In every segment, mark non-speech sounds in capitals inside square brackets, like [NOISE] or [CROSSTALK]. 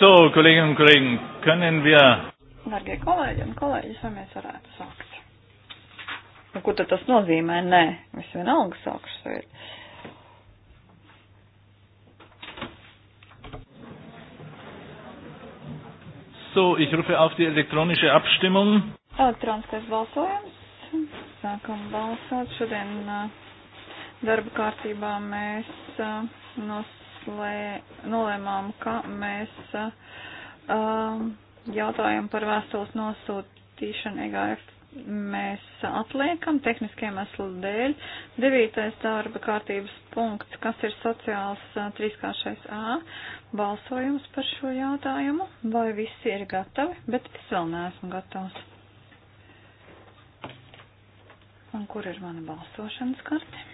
So, Kolleginnen und Kollegen, können wir. Darbie kolēģi un kolēģis, vai mēs varētu sākt? Nu, ko tad tas nozīmē? Nē, es vienalga sākšu sēdi. So, ich rufe auf die elektronische Abstimmung. Elektroniskais balsojums. Sākam balsot. Šodien uh, darba kārtībā mēs uh, nos lē, nolēmām, ka mēs uh, um, jautājumu par vēstules nosūtīšanu EGF mēs atliekam tehniskiem eslu dēļ. Devītais darba kārtības punkts, kas ir sociāls uh, trīskāršais A, balsojums par šo jautājumu, vai visi ir gatavi, bet es vēl neesmu gatavs. Un kur ir mana balsošanas karte?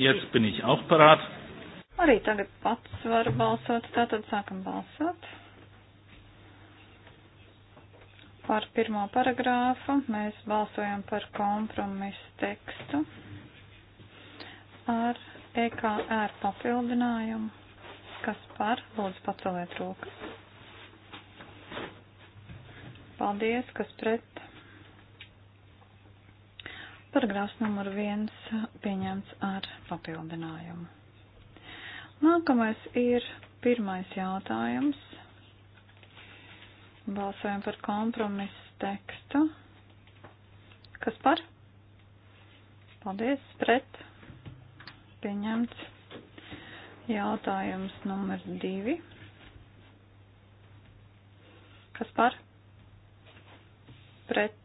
Jetzt bin ich auch parat. Arī tagad pats var balsot, tātad sākam balsot. Par pirmo paragrāfu mēs balsojam par kompromisu tekstu ar EKR papildinājumu, kas par lūdzu paceliet rokas. Paldies, kas pret Paragrāfs numur viens pieņemts ar papildinājumu. Nākamais ir pirmais jautājums. Balsojam par kompromisu tekstu. Kas par? Paldies, pret. Pieņemts. Jautājums numur divi. Kas par? Pret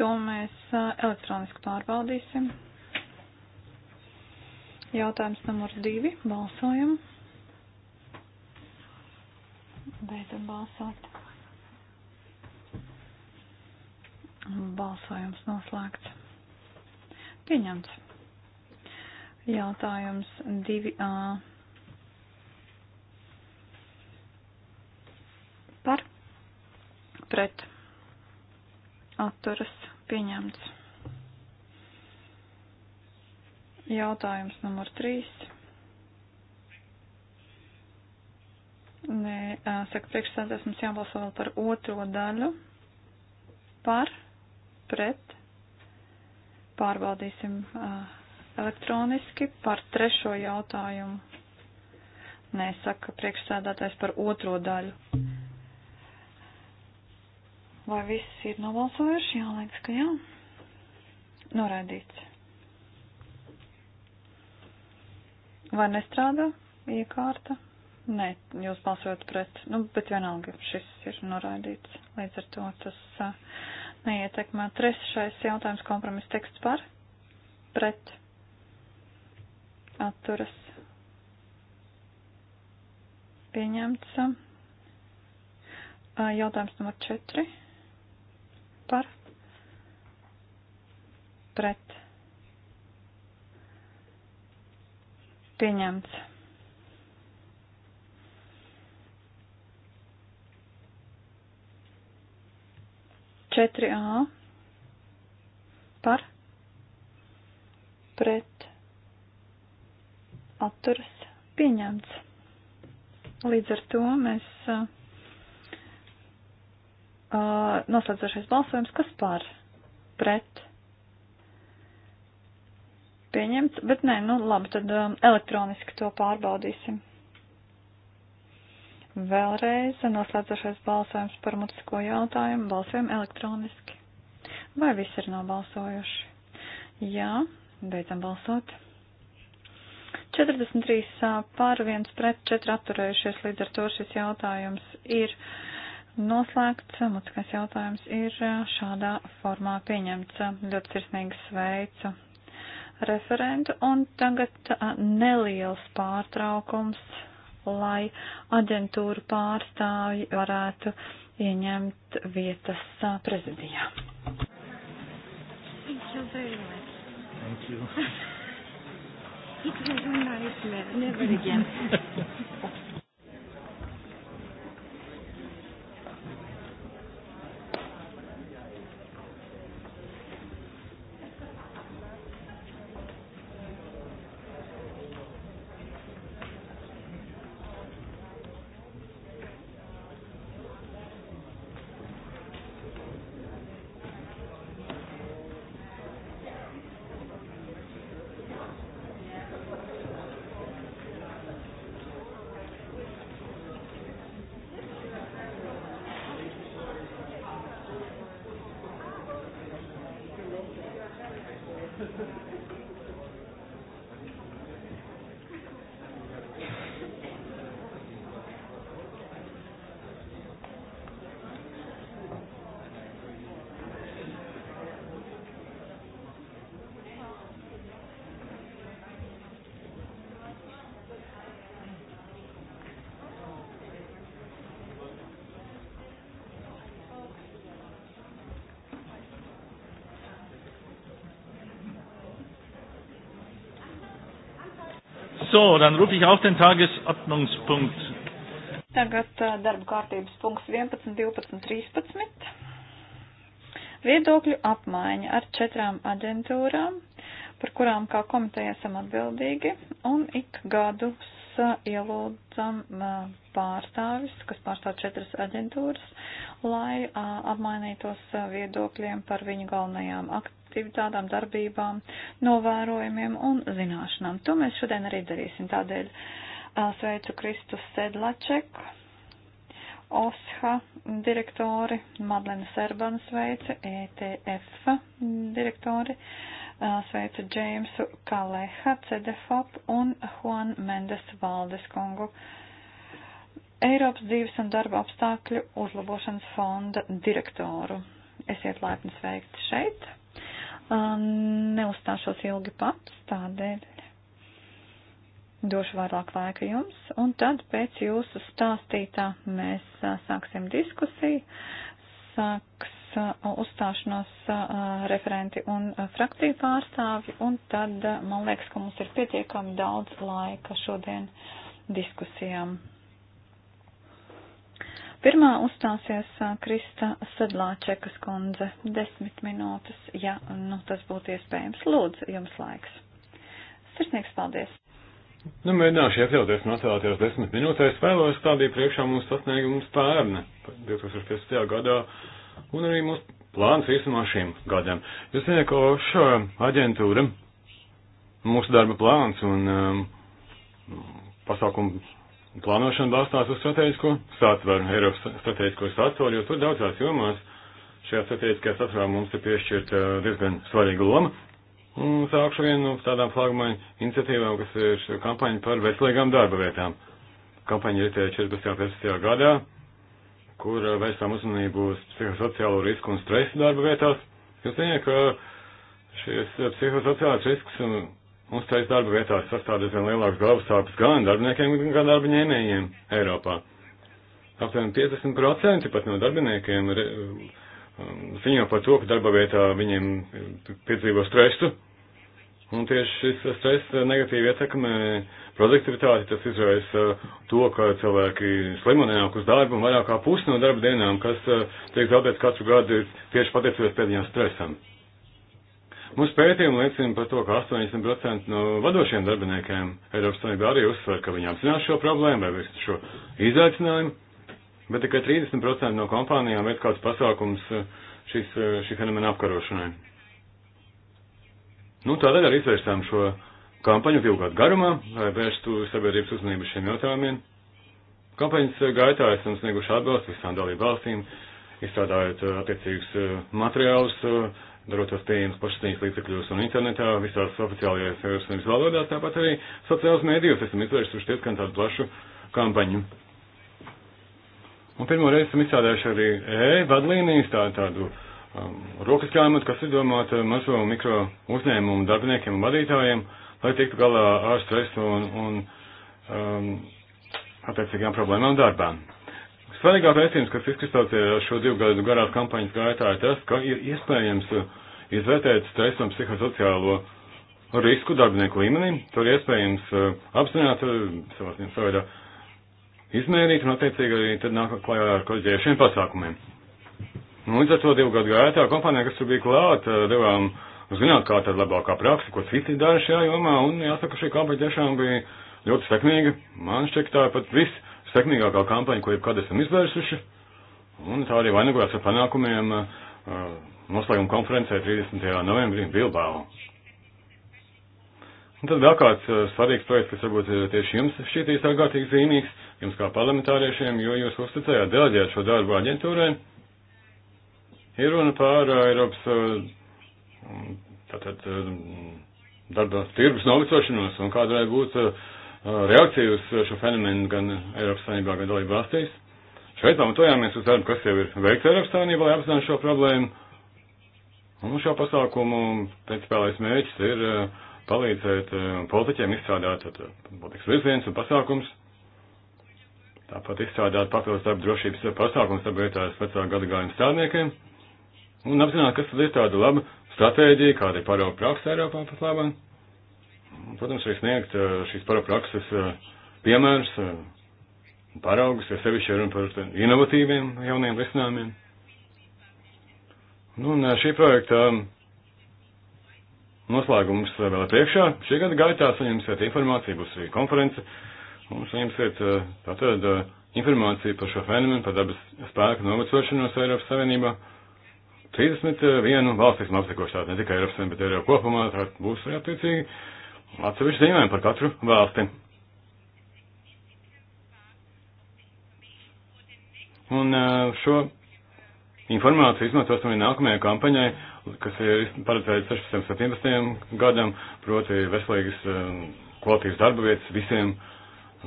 To mēs elektroniski pārbaudīsim. Jautājums numurs divi. Balsojam. Beidzam balsot. Balsojums noslēgts. Pieņemts. Jautājums 2a. Par pret atturas Pieņemts. Jautājums numur 3. Nē, saka, priekšsēdēs mums jābalso vēl par otro daļu. Par, pret, pārbaudīsim uh, elektroniski par trešo jautājumu. Nē, saka priekšsēdētājs par otro daļu. Vai viss ir nobalsojuši? Jā, liekas, ka jā. Noraidīts. Vai nestrādā iekārta? Nē, jūs balsojat pret. Nu, bet vienalga šis ir noraidīts. Līdz ar to tas uh, neietekmē. Trešais jautājums kompromis teksts par? Pret. Atturas. Pieņemts. Uh, jautājums numur četri par pret pieņemts. Četri A par pret atturas pieņemts. Līdz ar to mēs uh, Uh, noslēdzošais balsojums, kas par? Pret. Pieņemts, bet nē, nu labi, tad um, elektroniski to pārbaudīsim. Vēlreiz noslēdzošais balsojums par mutisko jautājumu, balsojam elektroniski. Vai visi ir nobalsojuši? Jā, beidzam balsot. 43 uh, pār 1 pret 4 atturējušies, līdz ar to šis jautājums ir noslēgts. Mutiskais jautājums ir e, šādā formā pieņemts. Ļoti sirsnīgi sveicu referentu un tagad e, neliels pārtraukums, lai aģentūru pārstāvji varētu ieņemt vietas e, prezidijā. Thank you very much. Thank you. [LAUGHS] It was a nice letter. Never again. [LAUGHS] So, dann rufe ich auf den Tagesordnungspunkt. Tagad uh, darba kārtības punkts 11, 12, 13. Viedokļu apmaiņa ar četrām aģentūrām, par kurām kā komiteja esam atbildīgi, un ik gadus uh, ielūdzam uh, pārstāvis, kas pārstāv četras aģentūras, lai uh, apmainītos uh, viedokļiem par viņu galvenajām aktivitātēm tādām darbībām, novērojumiem un zināšanām. To mēs šodien arī darīsim. Tādēļ sveicu Kristus Sedlačeku, OSHA direktori, Madlena Serbana sveicu, ETF direktori, sveicu Džeimsu Kaleha, CDFOP un Juan Mendes Valdes kungu. Eiropas dzīves un darba apstākļu uzlabošanas fonda direktoru. Esiet laipni sveikti šeit um, neuzstāšos ilgi pats, tādēļ došu vairāk laika jums, un tad pēc jūsu stāstītā mēs uh, sāksim diskusiju, sāks uh, uzstāšanos uh, referenti un uh, frakciju pārstāvji, un tad uh, man liekas, ka mums ir pietiekami daudz laika šodien diskusijām. Pirmā uzstāsies Krista Sedlāčekas kundze. Desmit minūtes, ja nu, tas būtu iespējams. Lūdzu, jums laiks. Sirsnieks, paldies! Nu, mēģināšu iekļauties nocēlāties desmit minūtēs. Vēlos stādīt priekšā mūsu sasniegumus pērni 2015. gadā un arī mūsu plāns īstenībā šīm gadiem. Jūs zināt, ka šo aģentūra, mūsu darba plāns un um, pasākumu Plānošana balstās uz strateģisko satvaru, Eiropas strateģisko satvaru, jo tur daudzās jomās šajā strateģiskajā satvarā mums ir piešķirta uh, diezgan svarīga loma. Un sākšu vienu nu, no tādām flagmaņu iniciatīvām, kas ir kampaņa par veselīgām darba vietām. Kampaņa ir 14. un 15. gadā, kur uh, vērstām uzmanību uz psihosociālo risku un stresu darba vietās. Jūs zināt, ka šis uh, psihosociālais risks un uztais darba vietās sastāv diezgan lielāks galvas sāpes gan darbiniekiem, gan darba ņēmējiem Eiropā. Aptuveni 50% pat no darbiniekiem re, um, ziņo par to, ka darba vietā viņiem uh, piedzīvo stresu. Un tieši šis stress negatīvi ietekmē produktivitāti, tas izraisa to, ka cilvēki slimo nenāk uz darbu un vairāk kā pusi no darba dienām, kas uh, tiek zaudēts katru gadu, ir tieši pateicoties pēdējām stresam. Mūsu pētījumi liecina par to, ka 80% no vadošiem darbiniekiem Eiropas Savienībā arī uzsver, ka viņi apzinās šo problēmu vai visu šo izaicinājumu, bet tikai 30% no kompānijām veic kāds pasākums eh, šis, eh, šī fenomena apkarošanai. Nu, tādēļ arī izvērstām šo kampaņu divu gadu garumā, lai vērstu sabiedrības uzmanību šiem jautājumiem. Kampaņas eh, gaitā esam snieguši atbalstu visām dalību valstīm, izstrādājot attiecīgus materiālus, darotos pieejams plašsaziņas līdzekļos un internetā, visās oficiālajās Eiropas Savienības valodās, tāpat arī sociālajos mēdījos esam izvērsuši diezgan tādu plašu kampaņu. Un pirmo reizi esam izstrādājuši arī e-vadlīnijas, tā, tādu um, rokas grāmatu, kas ir domāta mazo un mikro uzņēmumu darbiniekiem un vadītājiem, lai tiktu galā ar stresu un, un um, attiecīgām problēmām darbā. Svarīgāk pētījums, kas izkristalizējās šo divu gadu garās kampaņas gaitā, ir tas, ka ir iespējams uh, izvērtēt stresu un psihosociālo risku darbinieku līmenī. Tur iespējams eh, apzināt eh, savā ziņā veidā izmērīt un attiecīgi arī tad nāk klajā ar koģējušiem pasākumiem. Un nu, līdz ar to divu gadu gaitā kompānija, kas tur bija klāt, eh, devām nu, zināt, kā tad labākā praksa, ko citi dara šajā jomā, un jāsaka, šī kampaņa tiešām bija ļoti sekmīga. Man šķiet, tā ir pat viss sekmīgākā kampaņa, ko jebkad esam izvērsuši. Un tā arī vainagojās ar panākumiem uh, noslēguma konferencē 30. novembrī Bilbao. Un tad vēl kāds eh, svarīgs projekts, kas varbūt eh, tieši jums šķiet īstākārtīgi zīmīgs, jums kā parlamentāriešiem, jo jūs uzticējāt deleģēt šo darbu aģentūrai, ir runa par eh, Eiropas tātad, darba tirgus novecošanos un kāda varētu būt reakcija uz šo fenomenu gan Eiropas Savienībā, gan dalību valstīs. Šeit pamatojāmies uz darbu, kas jau ir veikts Eiropas Savienībā, lai apzinātu šo problēmu. Un šo pasākumu principālais mērķis ir eh, palīdzēt eh, politiķiem izstrādāt eh, politikas virziens un pasākums, tāpat izstrādāt papildus darba drošības pasākums sabiedrotājs vecāku gadagājumu strādniekiem un apzināt, kas tad ir tāda laba stratēģija, kāda ir parauga praksa Eiropā pat labāk. Protams, arī sniegt šīs paroprakses piemērs, paraugus, jo sevišķi runa par inovatīviem jauniem risinājumiem. Nu, un šī projekta noslēgums vēl priekšā. Šī gada gaitā saņemsiet informāciju, būs arī konference. Un saņemsiet tātad informāciju par šo fenomenu, par dabas spēku novecošanos Eiropas Savienībā. 31 valstis apsekoši tātad ne tikai Eiropas Savienība, bet Eiropa kopumā, tā būs arī attiecīgi atsevišķi ziņojumi par katru valsti. Un šo informāciju izmantosim arī nākamajai kampaņai, kas ir paredzēta 16. un 17. gadam, proti veselīgas um, kvalitātes darba vietas visiem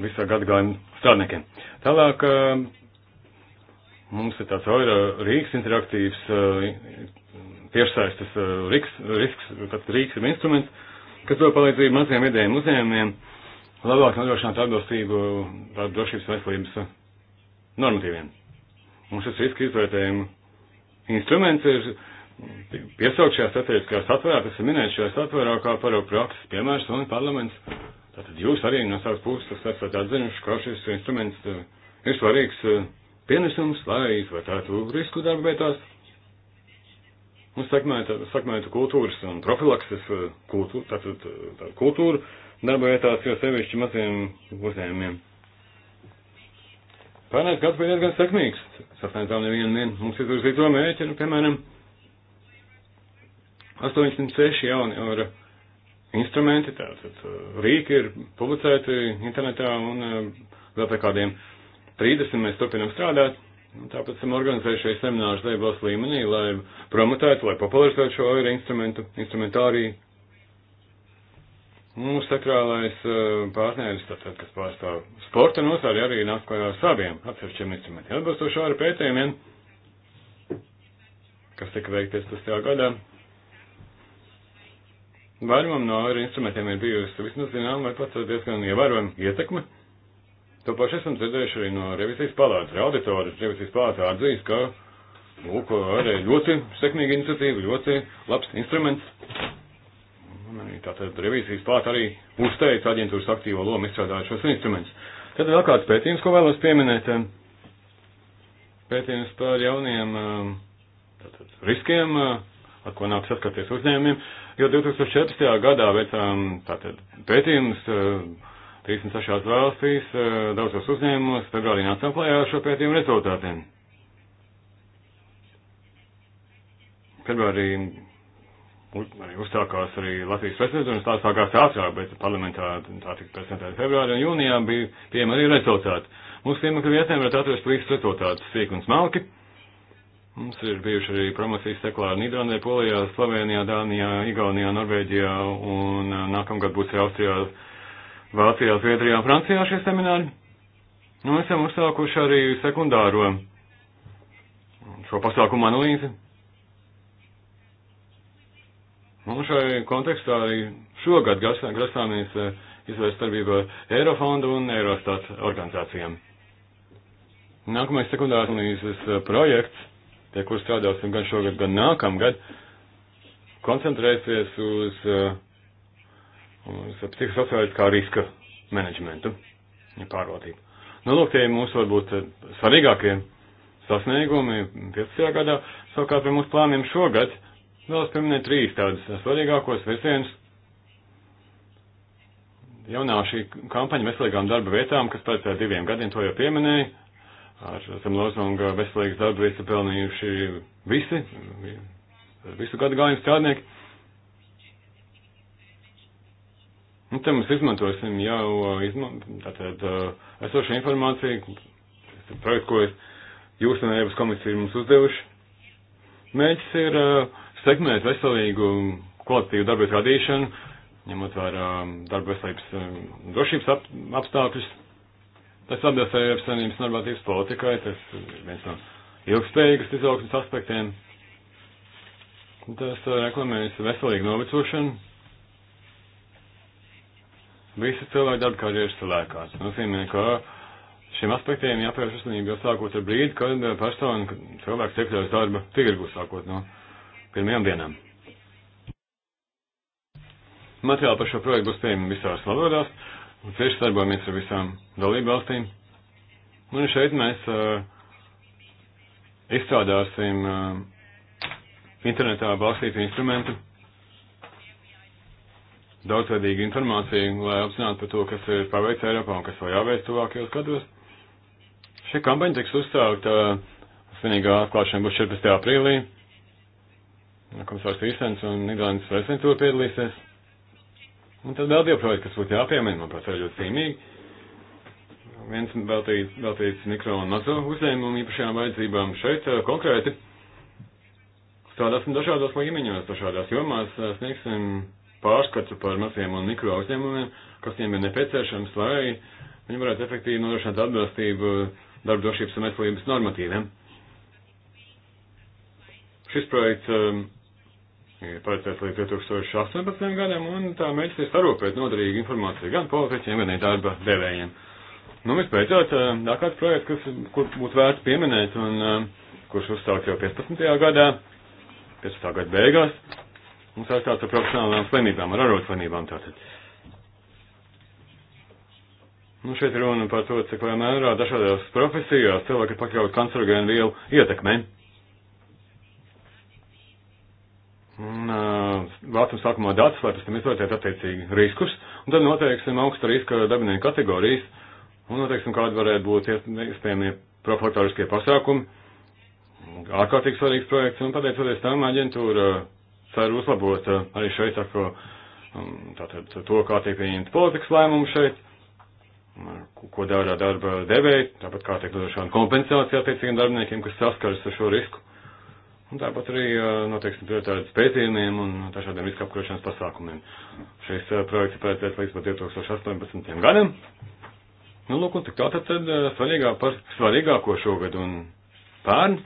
visā gadagājuma strādniekiem. Tālāk um, mums ir tāds oira Rīgas interaktīvs uh, tiešsaistes uh, risks, risks, tad Rīgas ir instruments, kas dod palīdzību maziem vidējiem uzņēmumiem labāk nodrošināt atbilstību drošības veselības uh, normatīviem. Un šis riska izvērtējumu instruments ir piesaukt šajā strateģiskajā satverā, kas ir minēts šajā satverā kā paraugu prakses piemērs un parlaments. Tātad jūs arī no savas puses esat atzinuši, ka šis instruments eh, ir svarīgs eh, pienesums, lai izvērtētu risku darba vietās un sekmētu, sekmētu kultūras un profilakses eh, kultūru, tātad tā, kultūru darba vietās, jo sevišķi maziem uzņēmumiem. Pērnais gads bija diezgan sekmīgs. Sasniedzām nevienu vienu mums izvirzīto mērķi, nu, piemēram, 806 jauni eiro instrumenti, tātad uh, rīki ir publicēti internetā un uh, vēl pie kādiem 30 mēs turpinam strādāt. Tāpēc esam organizējuši seminārus Leibos līmenī, lai promotētu, lai popularizētu šo eiro instrumentu, instrumentāriju. Mūsu sakrālais eh, partneris, tātad, kas pārstāv sporta nozari, arī nāk klajā ar saviem atsevišķiem instrumentiem. Atbilstoši ar pētījumiem, kas tika veikties tas tajā gadā, vairumam no ar instrumentiem ir bijusi vismaz zinām vai pat diezgan ievērojama ietekme. To pašu esam dzirdējuši arī no revizijas palātas, auditoras revizijas palātas atzīst, ka, lūk, arī ļoti sekmīga iniciatīva, ļoti labs instruments. Tātad revīzijas klāt arī uzteica aģentūras aktīvo lomu izstrādājot šos instrumentus. Tad vēl kāds pētījums, ko vēlos pieminēt. Eh, pētījums par jauniem eh, tātad, riskiem, eh, ar ko nāk saskarties uzņēmumiem. Jo 2014. gadā veicām tātad, pētījumus 36 valstīs, daudzos uzņēmumos, tagad arī nācām klajā ar šo pētījumu rezultātiem. Februārī arī uzsākās arī Latvijas prezidents, tā sākās ātrāk, bet parlamentā tā tika prezentēta februārī un jūnijā bija pieejama arī rezultāti. Mūsu tiemekļu vietnēm varētu atrast līdz rezultātus sīk un smalki. Mums ir bijuši arī promocijas seklāri Nīderlandē, Polijā, Slovenijā, Dānijā, Igaunijā, Norvēģijā un nākamgad būs arī Austrijā, Vācijā, Zviedrijā un Francijā šie semināri. Nu, esam uzsākuši arī sekundāro šo pasākumu analīzi. Un šai kontekstā arī šogad grasāmies eh, izvērst starpību ar Eirofondu un Eirostat organizācijām. Nākamais sekundārs analīzes eh, projekts, pie kur strādāsim gan šogad, gan nākamgad, koncentrēsies uz, eh, uz psihosociāliskā riska menedžmentu, ja pārvaldību. Nu, lūk, tie mūsu varbūt svarīgākie sasniegumi 15. gadā, savukārt pie mūsu plāniem šogad Vēlos pieminēt trīs tādus svarīgākos virsienus. Jaunā šī kampaņa veselīgām darba vietām, kas pēc eh, diviem gadiem to jau pieminēja, ar zem lozunga veselīgas darba vietas pelnījuši visi, visu gadu gājumu strādnieki. Un nu, te mēs izmantosim jau eh, izmant, tātad, eh, esošu informāciju, projektu, ko jūs un Eiropas komisija ir mums uzdevuši. Mēģis ir uh, sekmēs veselīgu kolektīvu darbības radīšanu, ņemot vērā um, darba veselības um, drošības ap, apstākļus. Tas atbilst Eiropas Savienības normatīvas politikai, tas ir viens no ilgspējīgas izaugsmas aspektiem. Tas uh, reklamējas veselīgu novecošanu. Visi cilvēki darba karjeras cilvēkās. Tas nozīmē, ka šiem aspektiem jāpievērš uzmanība jau sākot ar brīdi, kad uh, persona, kad cilvēks iekļaujas darba tirgu, sākot no pirmajām dienām. Materiāli par šo projektu būs pieejami visās valodās, un cieši darbojamies ar visām dalību valstīm. Un šeit mēs uh, izstrādāsim uh, internetā balstītu instrumentu, daudzveidīgu informāciju, lai apzinātu par to, kas ir paveikts Eiropā un kas vēl jāveic tuvākajos gados. Šī kampaņa tiks uzsākta, uh, svinīgā atklāšana būs 14. aprīlī komisārs Rīsens un Nīderlandes prezidentūra piedalīsies. Un tad vēl divi projekti, kas būtu jāpiemina, manuprāt, ir ļoti zīmīgi. Viens veltīts, veltīts mikro un mazo uzņēmumu īpašajām vajadzībām šeit eh, konkrēti. Strādāsim dažādos līmeņos, dažādās jomās, eh, sniegsim pārskatu par maziem un mikro uzņēmumiem, kas viņiem ir nepieciešams, lai viņi varētu efektīvi nodrošināt atbilstību darba drošības un veselības normatīviem. Šis projekts eh, ir paredzēts līdz 2018. gadam, un tā mērķis ir sarūpēt noderīgu informāciju gan politiķiem, gan darba devējiem. Nu, vispēcot, tā kāds projekts, kas, kur būtu vērts pieminēt, un kurš uzstāts jau 15. gadā, 15. gada beigās, un saistāts ar profesionālām slimībām, ar arotslimībām tātad. Nu, šeit runa par to, cik lielā mērā dažādās profesijās cilvēki pakļaut kancerogēnu vielu ietekmei. Un uh, vācam sākumā datus, lai pēc tam izvērtētu attiecīgi riskus, un tad noteiksim augsta riska dabinieku kategorijas, un noteiksim, kādi varētu būt iespējamie profilaktoriskie pasākumi. Ārkārtīgi svarīgs projekts, un pateicoties tam aģentūra cer uzlabot uh, arī šeit ako, um, tātad, to, kā tiek pieņemta politikas lēmumu šeit, um, ko dara darba devēji, tāpat kā tiek došana kompensācija attiecīgiem darbiniekiem, kas saskaras ar šo risku. Un tāpat arī noteiksim prioritātes pētījumiem un dažādiem riska apkarošanas pasākumiem. Šis projekts paredzēts līdz pat 2018. gadam. Nu, lūk, un tik tā tad, tad svarīgā par svarīgāko šogad un pērn.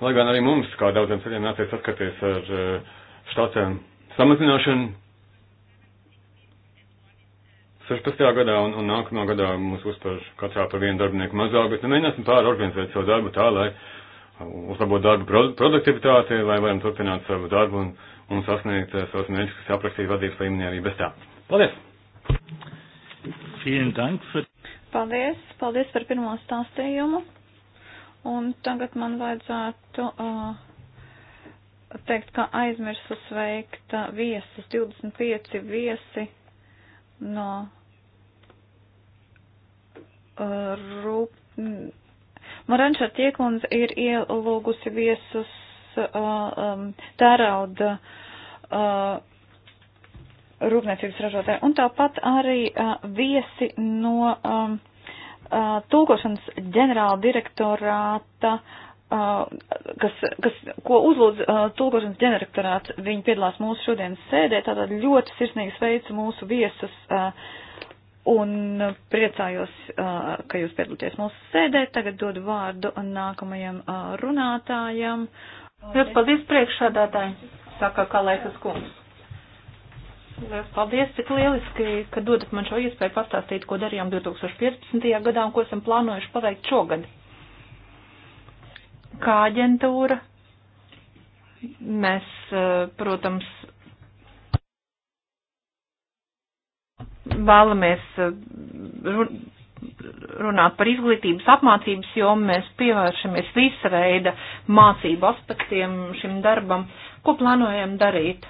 Lai gan arī mums, kā daudziem ceļiem, nācies atskaties ar štācēm samazināšanu 16. gadā un, un nākamā gadā mums uztver katrā par vienu darbinieku mazāk, bet nu mēģināsim pārorganizēt savu darbu tā, lai uh, uzlabot darbu produktivitāti, lai varam turpināt savu darbu un, un sasniegt eh, savus mērķus, kas aprakstīti vadības līmenī arī bez tā. Paldies! Paldies! Paldies par pirmo stāstījumu! Un tagad man vajadzētu uh, teikt, ka aizmirsu sveikt eh, viesus, 25 viesi no uh, rūp Maranča Tiekundze ir ielūgusi viesus uh, um, tērauda uh, rūpniecības ražotāji, un tāpat arī uh, viesi no um, uh, tulkošanas ģenerāla direktorāta uh, Uh, kas, kas, ko uzlūdz uh, tulkošanas ģenerātorāts, viņi piedalās mūsu šodienas sēdē, tātad ļoti sirsnīgi sveicu mūsu viesus uh, Un priecājos, ka jūs piedalāties mūsu sēdē. Tagad dodu vārdu nākamajam runātājam. Lielas paldies priekšādātāji, saka Kalēkas kungs. Lielas paldies, cik lieliski, ka dodat man šo iespēju pastāstīt, ko darījām 2015. gadā un ko esam plānojuši paveikt šogad. Kā aģentūra mēs, protams, vēlamies eh, runāt par izglītības apmācības jomu, mēs pievēršamies visa veida mācību aspektiem šim darbam. Ko plānojam darīt?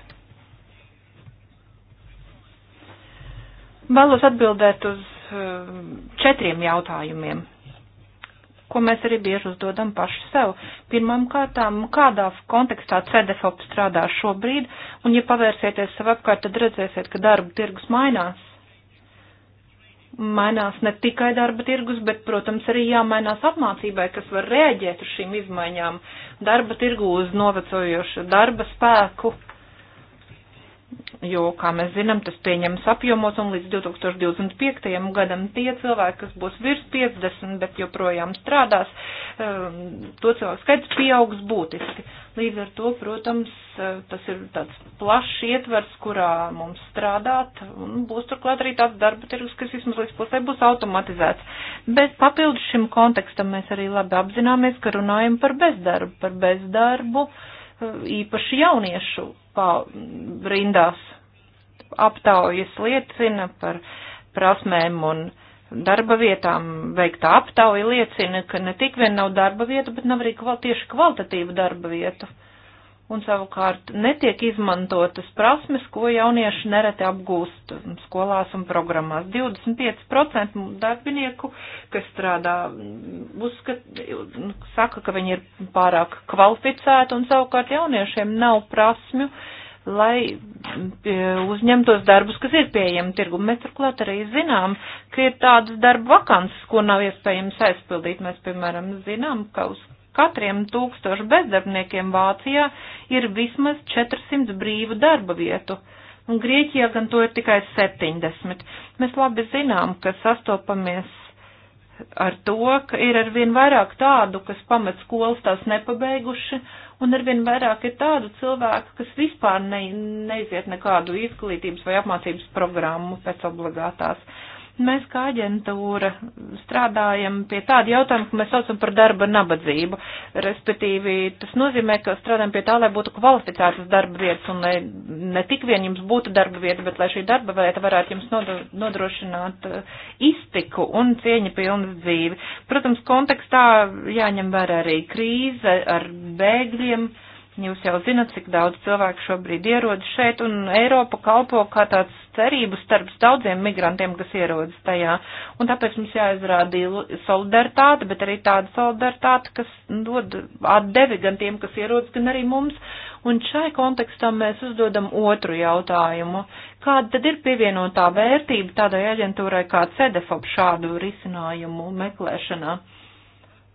Vēlos atbildēt uz eh, četriem jautājumiem, ko mēs arī bieži uzdodam paši sev. Pirmām kārtām, kādā kontekstā CDFOP strādā šobrīd, un ja pavērsieties sev apkārt, tad redzēsiet, ka darba tirgus mainās mainās ne tikai darba tirgus, bet, protams, arī jāmainās apmācībai, kas var rēģēt uz šīm izmaiņām darba tirgu uz novecojošu darba spēku. Uh, jo, kā mēs zinām, tas pieņems apjomos un līdz 2025. gadam tie cilvēki, kas būs virs 50, bet joprojām strādās, ehm, to cilvēku skaits pieaugs būtiski. Līdz ar to, protams, eh, tas ir tāds plašs ietvers, kurā mums strādāt, un būs turklāt arī tāds darba tirgus, kas vismaz līdz pusē būs automatizēts. Bet papildus šim kontekstam mēs arī labi apzināmies, ka runājam par bezdarbu, par bezdarbu eh, īpaši jauniešu rindās. Aptaujas liecina par prasmēm un darba vietām veikta aptauja liecina, ka ne tik vien nav darba vieta, bet nav arī kval, tieši kvalitatīva darba vieta un savukārt netiek izmantotas prasmes, ko jaunieši nereti apgūst skolās un programmās. 25% darbinieku, kas strādā, uzskat, saka, ka viņi ir pārāk kvalificēti, un savukārt jauniešiem nav prasmju, lai e, uzņemtos darbus, kas ir pieejami tirgu. Mēs turklāt arī zinām, ka ir tādas darba vakances, ko nav iespējams aizpildīt. Mēs, piemēram, zinām, ka uz katriem tūkstošu bezdarbniekiem Vācijā ir vismaz 400 brīvu darba vietu. Un Grieķijā gan to ir tikai 70. Mēs labi zinām, ka sastopamies ar to, ka ir arvien vairāk tādu, kas pamet skolas tās nepabeiguši, un arvien vairāk ir tādu cilvēku, kas vispār ne, neiziet nekādu izglītības vai apmācības programmu pēc obligātās. Mēs kā aģentūra strādājam pie tāda jautājuma, ko mēs saucam par darba nabadzību. Respektīvi, tas nozīmē, ka strādājam pie tā, lai būtu kvalificētas darba vietas un lai ne tik vien jums būtu darba vieta, bet lai šī darba vieta varētu jums nodrošināt eh, iztiku un cieņa pilnas dzīvi. Protams, kontekstā jāņem vērā arī krīze ar bēgļiem Jūs jau zinat, cik daudz cilvēku šobrīd ierodas šeit, un Eiropa kalpo kā tāds cerības starp daudziem migrantiem, kas ierodas tajā. Un tāpēc mums jāizrāda solidaritāte, bet arī tāda solidaritāte, kas dod atdevi gan tiem, kas ierodas, gan arī mums. Un šai kontekstā mēs uzdodam otru jautājumu. Kāda tad ir pievienotā vērtība tādai aģentūrai kā CEDEFOP šādu risinājumu meklēšanā?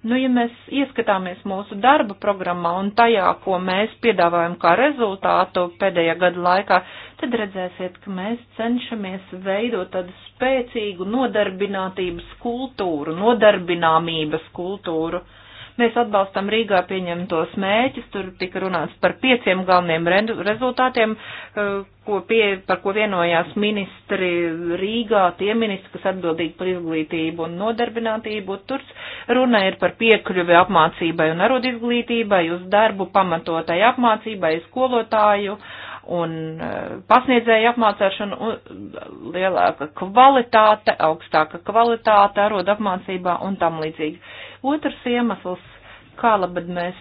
Nu, ja mēs ieskatāmies mūsu darba programmā un tajā, ko mēs piedāvājam kā rezultātu pēdējā gada laikā, tad redzēsiet, ka mēs cenšamies veidot tādu spēcīgu nodarbinātības kultūru, nodarbināmības kultūru. Uh, Mēs atbalstam Rīgā pieņemtos mēķus, tur tika runāts par pieciem galveniem rezultātiem, eh, ko pie, par ko vienojās ministri Rīgā, tie ministri, kas atbildīgi par izglītību un nodarbinātību. Tur runa ir par piekļuvi apmācībai un arod izglītībai, uz darbu pamatotai apmācībai, skolotāju un eh, pasniedzēju apmācāšanu, eh, lielāka kvalitāte, augstāka kvalitāte arod apmācībā un tam līdzīgi. Otrs iemesls, kā labad mēs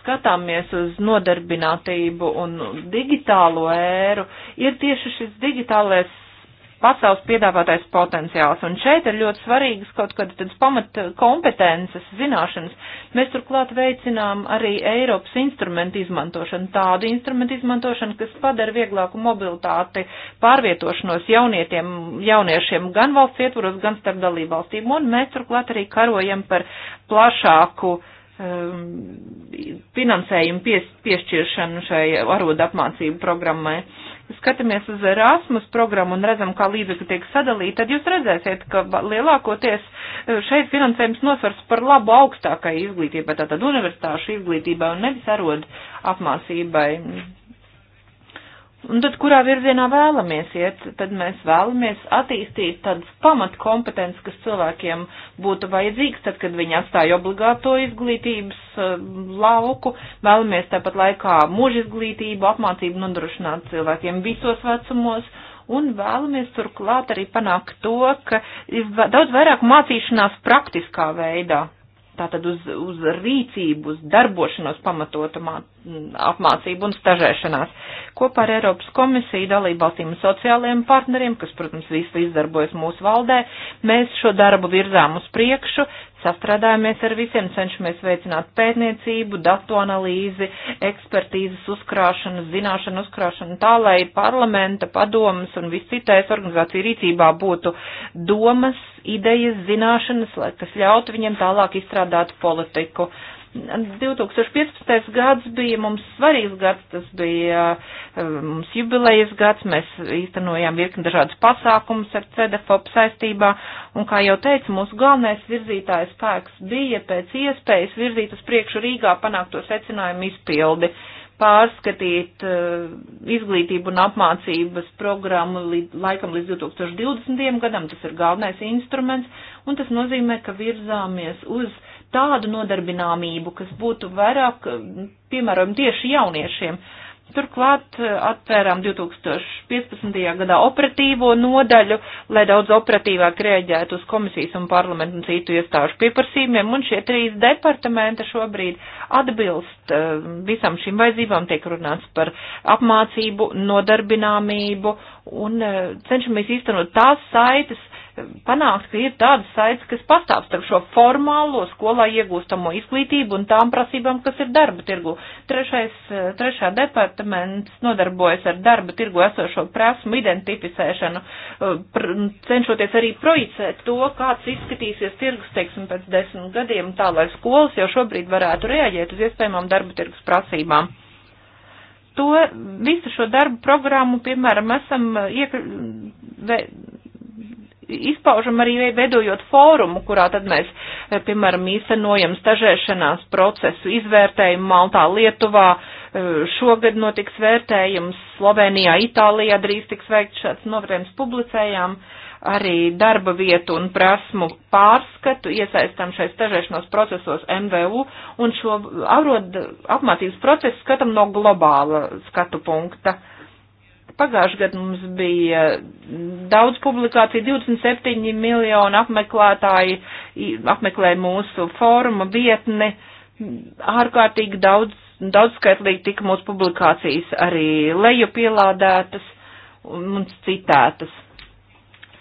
skatāmies uz nodarbinātību un digitālo ēru, ir tieši šis digitālais pasaules piedāvātais potenciāls. Un šeit ir ļoti svarīgas kaut kādas tādas pamat eh, kompetences, zināšanas. Mēs turklāt veicinām arī Eiropas instrumentu izmantošanu, tādu instrumentu izmantošanu, kas padara vieglāku mobilitāti pārvietošanos jaunietiem, jauniešiem gan valsts ietvaros, gan starp dalībvalstīm. Un mēs turklāt arī karojam par plašāku um, finansējumu pies, piešķiršanu šai arodu apmācību programmai. Uh, skatāmies uz Erasmus programmu un redzam, kā līdzekļi tiek sadalīti, tad jūs redzēsiet, ka lielākoties e, šeit finansējums nosvars par labu augstākai izglītībai, tātad universitāšu izglītībai un nevis arodu apmācībai. Un tad, kurā virzienā vēlamies iet, tad mēs vēlamies attīstīt tādas pamatkompetences, kas cilvēkiem būtu vajadzīgas, tad, kad viņi atstāja obligāto izglītības eh, lauku. Vēlamies tāpat laikā mūža izglītību, apmācību nodrošināt cilvēkiem visos vecumos. Un vēlamies turklāt arī panākt to, ka ir daudz vairāk mācīšanās praktiskā veidā. Tātad uz, uz rīcību, uz darbošanos pamatota mācīšanās Mm, apmācību un stažēšanās. Kopā ar Eiropas komisiju, dalībvalstīm un sociālajiem partneriem, kas, protams, visi līdzdarbojas mūsu valdē, mēs šo darbu virzām uz priekšu, sastrādājamies ar visiem, cenšamies veicināt pētniecību, datu analīzi, ekspertīzes uzkrāšanu, zināšanu uzkrāšanu tā, lai parlamenta, padomas un viss citais organizācija rīcībā būtu domas, idejas, zināšanas, lai tas ļautu viņiem tālāk izstrādāt politiku. Uh, 2015. gads bija mums svarīgs gads, tas bija eh, mums jubilejas gads, mēs īstenojām virkni dažādas pasākumus ar CDFOP saistībā, un, kā jau teicu, mūsu galvenais virzītājs spēks bija pēc iespējas virzīt uz priekšu Rīgā panākto secinājumu izpildi, pārskatīt eh, izglītību un apmācības programmu līdz, laikam līdz 2020. gadam, tas ir galvenais instruments, un tas nozīmē, ka virzāmies uz tādu nodarbināmību, kas būtu vairāk piemērojama tieši jauniešiem. Turklāt eh, atvērām 2015. gadā operatīvo nodaļu, lai daudz operatīvāk rēģētu uz komisijas un parlamentu un citu iestāžu pieprasījumiem, un šie trīs departamenta šobrīd atbilst eh, visam šīm vajadzībām, tiek runāts par apmācību, nodarbināmību, un eh, cenšamies īstenot tās saites, panākt, ka ir tādas saites, kas pastāv starp šo formālo skolā iegūstamo izglītību un tām prasībām, kas ir darba tirgu. Trešais, eh, trešā departaments nodarbojas ar darba tirgu esošo prasmu identificēšanu, eh, pr cenšoties arī projicēt to, kāds izskatīsies tirgus, teiksim, pēc desmit gadiem, tā lai skolas jau šobrīd varētu reaģēt uz iespējamām darba tirgus prasībām to visu šo darbu programmu, piemēram, esam eh, iek, ve, izpaužam arī veidojot fórumu, kurā tad mēs, eh, piemēram, īstenojam stažēšanās procesu izvērtējumu Maltā, Lietuvā, eh, šogad notiks vērtējums Slovenijā, Itālijā, drīz tiks veikts šāds novērtējums publicējām arī darba vietu un prasmu pārskatu, iesaistām šai stažēšanos procesos MVU un šo avrodu apmācības procesu skatam no globāla skatu punkta. Uh, Pagājušajā gadā mums bija daudz publikāciju, 27 miljoni apmeklētāji apmeklē mūsu fóruma vietni, ārkārtīgi daudz, daudzskaitlīgi tika mūsu publikācijas arī leju pielādētas un citētas.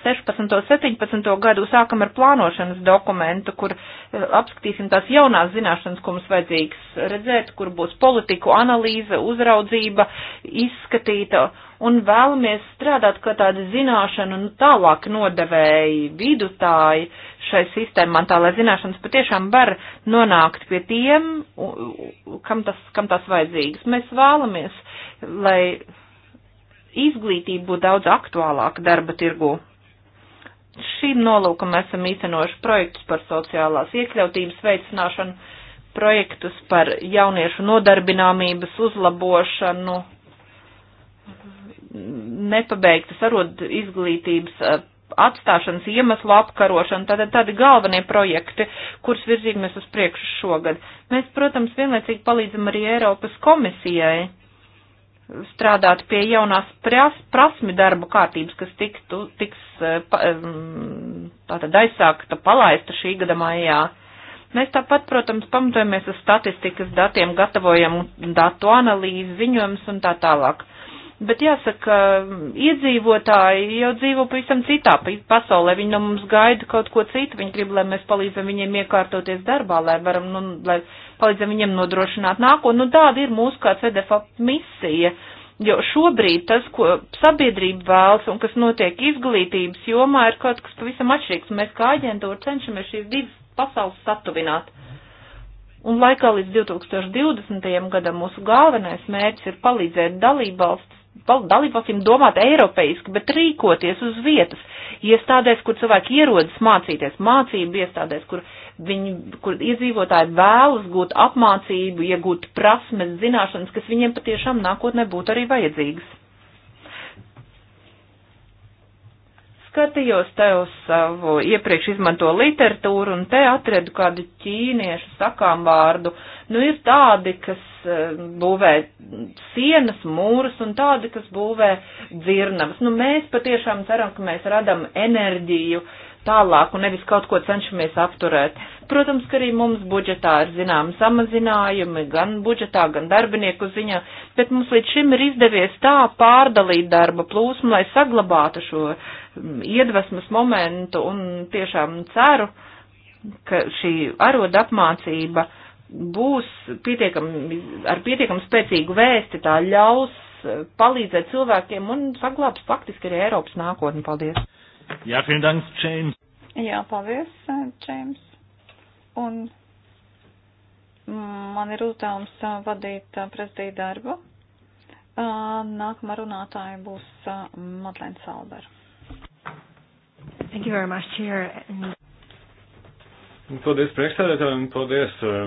16. un 17. gadu sākam ar plānošanas dokumentu, kur e, apskatīsim tās jaunās zināšanas, ko mums vajadzīgs redzēt, kur būs politiku analīze, uzraudzība izskatīta un vēlamies strādāt kā tādi zināšanu un tālāk nodevēji, vidutāji šai sistēmā, tā lai zināšanas patiešām var nonākt pie tiem, kam tas, kam tas vajadzīgs. Mēs vēlamies, lai izglītība būtu daudz aktuālāka darba tirgu. Šīm nolūkam esam īstenojuši projektus par sociālās iekļautības veicināšanu, projektus par jauniešu nodarbināmības uzlabošanu, nepabeigtas arod izglītības eh, atstāšanas iemeslu apkarošana, tātad tādi galvenie projekti, kurus virzīmies uz priekšu šogad. Mēs, protams, vienlaicīgi palīdzam arī Eiropas komisijai strādāt pie jaunās pras, prasmi darba kārtības, kas tiktu, tiks eh, mm, tātad aizsākta, palaista šī gada maijā. Mēs tāpat, protams, pamatojamies uz statistikas datiem, gatavojam datu analīzi, ziņojumus un tā tālāk bet jāsaka, iedzīvotāji jau dzīvo pavisam citā pasaulē. Viņi no mums gaida kaut ko citu. Viņi grib, lai mēs palīdzam viņiem iekārtoties darbā, lai varam, nu, lai palīdzam viņiem nodrošināt nākotni. Nu, tāda ir mūsu kā CDFA misija. Jo šobrīd tas, ko sabiedrība vēlas un kas notiek izglītības jomā, ir kaut kas pavisam atšķirīgs. Mēs kā aģentūra cenšamies šīs divas pasaules satuvināt. Un laikā līdz 2020. gadam mūsu galvenais mērķis ir palīdzēt dalībvalstis dalībvalstīm domāt eiropeiski, bet rīkoties uz vietas, iestādēs, kur cilvēki ierodas mācīties, mācību iestādēs, kur, viņi, kur iedzīvotāji vēlas gūt apmācību, iegūt prasmes, zināšanas, kas viņiem patiešām nākotnē būtu arī vajadzīgas. Skatījos te uz savu iepriekš izmanto literatūru un te atradu kādu ķīniešu sakām vārdu. Nu, ir tādi, kas e, būvē sienas, mūrus un tādi, kas būvē dzirnavas. Nu, mēs patiešām ceram, ka mēs radam enerģiju tālāk un nevis kaut ko cenšamies apturēt. Protams, ka arī mums budžetā ir zinām samazinājumi gan budžetā, gan darbinieku ziņā, bet mums līdz šim ir izdevies tā pārdalīt darba plūsmu, lai saglabātu šo iedvesmas momentu un tiešām ceru, ka šī aroda apmācība būs pietiekam, ar pietiekam spēcīgu vēsti, tā ļaus eh, palīdzēt cilvēkiem un saglābs faktiski arī Eiropas nākotni. Paldies! Jā, vielen dank, James! Jā, paldies, James! Un man ir uzdevums eh, vadīt eh, prezidiju darbu. Nākamā runātāja būs Madlēna Salbera. Thank you very much, Chair. And... Paldies priekšsēdētājiem, paldies uh,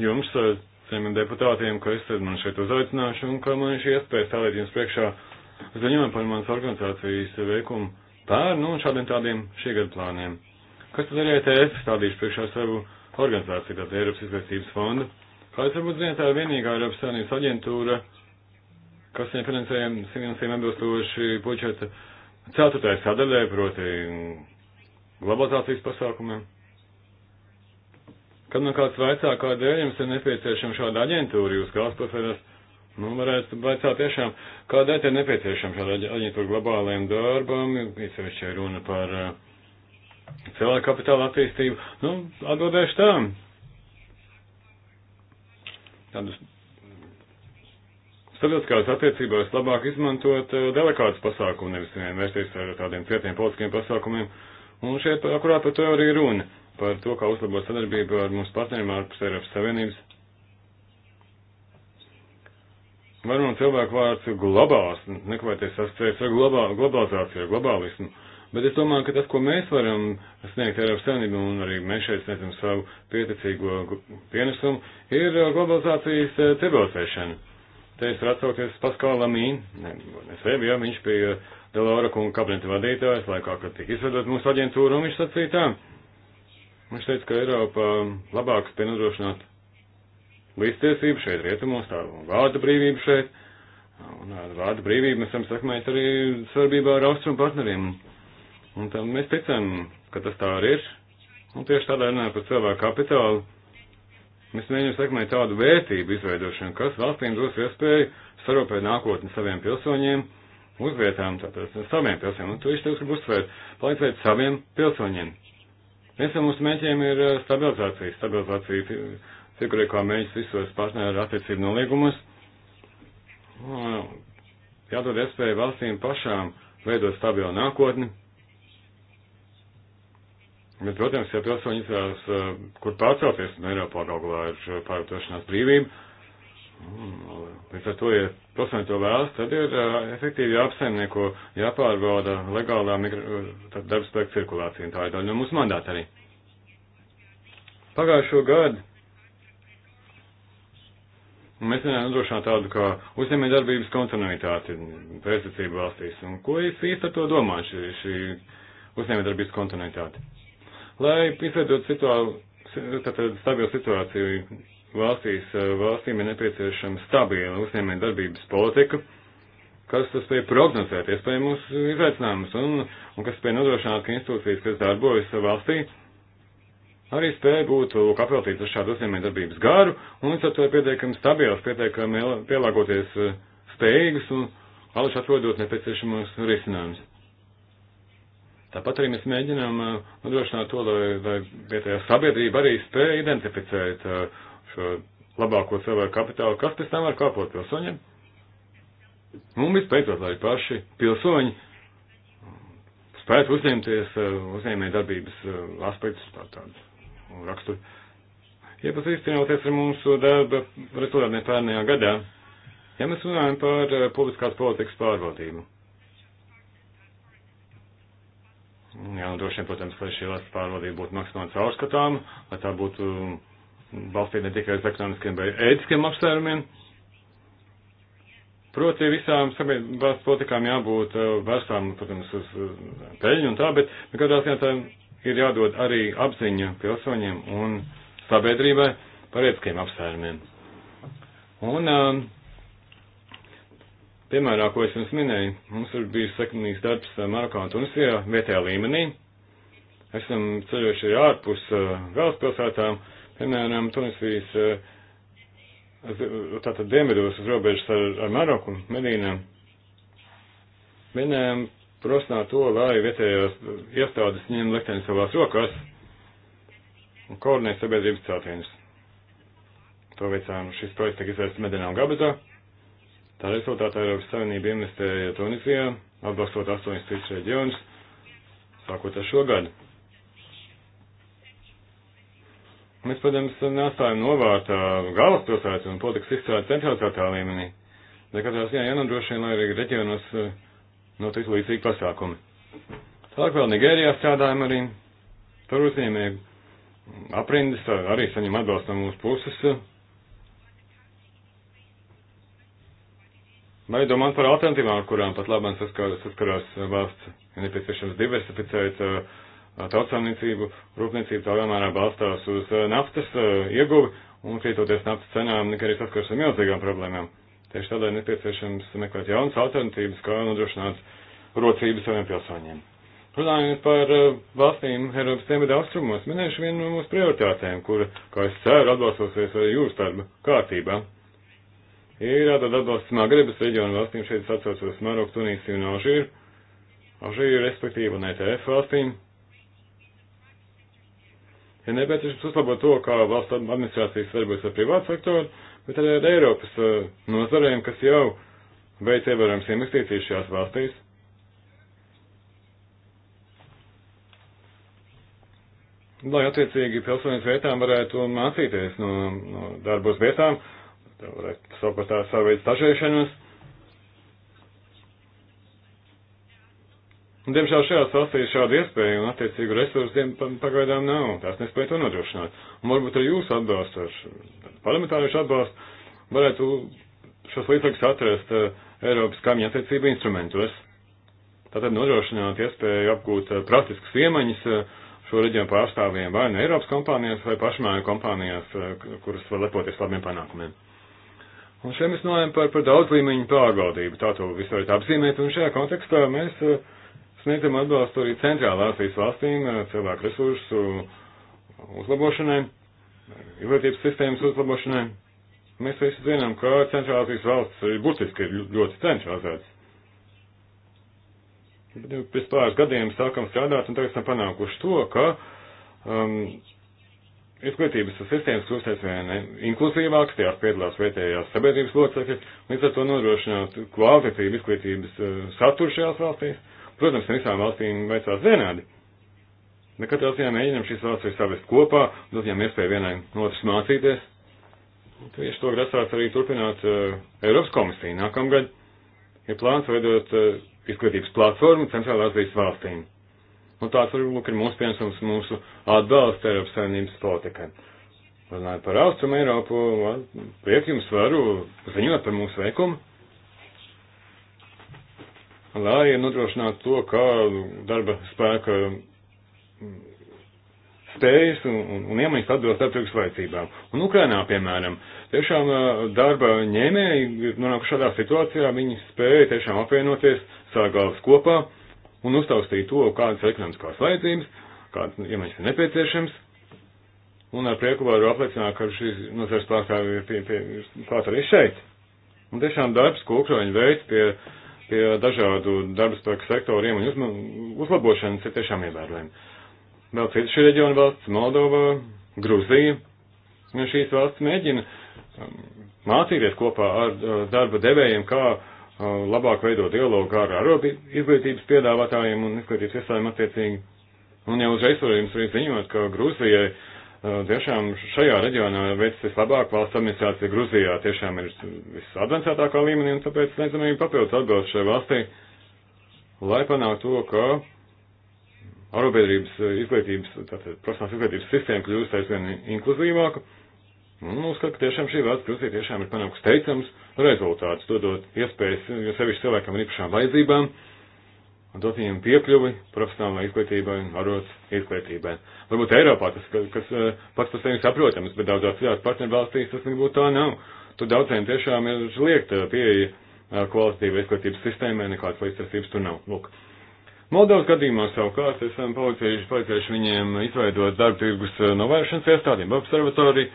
jums, uh, cienījumiem deputātiem, ka esat man šeit uzaicinājuši un ka man šī iespēja stāvēt jums priekšā ziņojumu par manas organizācijas veikumu pērnu un šādiem tādiem šī gada plāniem. Kas tad arī ETF stādīšu priekšā savu organizāciju, tātad Eiropas izvērstības fondu? Kā jūs varbūt zināt, tā ir vienīgā Eiropas savienības aģentūra, kas viņam finansējiem, finansējiem atbilstoši budžeta uh, Ceturtajai sadaļai, proti globalizācijas pasākumiem. Kad man nu kāds vaicā, kādēļ jums ir nepieciešama šāda aģentūra, jūs gāzpasarās, nu, varētu vaicāt tiešām, kādēļ ir nepieciešama šāda aģentūra globālajiem darbam, īsevišķi runa par eh, cilvēku kapitāla attīstību. Nu, atbildēšu tā. Tādus sabiedriskās attiecībās labāk izmantot eh, delikātus pasākumus, nevis vien vērsties ar tādiem cietiem politiskiem pasākumiem. Un šeit akurā par to arī runa, par to, kā uzlabot sadarbību ar mūsu partneriem ārpus Eiropas Savienības. Varbūt cilvēku vārds globāls, nekavieties asociēts ar globā, globalizāciju, ar globālismu. Bet es domāju, ka tas, ko mēs varam sniegt Eiropas Savienību, un arī mēs šeit sniedzam savu pieticīgo pienesumu, ir globalizācijas eh, civilizēšana. Te es varu atsaukties Paskāla Lamīn, ne, ne sevi, ja viņš bija eh, Delora kunga kabineta vadītājs, laikā, kad tika izvedot mūsu aģentūru, un viņš sacīja tā. Viņš teica, ka Eiropa um, labāk spēj nodrošināt līdztiesību šeit, rietumos, tā vārda brīvība šeit, un vārda brīvība mēs esam sakmējuši arī svarbībā ar austrumu partneriem. Un tam mēs ticam, ka tas tā arī ir, un tieši tādā runājot par cilvēku kapitālu Mēs mēģinām sekmēt tādu vērtību izveidošanu, kas valstīm dos iespēju saropēt nākotni saviem pilsoņiem uz vietām, tātad saviem pilsoņiem. Un to viņš tev grib uzsvērt, palīdzēt saviem pilsoņiem. Viens no mūsu mēķiem ir eh, stabilizācija. Stabilizācija figurē kā mēģis visos partneru attiecību noliegumus. Jādod iespēju valstīm pašām veidot stabilu nākotni, Bet, protams, ja pilsoņi izvēlas, eh, kur pārcelties, un nu, Eiropā galvā ir eh, pārvietošanās brīvība, mm, Līdz ar to, ja pilsēni to vēlas, tad ir eh, efektīvi jāapsaimnieko, jāpārbauda legālā migra... darba spēka cirkulācija, un tā ir daļa no mūsu mandāta arī. Pagājušo gadu mēs vienojām nodrošināt tādu kā uzņēmē darbības kontinuitāti pēcticību valstīs. Un ko es īsti ar to domāju, šī, šī uzņēmē darbības kontinuitāte? lai izveidot situāciju, tātad stabilu situāciju valstīs, eh, valstīm ir nepieciešama stabila uzņēmē darbības politika, kas spēj prognozēt iespējamos izaicinājumus un, un kas spēj nodrošināt, ka institūcijas, kas darbojas valstī, arī spēja būt kapeltīts ar šādu uzņēmē darbības garu un līdz ar to pietiekami stabils, pietiekami pielāgoties eh, spējīgas un alaši atrodot nepieciešamos risinājumus. Tāpat arī mēs mēģinām uh, nodrošināt to, lai, lai vietējā sabiedrība arī spēja identificēt uh, šo labāko cilvēku kapitālu, kas pēc tam var kalpot pilsoņiem. Un vispēcot, lai paši pilsoņi spētu uzņemties uh, uzņēmē darbības aspektus tā tādus un raksturu. Iepazīstinoties ar mūsu darba rezultātiem pērnējā gadā, ja mēs runājam par publiskās politikas pārvaldību. Jā, un droši vien, protams, lai šī valsts pārvaldība būtu maksimāli caurskatāma, lai tā būtu mm, balstīta ne tikai uz ekonomiskiem, bet ētiskiem apsvērumiem. Proti, visām sabiedrības politikām jābūt eh, vērstām, protams, uz peļņu un tā, bet nekādā ziņā tā ir jādod arī apziņa pilsoņiem un sabiedrībai par ētiskiem apsvērumiem. Un uh, Piemērā, ko es jums minēju, mums ir bijis sekmīgs darbs eh, Marokā un Tunisijā vietējā līmenī. Esam ceļojuši arī ārpus eh, galvaspilsētām, piemēram, Tunisijas, eh, tātad dienvidos uz robežas ar, ar Maroku, Medīnā. Mēģinājām prosināt to, lai vietējās iestādes ņem lekteni savās rokās un koordinē sabiedrības cēltienus. To veicām šis projekts tiek izvērsts Medinā un Gabazā. Tā rezultātā Eiropas Savienība investēja Tunisijā, atbalstot astoņus citus reģionus, sākot ar šo gadu. Mēs, protams, nestājam novārtā galvaspilsētas un politikas izstrādes centralizētā līmenī. Nekatrā ziņā jānodrošina, lai arī reģionos eh, notiktu līdzīgi pasākumi. Tālāk vēl Nigērijā strādājam arī. Tur uzņēmēji aprindas arī saņem atbalstu no mūsu puses Vai domāt par alternatīvām, ar kurām pat labāk saskar, saskarās valsts, ir nepieciešams diversificēt uh, tautsāmniecību, rūpniecību tā vienmērā balstās uz uh, naftas uh, ieguvi un krītoties naftas cenām, nekā arī saskars ar milzīgām problēmām. Tieši tādēļ nepieciešams meklēt jaunas alternatīvas, kā nodrošināt rocību saviem pilsoņiem. Runājot par valstīm Eiropas dienvidu austrumos, minēšu vienu no mūsu prioritātēm, kura, kā es ceru, atbalstosies arī jūras darba kārtībā ir jādod atbalsts Magrebas reģionu valstīm, šeit es atsaucos Maroku, Tunīsiju un Alžīru, Alžīru respektīvi un ETF valstīm. Ir ja nepieciešams uzlabot to, kā valsts administrācijas darbojas ar privātu sektoru, bet arī ar Eiropas uh, nozarēm, kas jau veic ievērojams investīcijas šajās valstīs. Lai attiecīgi pilsonības vietām varētu mācīties no, no darbos vietām, uh, sabotās savu veidu stažēšanas. Diemžēl šajā valstī šāda iespēja un attiecīgu resursu pagaidām nav. Tās nespēja to nodrošināt. Un varbūt ar jūsu atbalstu, ar parlamentāriešu atbalstu, varētu šos līdzekļus atrast uh, Eiropas kaimiņu attiecību instrumentos. Tātad nodrošināt iespēju apgūt uh, eh, praktiskas iemaņas uh, šo reģionu pārstāvjiem vai no Eiropas kompānijās vai pašmāju kompānijās, kuras var lepoties labiem panākumiem. Un šeit mēs runājam par, par daudz līmeņu pārvaldību, tā to visu varētu apzīmēt, un šajā kontekstā mēs eh, sniedzam atbalstu arī centrālā Azijas valstīm, eh, cilvēku resursu uzlabošanai, izglītības sistēmas uzlabošanai. Mēs visi zinām, ka centrālā Azijas valsts ir burtiski ļoti centralizētas. Pēc pāris gadiem sākam strādāt un tagad esam panākuši to, ka um, Izglītības sistēmas kļūst aizvien inklusīvākas, tajās piedalās vietējās sabiedrības locekļi, līdz ar to nodrošināt kvalitatīvu izglītības eh, saturu šajās valstīs. Protams, ne visām valstīm veicās vienādi. Bet katrā ziņā mēģinām šīs valstis savest kopā, dot viņām iespēju vienai otrs mācīties. Tieši to grasās arī turpināt uh, Eiropas komisija. Nākamgad ir plāns veidot uh, izglītības platformu Centrālā Azijas valstīm. Un nu, tāds varbūt ir mūsu pienākums, mūsu atbalsts Eiropas saimnības politikai. Runājot par Austrumu Eiropu, priek jums varu ziņot par mūsu veikumu. Lai nodrošinātu to, kā darba spēka spējas un, un, un iemaņas atbilst starptautiskas vajadzībām. Un Ukrainā, piemēram, tiešām darba ņēmēji nonāk šādā situācijā, viņi spēja tiešām apvienoties, sāk galvas kopā, un uztaustīt to, kādas ir ekonomiskās vajadzības, kādas iemaņas ir nepieciešams. Un ar prieku varu apliecināt, ka šis nozars pārstāvji ir pie, pie, klāt arī šeit. Un tiešām darbs, ko Ukraiņi veic pie, pie dažādu darba spēku sektoru iemaņu uzlabošanas, ir tiešām ievērojami. Vēl citas šī reģiona valsts, Moldova, Gruzija, un šīs valsts mēģina um, mācīties kopā ar darba devējiem, kā uh, Uh, labāk veidot dialogu ar arodu izglītības piedāvātājiem un izglītības iestādēm attiecīgi. Un jau uzreiz var jums arī ziņot, ka Grūzijai uh, tiešām šajā reģionā veicas vislabāk valsts administrācija Grūzijā tiešām ir visadvancētākā līmenī un tāpēc nezinām arī papildus atbalstu šai valstī, lai panāktu to, ka arobiedrības uh, izglītības, tātad profesionālās izglītības sistēma kļūst aizvien inkluzīvāka Un uzskatu, ka tiešām šī valsts Grūzija tiešām ir panākusi teicams rezultāts, dodot iespējas, jo sevišķi cilvēkam ar īpašām vajadzībām, un dot viņiem piekļuvi profesionālajai izglītībai, arots izglītībai. Varbūt Eiropā tas, kas, kas eh, pats par sevi saprotams, bet daudzās citās partnervalstīs tas nebūtu tā nav. Tur daudziem tiešām ir liekta eh, pieeja eh, kvalitīva izglītības sistēmai, nekādas līdzsvarības tur nav. Lūk. Moldovas gadījumā savukārt esam palīdzējuši, palīdzējuši viņiem izveidot darba tirgus novēršanas iestādību observatoriju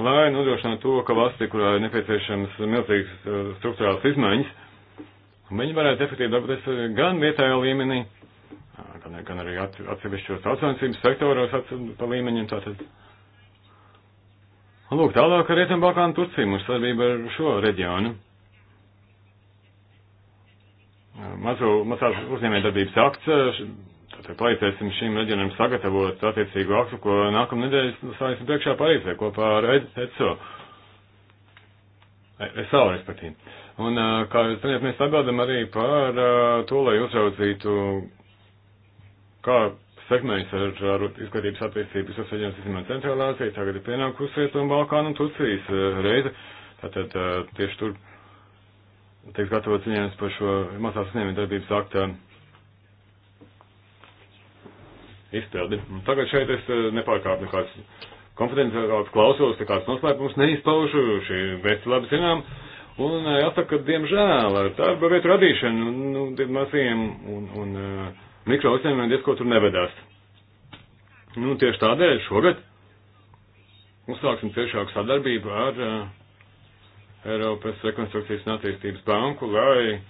lai nodrošinātu to, ka valstī, kurā ir nepieciešams milzīgas eh, struktūrāls izmaiņas, viņi varētu efektīvi darboties eh, gan vietējā līmenī, eh, gan, gan arī atsevišķos tautsāncības sektoros pa līmeņiem. Tātad. Lūk, tālāk ar Rietumbalkānu Turciju mums sadarbība ar šo reģionu. Mazo, mazās uzņēmējdarbības akts Tātad palīdzēsim šīm reģionam sagatavot attiecīgu aktu, ko nākamnedēļ stāvēsim priekšā Parīzē kopā ar ECO. ESO, respektīvi. Un, e, kā jūs zināt, mēs atbildam arī par e, to, lai uzraudzītu, kā sekmējas ar, ar izglītības attīstības uzsaģiem sistēmā Centrālā Azija, tagad ir pienākusi Rietumu Balkānu un Turcijas e, reize. Tātad tieši tur tiks gatavots ziņojums par šo mazās uzņēmē darbības aktu izpildi. Un tagad šeit es eh, nepārkāpu nekāds konfidenciāls klausos, nekāds noslēpums neizpaužu, šī vēsti labi zinām. Un eh, jāsaka, ka diemžēl ar darba vietu radīšanu nu, maziem un, un uh, mikro uzņēmumiem diezko tur nevedās. Nu, tieši tādēļ šogad uzsāksim ciešāku sadarbību ar uh, Eiropas rekonstrukcijas un attīstības banku, lai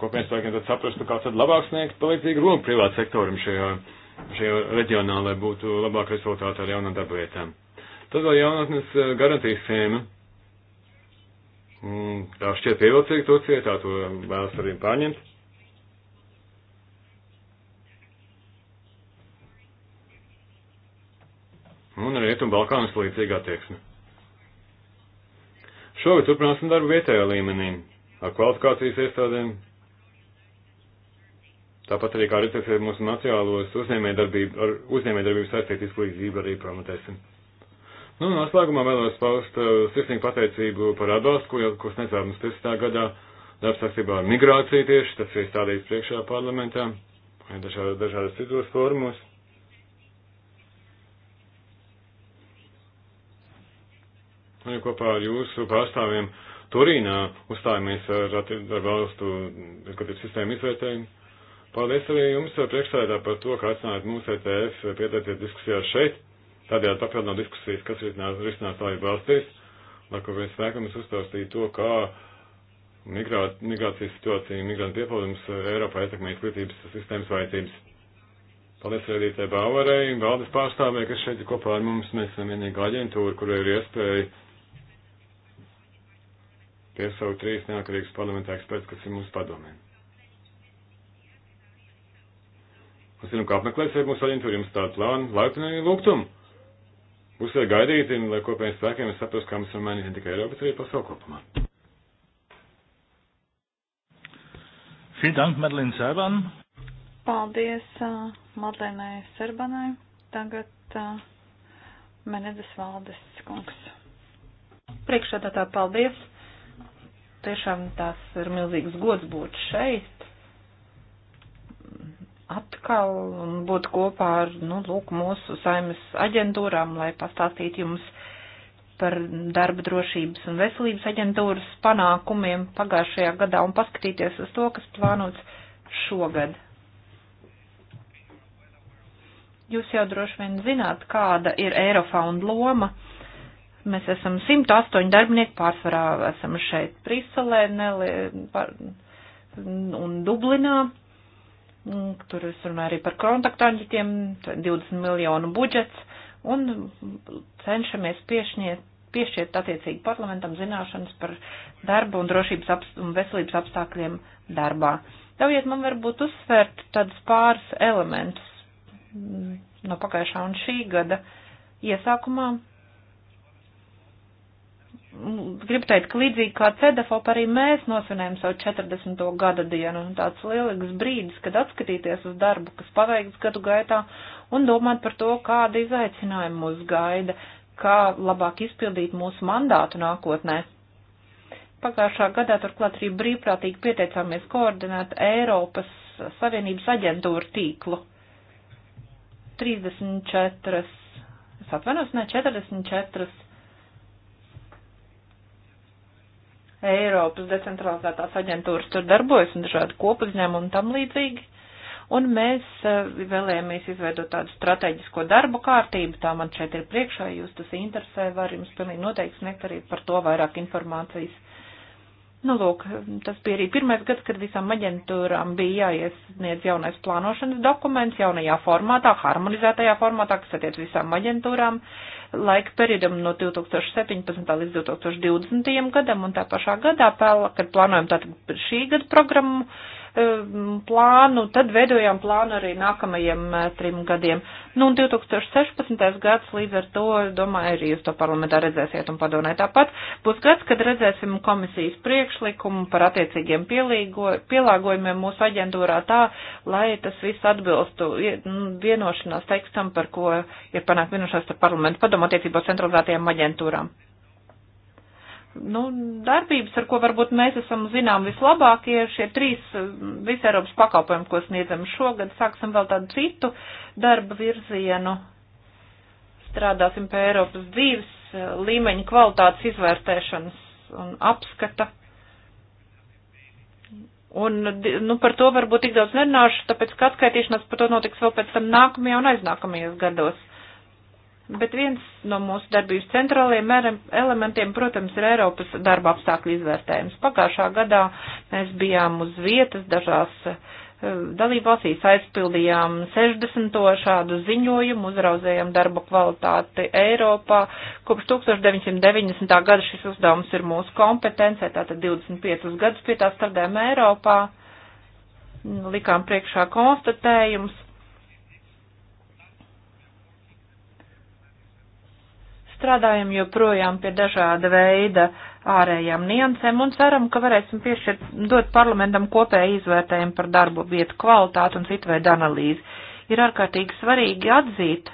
kopienas spēkiem tad saprastu, kā tad labāk sniegt palīdzīgu lomu privātu sektoram šajā, šajā reģionā, lai būtu labāk rezultāti ar jaunām darba vietām. Tad vēl jaunatnes eh, garantijas schēma. Mm, tā šķiet pievilcīga Turcija, tā to um, vēlas arī pārņemt. Un Rietumu Balkānas līdzīga attieksme. Šogad turpināsim darbu vietējā līmenī, ar kvalifikācijas iestādēm, Tāpat arī kā redzēsiet mūsu nacionālos uzņēmējdarbību, ar uzņēmējdarbību saistīt izglītību arī promotēsim. Nu, noslēgumā vēlos paust uh, sirsnīgu pateicību par atbalstu, ko, ko sniedzām 30. gadā. Darbs saistībā ar migrāciju tieši, tas ir stādīts priekšā parlamentā, dažā, dažādas citos formos. Nu, arī kopā ar jūsu pārstāvjiem Turīnā uzstājāmies ar, ar valstu, kad ir sistēma izvērtējumi. Paldies arī jums priekšsēdā par to, ka aicinājāt mūsu ETF piedalīties diskusijās šeit. Tādējādi papildināt diskusijas, kas risinās tālāk valstīs, lai ko viens spēkam es uzstāstīju to, kā migrāt, migrācijas situācija, migrantu pieplūdums Eiropā ietekmē izglītības sistēmas vajadzības. Paldies redītē Bāvarei, valdes pārstāvē, kas šeit ir kopā ar mums. Mēs esam vienīgā aģentūra, kurai ir iespēja piesaukt trīs neatkarīgas parlamentāru ekspertus, kas ir mūsu padomēm. Es zinu, ka apmeklēsiet mūsu aģentūru, jums tādu plānu laipni lūgtum. Būsiet gaidīti, un lai kopējiem spēkiem es saprotu, kā mēs varam mainīt ne tikai Eiropu, bet arī pasauli kopumā. Vielen Dank, Madeleine Serban. Paldies uh, Madlenai Serbanai. Tagad uh, Menedes Valdes kungs. Priekšādā tā paldies. Tiešām tas ir milzīgs gods būt šeit atkal un būt kopā ar, nu, lūk, mūsu saimas aģentūrām, lai pastāstītu jums par darba drošības un veselības aģentūras panākumiem pagājušajā gadā un paskatīties uz to, kas plānots šogad. Jūs jau droši vien zināt, kāda ir Eirofaunda loma. Mēs esam 108 darbinieki, pārsvarā esam šeit Briselē un Dublinā Mm, tur es runāju arī par kontaktāģitiem, 20 miljonu budžets, un cenšamies piešķirt, piešķirt attiecīgi parlamentam zināšanas par darbu un drošības apst un veselības apstākļiem darbā. Ļaujiet man varbūt uzsvērt tādus pāris elementus mm, no pagājušā un šī gada iesākumā gribu teikt, ka līdzīgi kā CEDEFOP arī mēs nosvinējam savu 40. gada dienu un tāds lielisks brīdis, kad atskatīties uz darbu, kas paveikts gadu gaitā un domāt par to, kāda izaicinājuma mūs gaida, kā labāk izpildīt mūsu mandātu nākotnē. Pagājušā gadā turklāt arī brīvprātīgi pieteicāmies koordinēt Eiropas Savienības aģentūru tīklu. 34, es atvainojos, ne 44 Eiropas decentralizētās aģentūras tur darbojas un dažādi kopuzņēmumi un tam līdzīgi. Un mēs eh, vēlējāmies izveidot tādu strateģisko darbu kārtību, tā man šeit ir priekšā, jūs tas interesē, var jums pilnīgi noteikti sniegt arī par to vairāk informācijas. Nu, lūk, tas bija arī pirmais gads, kad visām aģentūrām bija jāiesniedz jaunais plānošanas dokuments jaunajā formātā, harmonizētajā formātā, kas attiec visām aģentūrām laika periodam no 2017. līdz 2020. gadam un tā pašā gadā, kad plānojam tātad šī gada programmu, plānu, tad veidojām plānu arī nākamajiem eh, trim gadiem. Nu, un 2016. gads līdz ar to, domāju, arī jūs to parlamentā redzēsiet un padomē tāpat. Būs gads, kad redzēsim komisijas priekšlikumu par attiecīgiem pielīgo, pielāgojumiem mūsu aģentūrā tā, lai tas viss atbilstu nu, vienošanās tekstam, par ko ir panākt vienošanās ar parlamentu padomu attiecībā centralizētajām aģentūrām nu, darbības, ar ko varbūt mēs esam zinām vislabākie, šie trīs eh, visu Eiropas pakalpojumi, ko sniedzam šogad, sāksim vēl tādu citu darba virzienu, strādāsim pie Eiropas dzīves eh, līmeņa kvalitātes izvērtēšanas un apskata. Un, nu, par to varbūt tik daudz nerunāšu, tāpēc, ka atskaitīšanās par to notiks vēl pēc tam nākamajā un aiznākamajos gados bet viens no mūsu darbības centrāliem elementiem, protams, ir Eiropas darba apstākļu izvērtējums. Pagājušā gadā mēs bijām uz vietas dažās eh, dalībvalstīs, aizpildījām 60. šādu ziņojumu, uzraudzējām darba kvalitāti Eiropā. Kopš 1990. gada šis uzdevums ir mūsu kompetencē, tātad 25 gadus pie tā strādājām Eiropā likām priekšā konstatējums, strādājam joprojām pie dažāda veida ārējām niansēm un ceram, ka varēsim piešķirt, dot parlamentam kopēju izvērtējumu par darbu vietu kvalitāti un citu veidu analīzi. Ir ārkārtīgi svarīgi atzīt,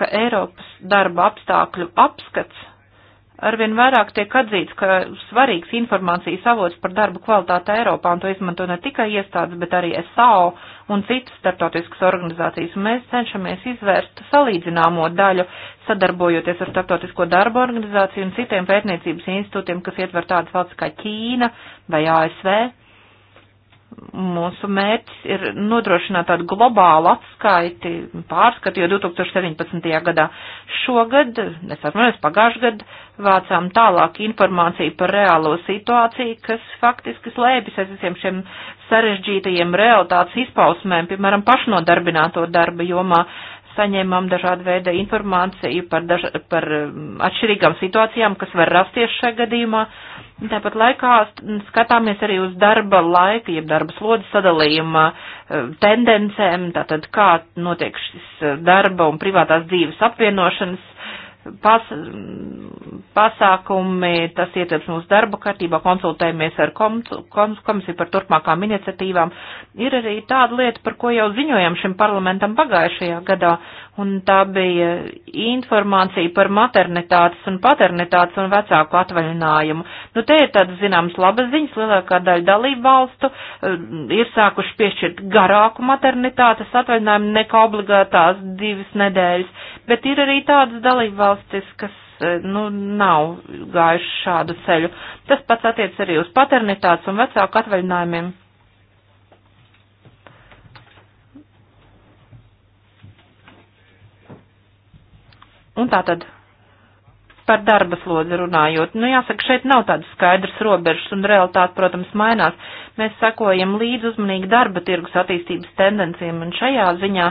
ka Eiropas darba apstākļu apskats arvien vairāk tiek atzīts, ka svarīgs informācijas avots par darbu kvalitāti Eiropā, un to izmanto ne tikai iestādes, bet arī SAO un citas starptautiskas organizācijas. Mēs cenšamies izvērst salīdzināmo daļu, sadarbojoties ar starptautisko darbu organizāciju un citiem pētniecības institūtiem, kas ietver tādas valsts kā Ķīna vai ASV. Mūsu mērķis ir nodrošināt tādu globālu atskaiti, pārskatu, jo 2017. gadā šogad, es atvainojos, pagājušajā gadā vācām tālāk informāciju par reālo situāciju, kas faktiski slēpjas aiz visiem šiem sarežģītajiem realitātes izpausmēm, piemēram, pašnodarbināto darba jomā. Saņēmām dažādu veidu informāciju par, daž par um, atšķirīgām situācijām, kas var rasties šajā gadījumā. Tāpat laikā skatāmies arī uz darba laika, jeb darba slodzes sadalījuma um, tendencēm, tātad kā notiek šis uh, darba un privātās dzīves apvienošanas pas, pasākumi, tas ietilps mūsu darba kārtībā, konsultējamies ar komisiju kom, par turpmākām iniciatīvām. Ir arī tāda lieta, par ko jau ziņojam šim parlamentam pagājušajā gadā, un tā bija informācija par maternitātes un paternitātes un vecāku atvaļinājumu. Nu, te ir tādas zināmas labas ziņas, lielākā daļa dalību valstu eh, ir sākuši piešķirt garāku maternitātes atvaļinājumu nekā obligātās divas nedēļas, bet ir arī tādas dalību valstis, kas eh, nu, nav gājuši šādu ceļu. Tas pats attiec arī uz paternitātes un vecāku atvaļinājumiem. Un tā tad par darba slodzi runājot. Nu, jāsaka, šeit nav tādas skaidras robežas un realitāte, protams, mainās. Mēs sakojam līdz uzmanīgi darba tirgus attīstības tendencijām un šajā ziņā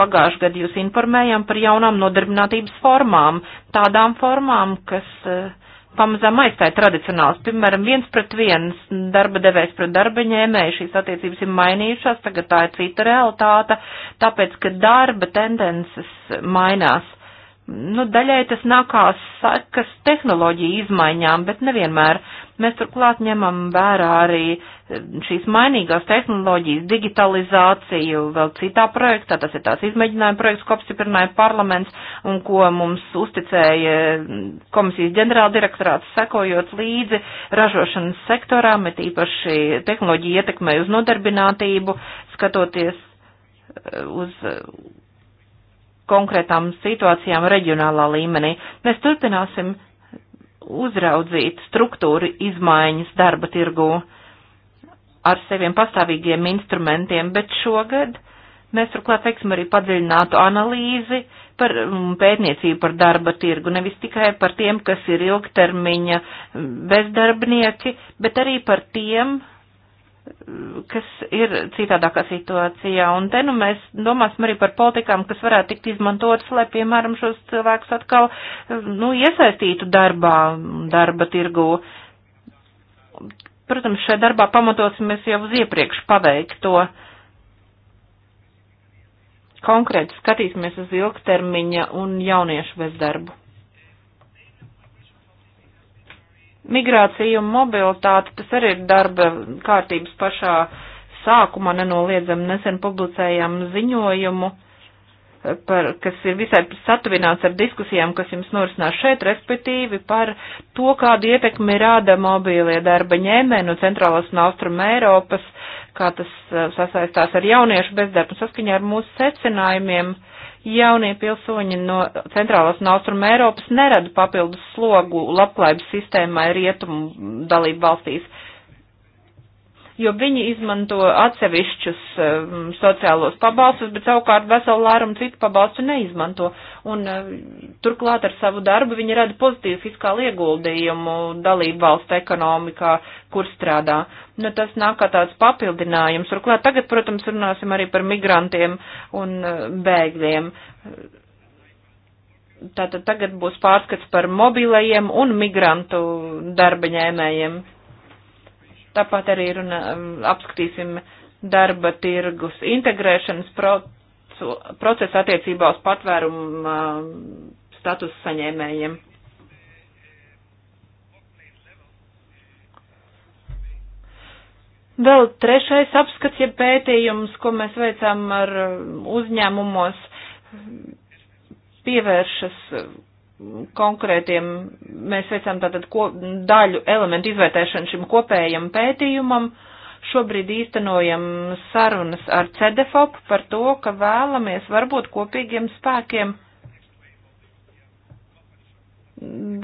pagājušajā gadā jūs informējām par jaunām nodarbinātības formām, tādām formām, kas uh, pamazām aizstāja tradicionāls, piemēram, viens pret viens, darba devējs pret darba ņēmēju, šīs attiecības ir mainījušās, tagad tā ir cita realitāte, tāpēc, ka darba tendences mainās nu, daļai tas nākās sakas tehnoloģiju izmaiņām, bet nevienmēr. Mēs turklāt ņemam vērā arī eh, šīs mainīgās tehnoloģijas, digitalizāciju, vēl citā projektā, tas ir tās izmēģinājuma projekts, ko apstiprināja parlaments un ko mums uzticēja mm, komisijas ģenerāldirektorāts, sekojot līdzi ražošanas sektorā, bet īpaši tehnoloģija ietekmē uz nodarbinātību, skatoties eh, uz konkrētām situācijām reģionālā līmenī. Mēs turpināsim uzraudzīt struktūru izmaiņas darba tirgū ar saviem pastāvīgiem instrumentiem, bet šogad mēs turklāt veiksim arī padziļinātu analīzi par mm, pētniecību par darba tirgu, nevis tikai par tiem, kas ir ilgtermiņa bezdarbnieki, bet arī par tiem, kas ir citādākā situācijā. Un te nu mēs domāsim arī par politikām, kas varētu tikt izmantotas, lai, piemēram, šos cilvēkus atkal, nu, iesaistītu darbā, darba tirgu. Protams, šajā darbā pamatosimies jau uz iepriekš paveikto. Konkrēti skatīsimies uz ilgtermiņa un jauniešu bezdarbu. Migrācija un mobilitāte, tas arī ir darba kārtības pašā sākumā nenoliedzami. Nesen publicējām ziņojumu, eh, par, kas ir visai satuvināts ar diskusijām, kas jums norisinās šeit, respektīvi par to, kādu ietekmi rāda mobīlie darba ņēmēji no centrālās un austrum Eiropas, kā tas eh, sasaistās ar jauniešu bezdarbu saskaņā ar mūsu secinājumiem. Uh, jaunie pilsoņi no centrālās un austrum Eiropas nerada papildus slogu labklājības sistēmai rietumu dalību valstīs. Uh, jo viņi izmanto atsevišķus um, sociālos pabalstus, bet savukārt veselu lērumu citu pabalstu neizmanto. Un uh, turklāt ar savu darbu viņi rada pozitīvu fiskālu ieguldījumu dalību valstu ekonomikā, kur strādā. Nu, tas nāk kā tāds papildinājums. Turklāt tagad, protams, runāsim arī par migrantiem un uh, bēgļiem. Tātad tagad būs pārskats par mobilajiem un migrantu darbaņēmējiem. Tāpat arī runa, um, apskatīsim darba tirgus integrēšanas procesu attiecībā uz patvērumu um, status saņēmējiem. Vēl trešais apskats, ja pētījums, ko mēs veicām ar um, uzņēmumos, pievēršas konkrētiem, mēs veicam tātad ko, daļu elementu izvērtēšanu šim kopējam pētījumam. Šobrīd īstenojam sarunas ar CEDEFOP par to, ka vēlamies varbūt kopīgiem spēkiem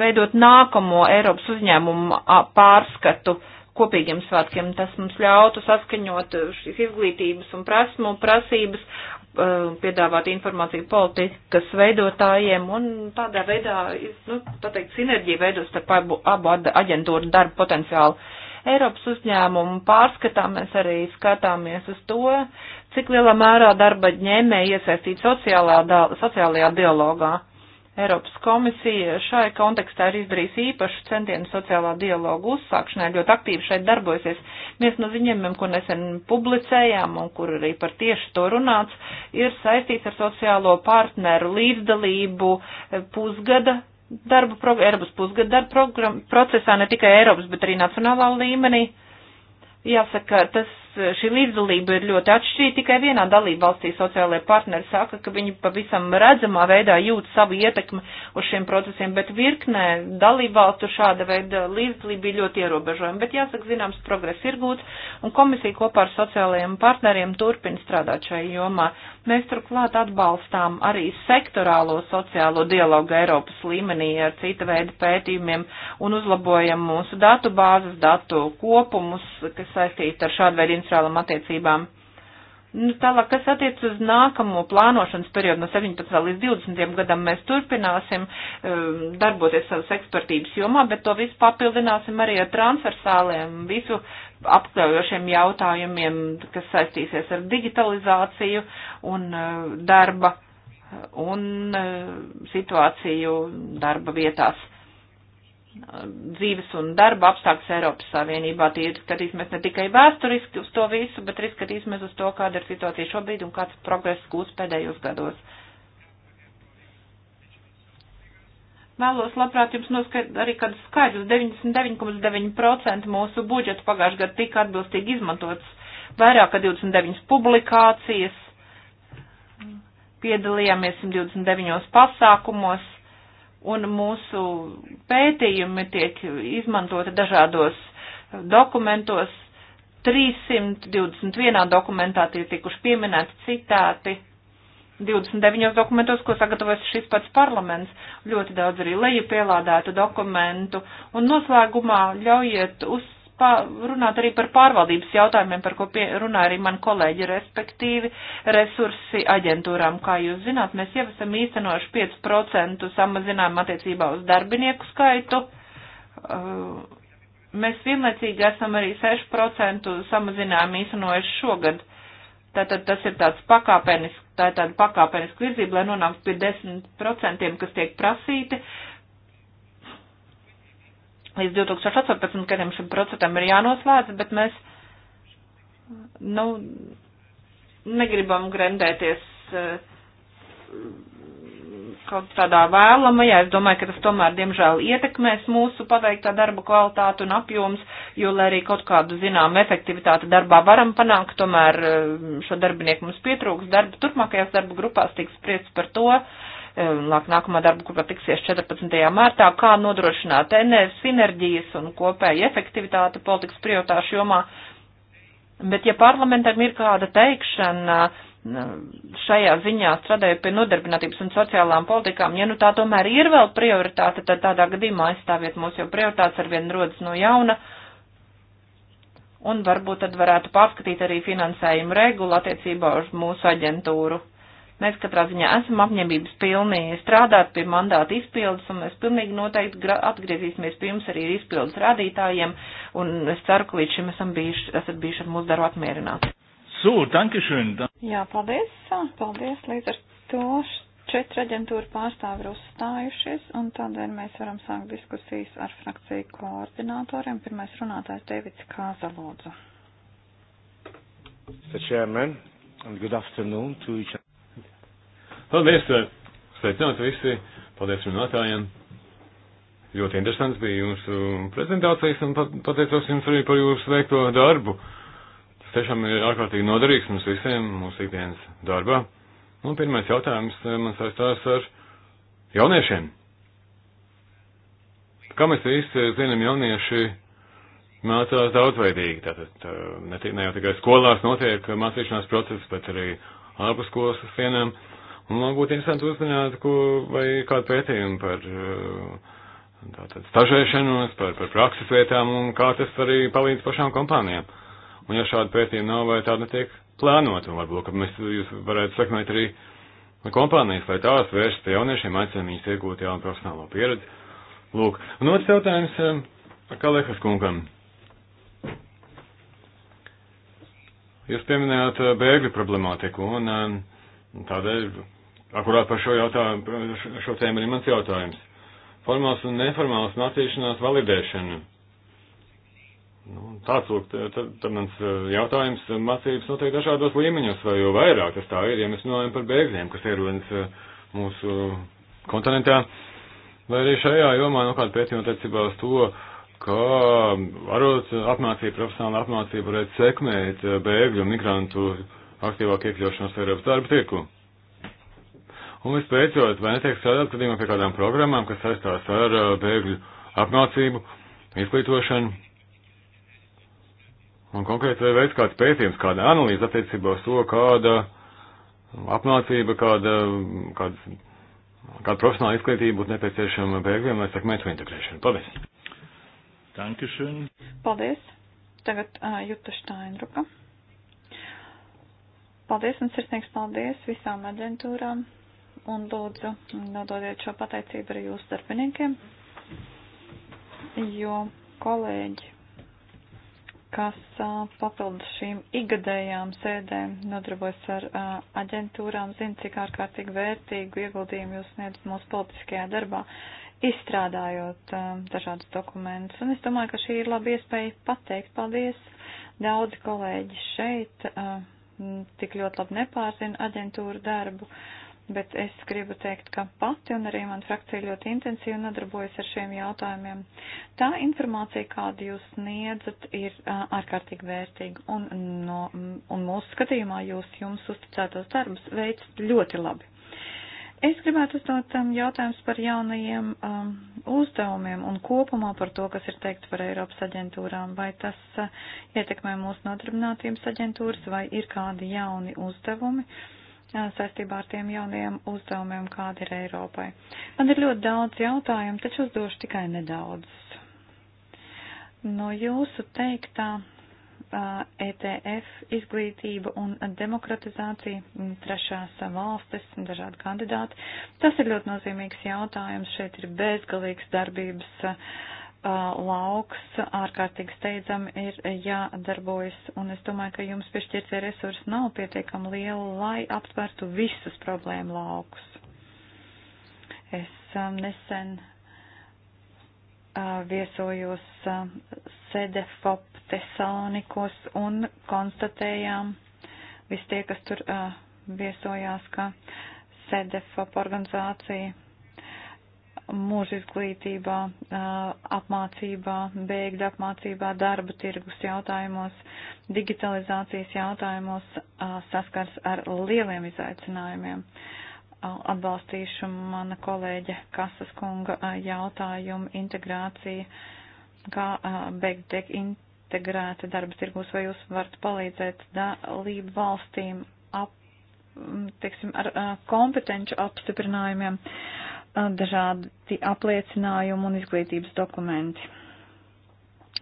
veidot nākamo Eiropas uzņēmumu pārskatu kopīgiem svētkiem. Tas mums ļautu saskaņot šīs izglītības un prasmu prasības, eh, piedāvāt informāciju politikas veidotājiem un tādā veidā, nu, tā teikt, sinerģija veidos starp abu, abu aģentūru darbu potenciālu. Eiropas uzņēmumu pārskatā mēs arī skatāmies uz to, cik lielā mērā darba ņēmē iesaistīt sociālā, sociālajā dialogā Eiropas komisija šai kontekstā ir izdarījusi īpašu centienu sociālā dialogu uzsākšanai, ļoti aktīvi šeit darbojasies. Viens no ziņojumiem, ko nesen publicējām un kur arī par tieši to runāts, ir saistīts ar sociālo partneru līdzdalību eh, pusgada darbu, Eiropas pusgada darbu procesā, ne tikai Eiropas, bet arī nacionālā līmenī. Jāsaka, tas šī līdzdalība ir ļoti atšķirīga. Tikai vienā dalība valstī sociālajie partneri saka, ka viņi pavisam redzamā veidā jūt savu ietekmi uz šiem procesiem, bet virknē dalība valstu šāda veida līdzdalība ir ļoti ierobežojama. Bet jāsaka, zināms, progress ir gūts, un komisija kopā ar sociālajiem partneriem turpina strādāt šai jomā. Mēs turklāt atbalstām arī sektorālo sociālo dialogu Eiropas līmenī ar cita veida pētījumiem un uzlabojam mūsu datu bāzes, datu kopumus, kas saistīti ar šādu veidu instruālam attiecībām. Nu, tālāk, kas attiec uz nākamo plānošanas periodu no 17. līdz 20. gadam, mēs turpināsim um, darboties savas ekspertības jomā, bet to visu papildināsim arī ar transversāliem visu aptaujošiem jautājumiem, kas saistīsies ar digitalizāciju un e, darba un e, situāciju darba vietās. Dzīves un darba apstākļus Eiropas Savienībā tīri skatīsimies ne tikai vēsturiski uz to visu, bet arī skatīsimies uz to, kāda ir situācija šobrīd un kāds progress gūs pēdējos gados. Vēlos labprāt jums noskaidrot arī kādu skaidru. 99,9% mūsu budžeta pagājušajā gadā tika atbilstīgi izmantots. Vairāk kā 29 publikācijas, piedalījāmies 129 pasākumos, un mūsu pētījumi tiek izmantoti dažādos dokumentos. 321 dokumentā tie tikuši pieminēti citāti 29 dokumentos, ko sagatavojas šis pats parlaments, ļoti daudz arī lejupielādētu dokumentu, un noslēgumā ļaujiet uz, pa, runāt arī par pārvaldības jautājumiem, par ko pie, runā arī man kolēģi, respektīvi resursi aģentūrām. Kā jūs zināt, mēs jau esam īstenojuši 5% samazinājumu attiecībā uz darbinieku skaitu. Uh, mēs vienlaicīgi esam arī 6% samazinājumu īstenojuši šogad. Tātad tas ir tāds pakāpenisks tā ir tāda pakāpeniska virzība, lai nonāktu pie 10%, kas tiek prasīti. Līdz 2018 gadiem šim procentam ir jānoslēdz, bet mēs, nu, negribam grendēties eh, kaut tādā vēlamajā. Es domāju, ka tas tomēr, diemžēl, ietekmēs mūsu paveiktā darba kvalitātu un apjoms, jo, lai arī kaut kādu, zinām, efektivitāti darbā varam panākt, tomēr eh, šo darbinieku mums pietrūks darba. Turpmākajās darba grupās tiks spriests par to, eh, lāk nākamā darba grupā tiksies 14. martā, kā nodrošināt enerģijas, sinerģijas un kopēju efektivitāti politikas prioritāšu jomā. Bet, ja parlamentam ir kāda teikšana, Nu, šajā ziņā strādāju pie nodarbinātības un sociālām politikām, ja nu tā tomēr ir vēl prioritāte, tad tādā gadījumā aizstāviet mūs, jo prioritātes arvien rodas no jauna. Un varbūt tad varētu pārskatīt arī finansējumu regulu attiecībā uz mūsu aģentūru. Mēs katrā ziņā esam apņemības pilni strādāt pie mandāta izpildes, un mēs pilnīgi noteikti atgriezīsimies pie jums arī ar izpildes rādītājiem, un es ceru, ka līdz šim esam bijuši, esat bijuši ar mūsu darbu apmierināti. So, dankeschön. Jā, paldies. Paldies. Līdz ar to četri aģentūra pārstāvi ir uzstājušies, un tādēļ mēs varam sākt diskusijas ar frakciju koordinatoriem. Pirmais runātājs Deivids Kāzalodzu. Mr. Chairman, and good afternoon to each other. Paldies, eh, sveicināti visi, paldies runātājiem. Ļoti interesants bija jūsu prezentācijas, un pateicos jums arī par jūsu veikto darbu. Uh, tiešām ir ārkārtīgi noderīgs mums visiem, mūsu ikdienas darbā. Un pirmais jautājums eh, man saistās ar jauniešiem. Kā mēs visi zinām, jaunieši mācās daudzveidīgi. Tātad eh, ne, ne jau tikai skolās notiek mācīšanās process, bet arī ārpus skolas sienām. Un man būtu interesanti uzzināt, ko vai kādu pētījumu par eh, tātad stažēšanos, par, par prakses vietām un kā tas arī palīdz pašām kompānijām. Un ja šāda pētījuma nav, vai tāda netiek plānota, un varbūt, ka mēs jūs varētu sekmēt arī kompānijas, lai tās vērst pie jauniešiem, aicina viņus iegūt jaunu profesionālo pieredzi. Lūk, un otrs jautājums eh, Kalehas kungam. Jūs pieminējāt eh, bēgļu problemātiku, un eh, tādēļ akurāt par šo jautājumu, šo tēmu arī mans jautājums. Formāls un neformāls mācīšanās validēšana. Nu, tāds lūk, tad, tad mans eh, jautājums eh, mācības notiek dažādos līmeņos, vai jau vairāk tas tā ir, ja mēs runājam par bēgļiem, kas ierodas eh, mūsu kontinentā, vai arī šajā jomā, nu, kāda pētījuma attiecībā uz to, ka varot apmācība, profesionāla apmācība varētu sekmēt bēgļu un migrantu aktīvāku iekļaušanos Eiropas darba tirku. Un vispēcot, vai netiek strādāt gadījumā pie kādām programmām, kas saistās ar bēgļu apmācību, izglītošanu? Un konkrēti vai veids kāds pētījums, kāda analīze attiecībā uz to, kāda apmācība, kāda, kāda, kāda profesionāla izglītība būtu nepieciešama bēgļiem, lai sekmētu integrēšanu. Paldies! Dankeschön! Paldies! Tagad uh, Juta Štainruka. Paldies un sirsnīgs paldies visām aģentūrām un lūdzu nododiet šo pateicību arī jūsu darbiniekiem, jo kolēģi kas papildus šīm igadējām sēdēm nodarbojas ar aģentūrām, zina, cik ārkārtīgi vērtīgu ieguldījumu jūs sniedzat mūsu politiskajā darbā, izstrādājot dažādus dokumentus. Un es domāju, ka šī ir laba iespēja pateikt paldies. Daudzi kolēģi šeit tik ļoti labi nepārzina aģentūru darbu. Uh, bet es gribu teikt, ka pati un arī man frakcija ļoti intensīvi nodarbojas ar šiem jautājumiem. Tā informācija, kādu jūs sniedzat, ir ārkārtīgi vērtīga, un, no, un mūsu skatījumā jūs jums uzticētos darbus veicat ļoti labi. Es gribētu uzdot um, jautājums par jaunajiem um, uzdevumiem un kopumā par to, kas ir teikt par Eiropas aģentūrām. Vai tas uh, ietekmē mūsu nodarbinātības aģentūras, vai ir kādi jauni uzdevumi? Uh, saistībā ar tiem jaunajiem uzdevumiem, kāda ir Eiropai. Man ir ļoti daudz jautājumu, taču uzdošu tikai nedaudz. No jūsu teiktā ETF, izglītība un demokratizācija, trešās valstis un dažādi kandidāti. Tas ir ļoti nozīmīgs jautājums. Šeit ir bezgalīgs darbības Uh, lauks ārkārtīgi steidzami ir jādarbojas, un es domāju, ka jums piešķirtie resursi nav pietiekami lieli, lai aptvertu visus problēmu laukus. Es um, nesen uh, viesojos um, Sedefop Tesalonikos un konstatējām, visi tie, kas tur uh, viesojās, ka Sedefop organizācija mūža izglītībā, apmācībā, bēgļu apmācībā, darba tirgus jautājumos, digitalizācijas jautājumos saskars ar lieliem izaicinājumiem. Atbalstīšu mana kolēģe Kasas kunga jautājumu integrācija, kā bēgļi tiek integrēti darba tirgus, vai jūs varat palīdzēt dalību valstīm ap, teiksim, ar kompetenču apstiprinājumiem. Uh, dažādi apliecinājumi un izglītības dokumenti.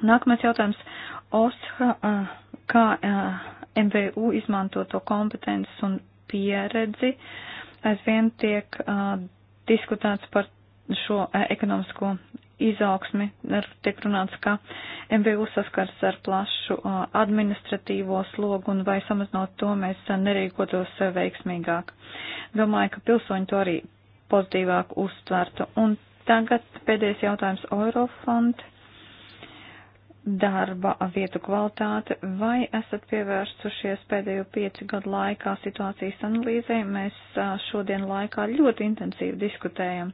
Nākamais jautājums. OSHA, kā MVU izmanto to kompetences un pieredzi, aizvien tiek diskutēts par šo ekonomisko izaugsmi, tiek runāts, ka MVU saskars ar plašu administratīvo slogu un vai samazinot to mēs nerīkotos veiksmīgāk. Domāju, ka pilsoņi to arī pozitīvāk uztvertu. Un tagad pēdējais jautājums Eurofond. Darba vietu kvalitāte. Vai esat pievērsušies pēdējo piecu gadu laikā situācijas analīzē? Mēs šodien laikā ļoti intensīvi diskutējam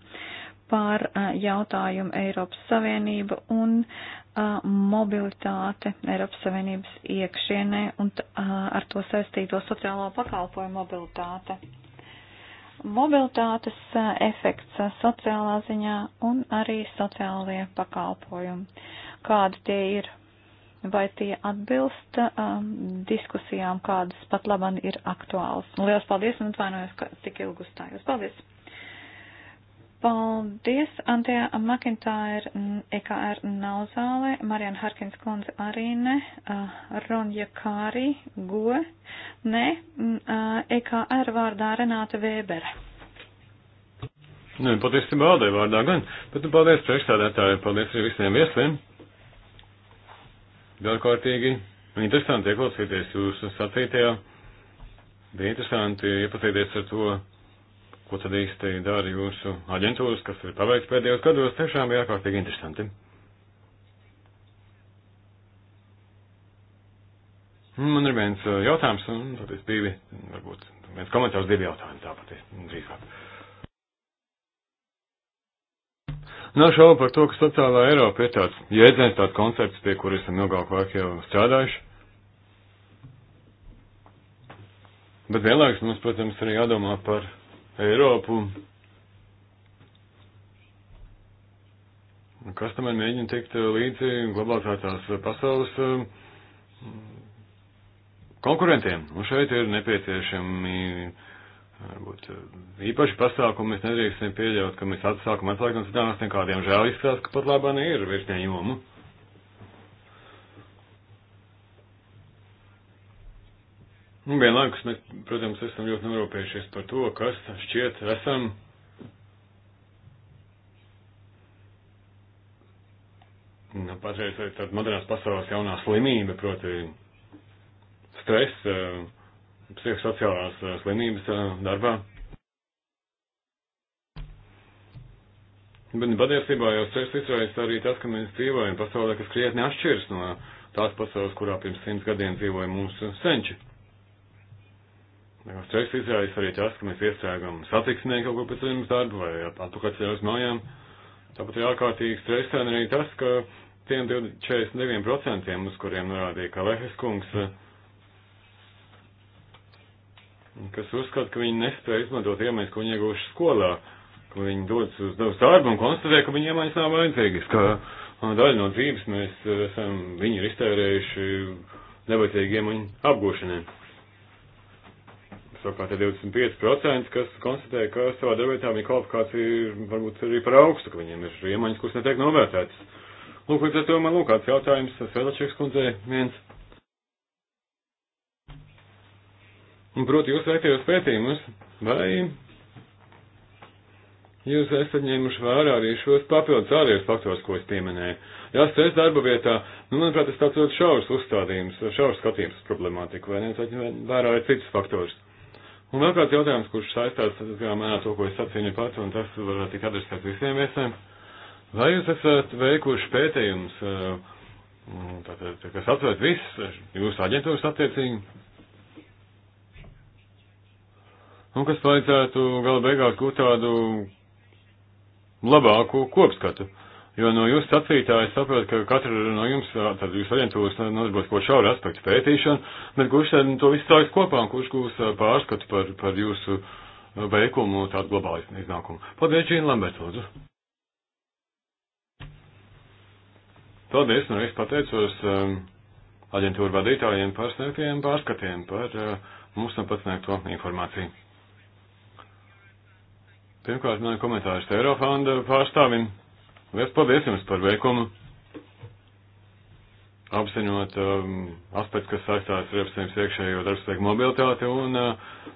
par jautājumu Eiropas Savienība un a, mobilitāte Eiropas Savienības iekšienē un t, a, ar to saistīto sociālo pakalpojumu mobilitāte mobilitātes eh, efekts eh, sociālā ziņā un arī sociālie pakalpojumi. Kādi tie ir? Vai tie atbilst um, diskusijām, kādas pat laban ir aktuāls? Lielas paldies un atvainojos, ka tik ilgi uzstājos. Paldies! Paldies, Antijā Makintāra, mm, EKR nav zālē, Marijana Harkins kundze arī ne, uh, Ronja Kārī, Go, ne, uh, mm, ah, EKR vārdā Renāta Vēbere. Nu, patiesībā vādai vārdā gan, bet nu, paldies priekšstādētāji, paldies arī visiem viesiem. Galkārtīgi, interesanti ieklausīties jūsu sacītajā, bija interesanti iepazīties ar to ko tad īsti dara jūsu aģentūras, kas ir paveikts pēdējos gados, tiešām ir ārkārtīgi interesanti. Man ir viens uh, jautājums, un tad es divi, varbūt viens komentārs, divi jautājumi tāpat drīzāk. Nav šaubu par to, ka sociālā Eiropa ir tāds jēdziens, tāds koncepts, pie kura esam ilgāku laiku jau strādājuši. Bet vienlaikus mums, protams, arī jādomā par Eiropu. Kas tam ir mēģina tikt eh, līdzi globalizētās eh, pasaules eh, konkurentiem? Un šeit ir nepieciešami varbūt īpaši pasākumi. Mēs nedrīkstam pieļaut, ka mēs atsākam atslēgt no citām valstīm, kādiem žēl izskatās, ka pat labā ne ir virsņēmumu. Un nu, vienlaikus mēs, protams, esam ļoti norūpējušies par to, kas šķiet esam. Nu, patreiz ir tāda modernās pasaules jaunā slimība, proti stress, eh, psihosociālās eh, slimības eh, darbā. Bet patiesībā jau stress izraisa arī tas, ka mēs dzīvojam pasaulē, kas krietni atšķiras no tās pasaules, kurā pirms simts gadiem dzīvoja mūsu senči. Nekāds streiks izrādīs arī tas, ka mēs iestrēgam satiksmē kaut ko pēc dienas darba vai atpakaļ ceļā uz mājām. Tāpat ir ārkārtīgi stresēni arī tas, ka tiem 42%, uz kuriem norādīja Kalehis kungs, kas uzskata, ka viņi nespēja izmantot iemaņas, ko viņi iegūši skolā, ka viņi dodas uz daudz darbu un konstatē, ka viņi iemaņas nav vajadzīgas, ka uh, daļa no dzīves mēs uh, esam, viņi ir iztērējuši nevajadzīgi iemaņu apgūšanai savukārt ir 25%, kas konstatē, ka savā darbvietā viņa kvalifikācija ir varbūt arī par augstu, ka viņiem ir iemaņas, kuras netiek novērtētas. Lūk, līdz ar to man lūk kāds jautājums Svelačiks kundzē viens. Un, proti, jūs veiktajos pētījumus, vai jūs esat ņēmuši vērā arī šos papildus ārējos faktors, ko es pieminēju? Jā, stress darba vietā, nu, manuprāt, tas tāds ļoti šaurs uzstādījums, šaurs skatījums problemātika, vai neesat vērā arī citus faktors? Un vēl kāds jautājums, kurš saistās, kā manā to, ko es sacīju pats, un tas varētu tikt adresēts visiem viesiem. Vai jūs esat veikuši pētījumus, eh, tātad, kas atvērt visus jūsu aģentūras attiecīgi? Un kas palīdzētu gala beigās gūt tādu labāku kopskatu? Jo no jūsu sacītāja saprot, ka katra no jums, tad jūs aģentūras nodarbos ko šauru aspektu pētīšanu, bet kurš tad to visu stājas kopā un kurš gūs pārskatu par, par jūsu veikumu tādu globālu iznākumu. Paldies, Džīna Lamberts, lūdzu. Paldies, nu es pateicos um, aģentūru vadītājiem par sniegtiem pārskatiem par uh, mums nu pat sniegto informāciju. Pirmkārt, man ir komentārs Eirofanda pārstāvim. Liels paldies jums par veikumu apziņot um, aspektu, kas saistās ar apziņas iekšējo darbspēku mobilitāti, un, uh,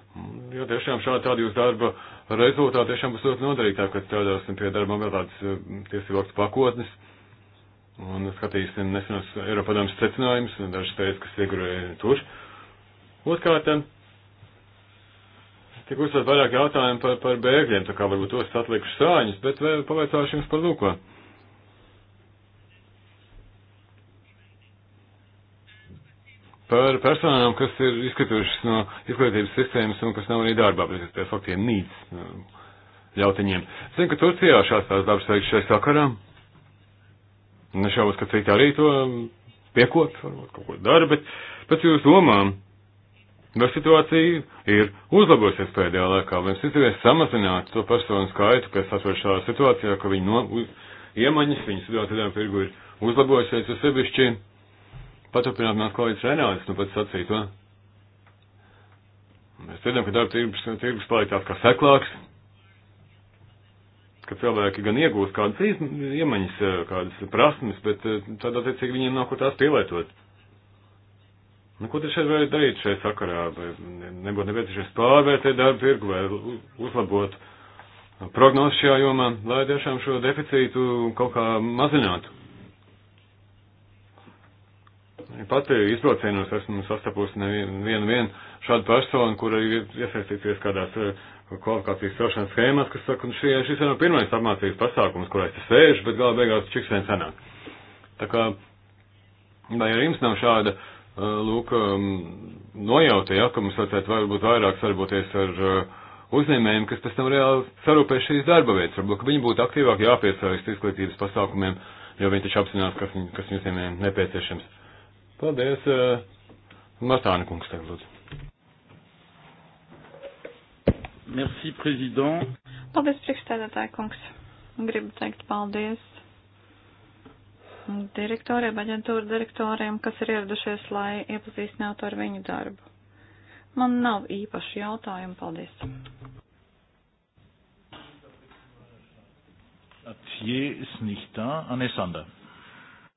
jo tiešām šādi tādi jūs darba rezultāti tiešām būs ļoti noderīgi, tā, kad strādāsim pie darba mobilitātes uh, tiesību aktu pakotnes, un skatīsim nesenos Eiropadomas secinājumus, dažas tēzes, kas iegurēja tur. Otkārt, uh, Tik uzsver vairāk jautājumu par, par bēgļiem, tā kā varbūt tos atlikuši sāņus, bet vēl pavaicāšu jums par lūko. Par personām, kas ir izkritušas no izglītības sistēmas un kas nav arī darbā, bet pie faktiem nīc nu, ļautiņiem. Zinu, ka Turcijā šāds tās darbs veikts šai sakarā. Nešaubos, ka citi arī to piekot, varbūt kaut ko dara, bet pēc jūsu domām, No situācija ir uzlabojusies pēdējā laikā. Mums izdevies samazināt to personu skaitu, kas atrodas šādā situācijā, ka viņi no, uz, iemaņas, viņu situācija darba tirgu ir uzlabojusies, jo sevišķi paturpināt mēs kolēģis Renālis, nu pats sacīto. Mēs dzirdam, ka darba tirgus, tirgus paliek tāds kā seklāks, ka cilvēki gan iegūst kādas iemaņas, kādas prasmes, bet eh, tad attiecīgi viņiem nav kur tās pielietot. Nu, ko tad šeit vajag darīt šajā sakarā? Vai nebūtu nepieciešams pārvērtēt darbu tirgu vai uzlabot prognozes šajā jomā, lai tiešām šo deficītu kaut kā mazinātu? Pati izbraucienos esmu sastapusi nevienu vien, vien šādu personu, kura ir iesaistīties kādās e, kvalifikācijas celšanas schēmās, kas saka, šie, šis ir no pirmais apmācības pasākums, kurā es te sēžu, bet galā beigās čiks vien senāk. Tā kā, vai arī jums nav šāda uh, Eh, lūk, nojauta, ja, ka mums vajadzētu varbūt vairāk sarboties ar eh, uzņēmējiem, kas pēc tam reāli sarūpē šīs darba vietas. Varbūt, ka viņi būtu aktīvāk jāpiesaist izglītības pasākumiem, jo viņi taču apzinās, kas, viņ, kas viņu uzņēmējiem nepieciešams. Paldies, eh, Martāna kungs, tagad lūdzu. Merci, prezident. Paldies, priekšstādātāja kungs. Gribu teikt paldies direktoriem, aģentūra direktoriem, kas ir ieradušies, lai iepazīstinātu ar viņu darbu. Man nav īpaši jautājumu. Paldies.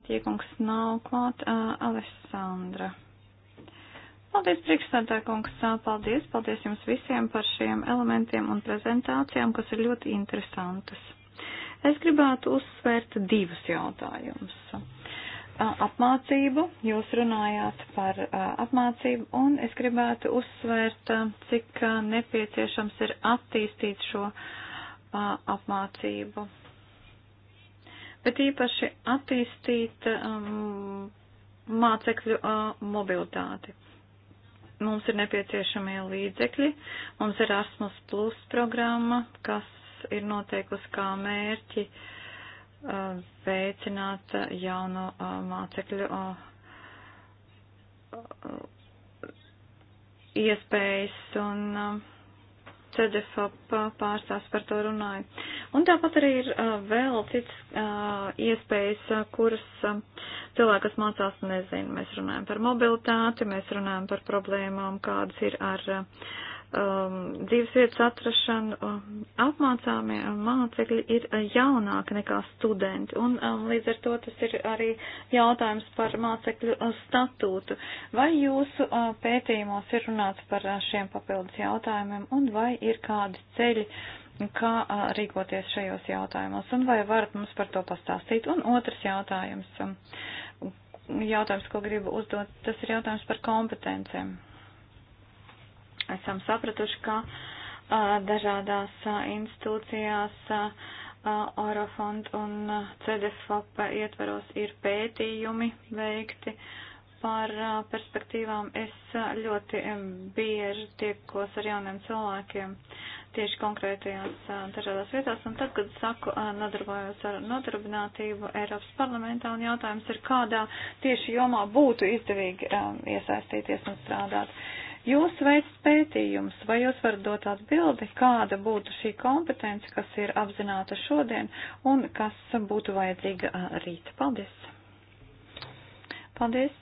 Tiekungs nav klāt. Uh, Alessandra. Paldies, priekšsēdētāj kungs. Paldies, paldies jums visiem par šiem elementiem un prezentācijām, kas ir ļoti interesantas. Es gribētu uzsvērt divus jautājumus. Apmācību, jūs runājāt par apmācību, un es gribētu uzsvērt, cik nepieciešams ir attīstīt šo apmācību. Bet īpaši attīstīt um, mācekļu uh, mobilitāti. Mums ir nepieciešamie līdzekļi, mums ir Erasmus Plus programma, kas ir noteikusi kā mērķi uh, veicināt uh, jauno uh, mācekļu iespējas un um, CDFOP pārstāvs par to runāja. Un tāpat arī ir vēl citas iespējas, kuras um, cilvēki, kas mācās, nezina. Mēs runājam par mobilitāti, mēs runājam par problēmām, kādas ir ar uh, um, dzīves vietas atrašanu, um, apmācāmie um, mācekļi ir uh, jaunāki nekā studenti, un um, līdz ar to tas ir arī jautājums par mācekļu uh, statūtu. Vai jūsu uh, pētījumos ir runāts par uh, šiem papildus jautājumiem, un vai ir kādi ceļi, kā uh, rīkoties šajos jautājumos, un vai varat mums par to pastāstīt? Un otrs jautājums, um, jautājums, ko gribu uzdot, tas ir jautājums par kompetencijām esam sapratuši, ka dažādās institūcijās Orofond un CDFOP ietvaros ir pētījumi veikti par perspektīvām. Es ļoti bieži tiekos ar jauniem cilvēkiem tieši konkrētajās dažādās vietās, un tad, kad saku, nodarbojos ar nodarbinātību Eiropas parlamentā, un jautājums ir, kādā tieši jomā būtu izdevīgi iesaistīties un strādāt. Jūs veicat pētījumus, vai jūs varat dot atbildi, kāda būtu šī kompetence, kas ir apzināta šodien un kas būtu vajadzīga rīt? Paldies! Paldies!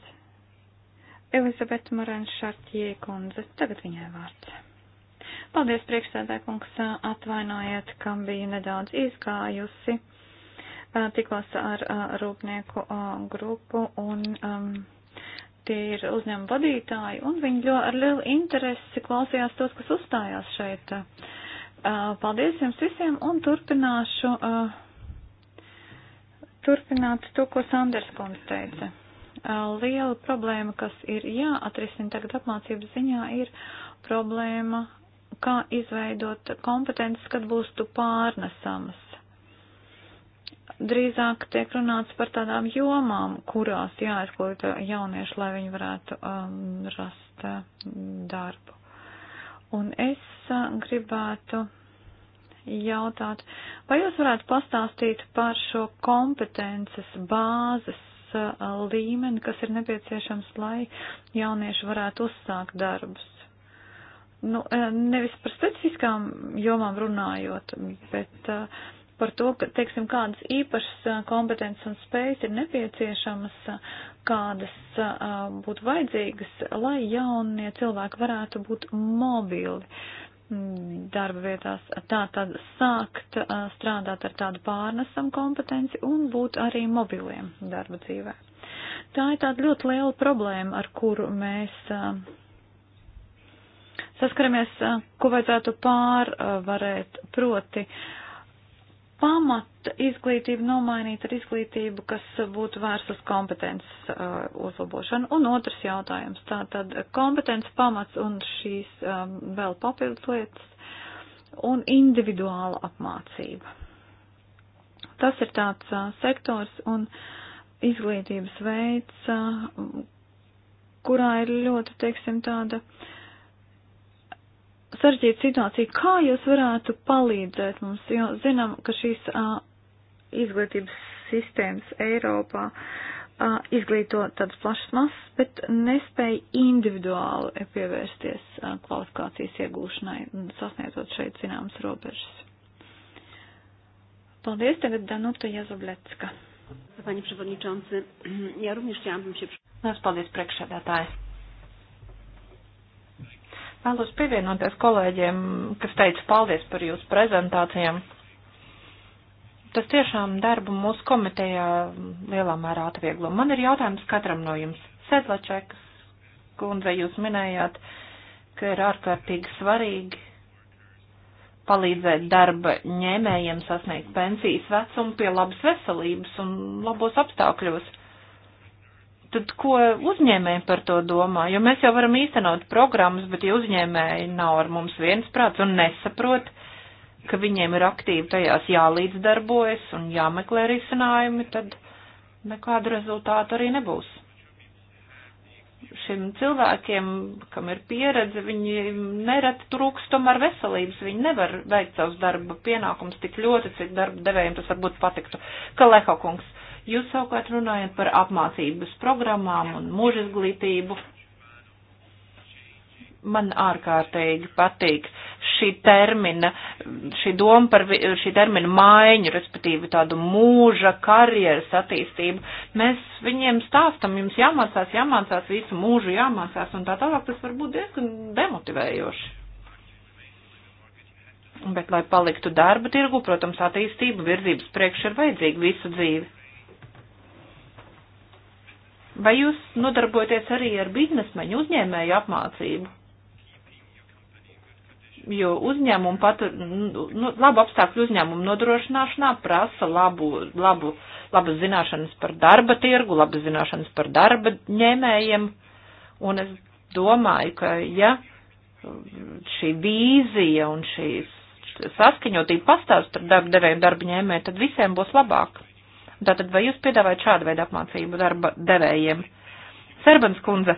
Elizabete Morēna Šartie kundze, tagad viņai vārds. Paldies, priekšsēdē kungs, atvainojiet, kam bija nedaudz izgājusi. Tikos ar rūpnieku grupu un. Um, tie ir uzņēmuma vadītāji, un viņi ar lielu interesi klausījās tos, kas uzstājās šeit. Uh, paldies jums visiem, un turpināšu uh, turpināt to, ko Sanders kundze teica. Uh, liela problēma, kas ir jāatrisina tagad apmācības ziņā, ir problēma, kā izveidot kompetences, kad būs tu pārnesamas drīzāk tiek runāts par tādām jomām, kurās jāizglīto jaunieši, lai viņi varētu um, rast uh, darbu. Un es uh, gribētu jautāt, vai jūs varētu pastāstīt par šo kompetences bāzes uh, līmeni, kas ir nepieciešams, lai jaunieši varētu uzsākt darbus? Nu, uh, nevis par specifiskām jomām runājot, bet uh, par to, ka, teiksim, kādas īpašas kompetences un spējas ir nepieciešamas, kādas būtu vajadzīgas, lai jaunie cilvēki varētu būt mobili darba vietās. Tā tad sākt strādāt ar tādu pārnesam kompetenci un būt arī mobiliem darba dzīvē. Tā ir tāda ļoti liela problēma, ar kuru mēs saskaramies, ko vajadzētu pārvarēt, proti pamata izglītību nomainīt ar izglītību, kas būtu vērsts uz kompetences uh, uzlabošanu. Un otrs jautājums - tātad kompetences pamats un šīs um, vēl papildus lietas un individuāla apmācība. Tas ir tāds uh, sektors un izglītības veids, uh, kurā ir ļoti, teiksim, tāda uh, sarežģīta situācija. Kā jūs varētu palīdzēt mums? Jo zinām, ka šīs uh, izglītības sistēmas Eiropā uh, izglīto tādas plašas masas, bet nespēja individuāli pievērsties uh, kvalifikācijas iegūšanai, sasniedzot šeit zināmas robežas. Paldies, tagad Danuta Jazoblecka. Pani Przewodniczący, [CLEARS THROAT] ja również chciałabym się... Paldies, priekšsēdētāji. Vēlos pievienoties kolēģiem, kas teica paldies par jūsu prezentācijām. Tas tiešām darbu mūsu komitejā lielā mērā atvieglo. Man ir jautājums katram no jums. Sedlačekas kundze, jūs minējāt, ka ir ārkārtīgi svarīgi palīdzēt darba ņēmējiem sasniegt pensijas vecumu pie labas veselības un labos apstākļos tad ko uzņēmēji par to domā? Jo mēs jau varam īstenot programmas, bet ja uzņēmēji nav ar mums viensprāts un nesaprot, ka viņiem ir aktīvi tajās jālīdzdarbojas un jāmeklē risinājumi, tad nekādu rezultātu arī nebūs. Šiem cilvēkiem, kam ir pieredze, viņi nereti trūks tomēr veselības, viņi nevar veikt savus darba pienākumus tik ļoti, cik darba devējiem tas varbūt patiktu. Kaleho kungs. Jūs savukārt runājat par apmācības programmām un mūža izglītību. Man ārkārtīgi patīk šī termina, šī doma par šī termina maiņu, respektīvi tādu mūža karjeras attīstību. Mēs viņiem stāstam, jums jāmācās, jāmācās visu mūžu, jāmācās un tā tālāk, tas var būt diezgan demotivējoši. Bet, lai paliktu darba tirgu, protams, attīstība virzības priekš ir vajadzīga visu dzīvi. Vai jūs nodarbojaties arī ar biznesmeņu uzņēmēju apmācību? Jo uzņēmumu pat, nu, nu, labu apstākļu uzņēmumu nodrošināšanā prasa labu, labu, labas zināšanas par darba tirgu, labas zināšanas par darba ņēmējiem. Un es domāju, ka, ja šī vīzija un šī saskaņotība pastāv starp darba devēju un darba ņēmēju, tad visiem būs labāk. Tātad vai jūs piedāvājat šādu veidu apmācību darba devējiem? Serbans kundze,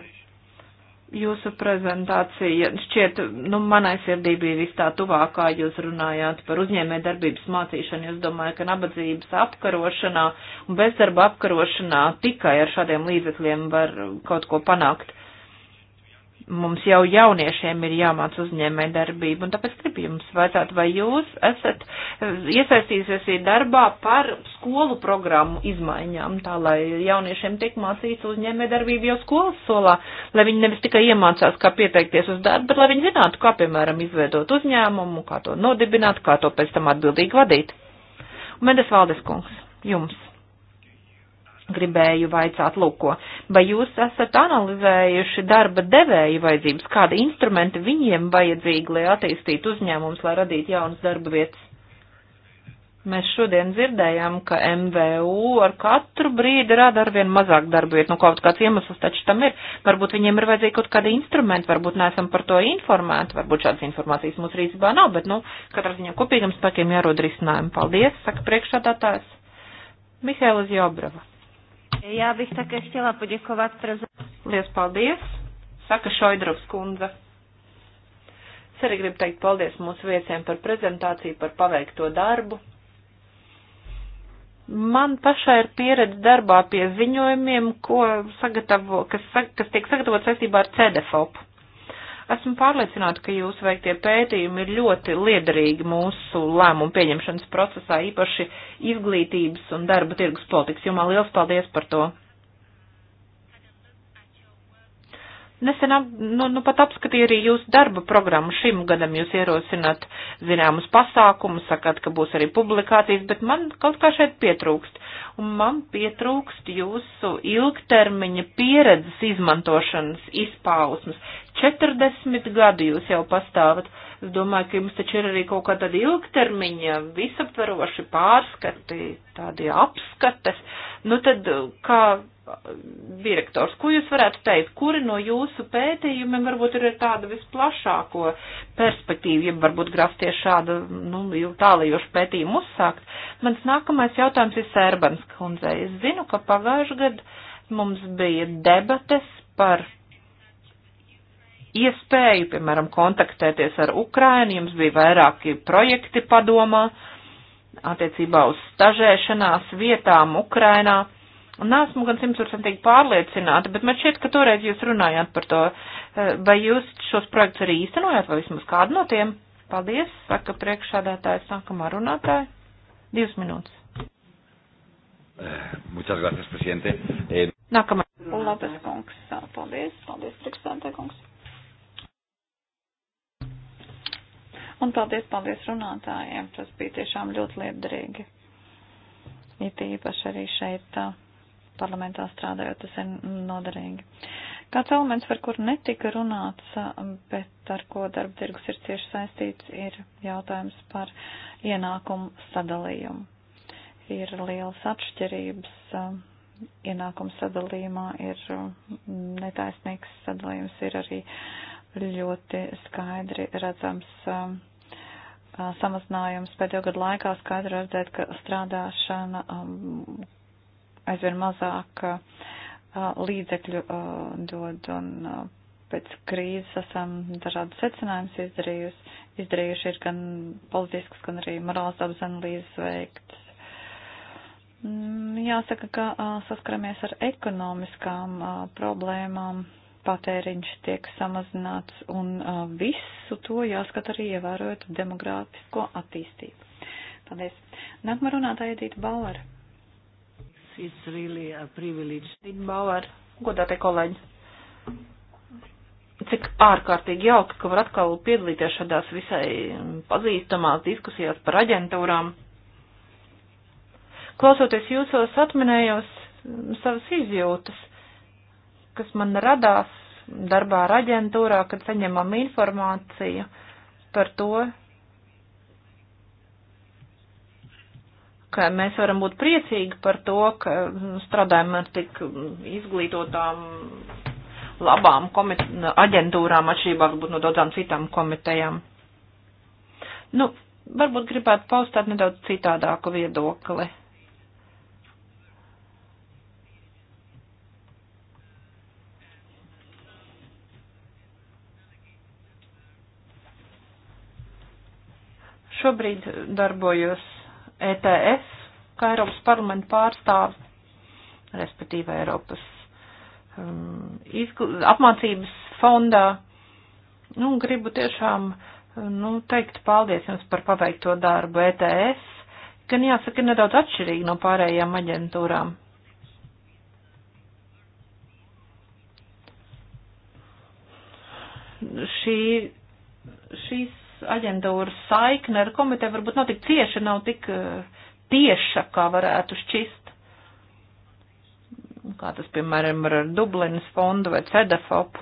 jūsu prezentācija šķiet, nu, manai sirdī bija vis tā tuvākā, jūs runājāt par uzņēmē darbības mācīšanu, es domāju, ka nabadzības apkarošanā un bezdarba apkarošanā tikai ar šādiem līdzekļiem var kaut ko panākt mums jau jauniešiem ir jāmāc uzņēmē darbību, un tāpēc gribu jums vajadzēt, vai jūs esat eh, iesaistīsies darbā par skolu programmu izmaiņām, tā lai jauniešiem tiek mācīts uzņēmē darbību jau skolas solā, lai viņi nevis tikai iemācās, kā pieteikties uz darbu, bet lai viņi zinātu, kā, piemēram, izveidot uzņēmumu, kā to nodibināt, kā to pēc tam atbildīgi vadīt. Un Mendes Valdes kungs, jums gribēju vaicāt, lūko, vai jūs esat analizējuši darba devēju vajadzības, kāda instrumenta viņiem vajadzīgi, lai attīstītu uzņēmums, lai radītu jaunas darba vietas? Mēs šodien dzirdējām, ka MVU ar katru brīdi rada arvien mazāk darba vietu, nu kaut kāds iemesls taču tam ir, varbūt viņiem ir vajadzīgi kaut kādi instrumenti, varbūt neesam par to informēti, varbūt šādas informācijas mūsu rīzībā nav, bet, nu, katrā ziņā kopīgam spēkiem jārod risinājumi. Paldies, saka priekšādātājs Mihēlis Jobrava. Jā, bych také chtěla poděkovat prezentācijas. Paldies, saka Šoidrovs kundze. Es arī gribu teikt paldies mūsu viesiem par prezentāciju, par paveikto darbu. Man pašai ir pieredze darbā pie ziņojumiem, ko sagatavo, kas, kas tiek sagatavot saistībā ar CDFOP. Esmu pārliecināta, ka jūsu veiktie pētījumi ir ļoti liederīgi mūsu lēmumu pieņemšanas procesā, īpaši izglītības un darba tirgus politikas jomā. Liels paldies par to! nesen ap, nu, nu, pat apskatīju arī jūsu darba programmu šim gadam. Jūs ierosināt zināmus pasākumus, sakāt, ka būs arī publikācijas, bet man kaut kā šeit pietrūkst. Un man pietrūkst jūsu ilgtermiņa pieredzes izmantošanas izpausmes. 40 gadu jūs jau pastāvat. Uh, Es domāju, ka jums taču ir arī kaut kāda ilgtermiņa, visaptveroši pārskati, tādi apskates. Nu tad, kā direktors, ko jūs varētu teikt, kuri no jūsu pētījumiem varbūt ir tāda visplašāko perspektīvu, ja varbūt grasties šādu, nu, tālajošu pētījumu uzsākt? Mans nākamais jautājums ir Sērbans kundzei. Es zinu, ka pagājušajā gadā mums bija debates par iespēju, piemēram, kontaktēties ar Ukraini, jums bija vairāki projekti padomā attiecībā uz stažēšanās vietām Ukrainā. Un esmu gan simtprocentīgi pārliecināta, bet man šķiet, ka toreiz jūs runājāt par to, eh, vai jūs šos projektus arī īstenojāt, vai vismaz kādu no tiem. Paldies, saka priekšādātājs, nākamā runātāja. Divas minūtes. Eh, muchas gracias, presidente. Eh, nākamā. Labas kungs, paldies, paldies, priekšādātāja kungs. Un paldies, paldies runātājiem. Tas bija tiešām ļoti liederīgi. It īpaši arī šeit parlamentā strādājot, tas ir noderīgi. Kāds elements, par kuru netika runāts, bet ar ko darba tirgus ir cieši saistīts, ir jautājums par ienākumu sadalījumu. Ir lielas atšķirības, ienākumu sadalījumā ir netaisnīgs sadalījums, ir arī ļoti skaidri redzams samazinājums pēdējo gadu laikā skaidri redzēt, ka strādāšana um, aizvien mazāk uh, līdzekļu uh, dod un uh, pēc krīzes esam dažādas secinājumus izdarījusi. Izdarījuši ir gan politiskas, gan arī morāls dabas analīzes veikts. Mm, jāsaka, ka saskaramies ar ekonomiskām problēmām patēriņš tiek samazināts un uh, visu to jāskat arī ievērojot demogrāfisko attīstību. Paldies. Nākamā runātāja Edita Bauer. It's really a privilege. Edita Bauer, godātie kolēģi cik ārkārtīgi jauki, ka var atkal piedalīties šādās visai pazīstamās diskusijās par aģentūrām. Klausoties jūsos, atminējos savas izjūtas kas man radās darbā ar aģentūrā, kad saņemam informāciju par to, ka mēs varam būt priecīgi par to, ka strādājam ar tik izglītotām labām aģentūrām atšķirībā varbūt no daudzām citām komitejām. Nu, varbūt gribētu paustāt nedaudz citādāku viedokli. Šobrīd darbojos ETF, kā Eiropas parlamenta pārstāvis, respektīvi Eiropas um, apmācības fondā. Nu, gribu tiešām nu, teikt paldies jums par paveikto darbu ETS, gan jāsaka nedaudz atšķirīgi no pārējām aģentūrām. Šī, šīs aģentūras saikne ar komiteju varbūt nav tik cieša, nav tik eh, tieša, kā varētu šķist. Kā tas, piemēram, ar Dublinas fondu vai CEDEFOP.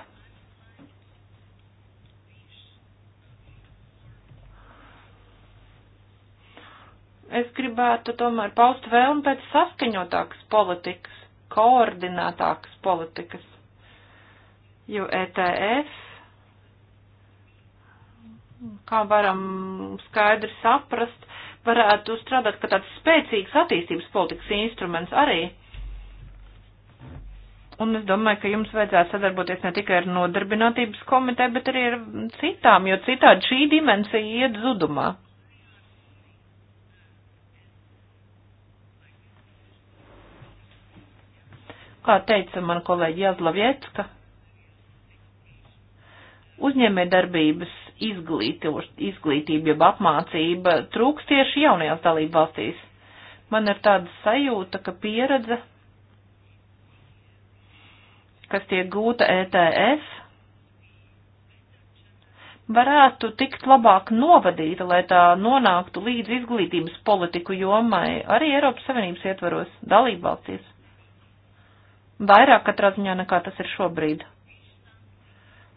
Es gribētu tomēr paust vēlmu pēc saskaņotākas politikas, koordinētākas politikas, jo ETF kā varam skaidri saprast, varētu strādāt kā tāds spēcīgs attīstības politikas instruments arī. Un es domāju, ka jums vajadzētu sadarboties ne tikai ar nodarbinātības komiteju, bet arī ar citām, jo citādi šī dimensija iet zudumā. Kā teica man kolēģi Jazlaviecka, uzņēmē darbības izglītība, jeb apmācība trūks tieši jaunajās dalību valstīs. Man ir tāda sajūta, ka pieredze, kas tiek gūta ETS, varētu tikt labāk novadīta, lai tā nonāktu līdz izglītības politiku jomai arī Eiropas Savienības ietvaros dalību valstīs. Vairāk katrā ziņā nekā tas ir šobrīd.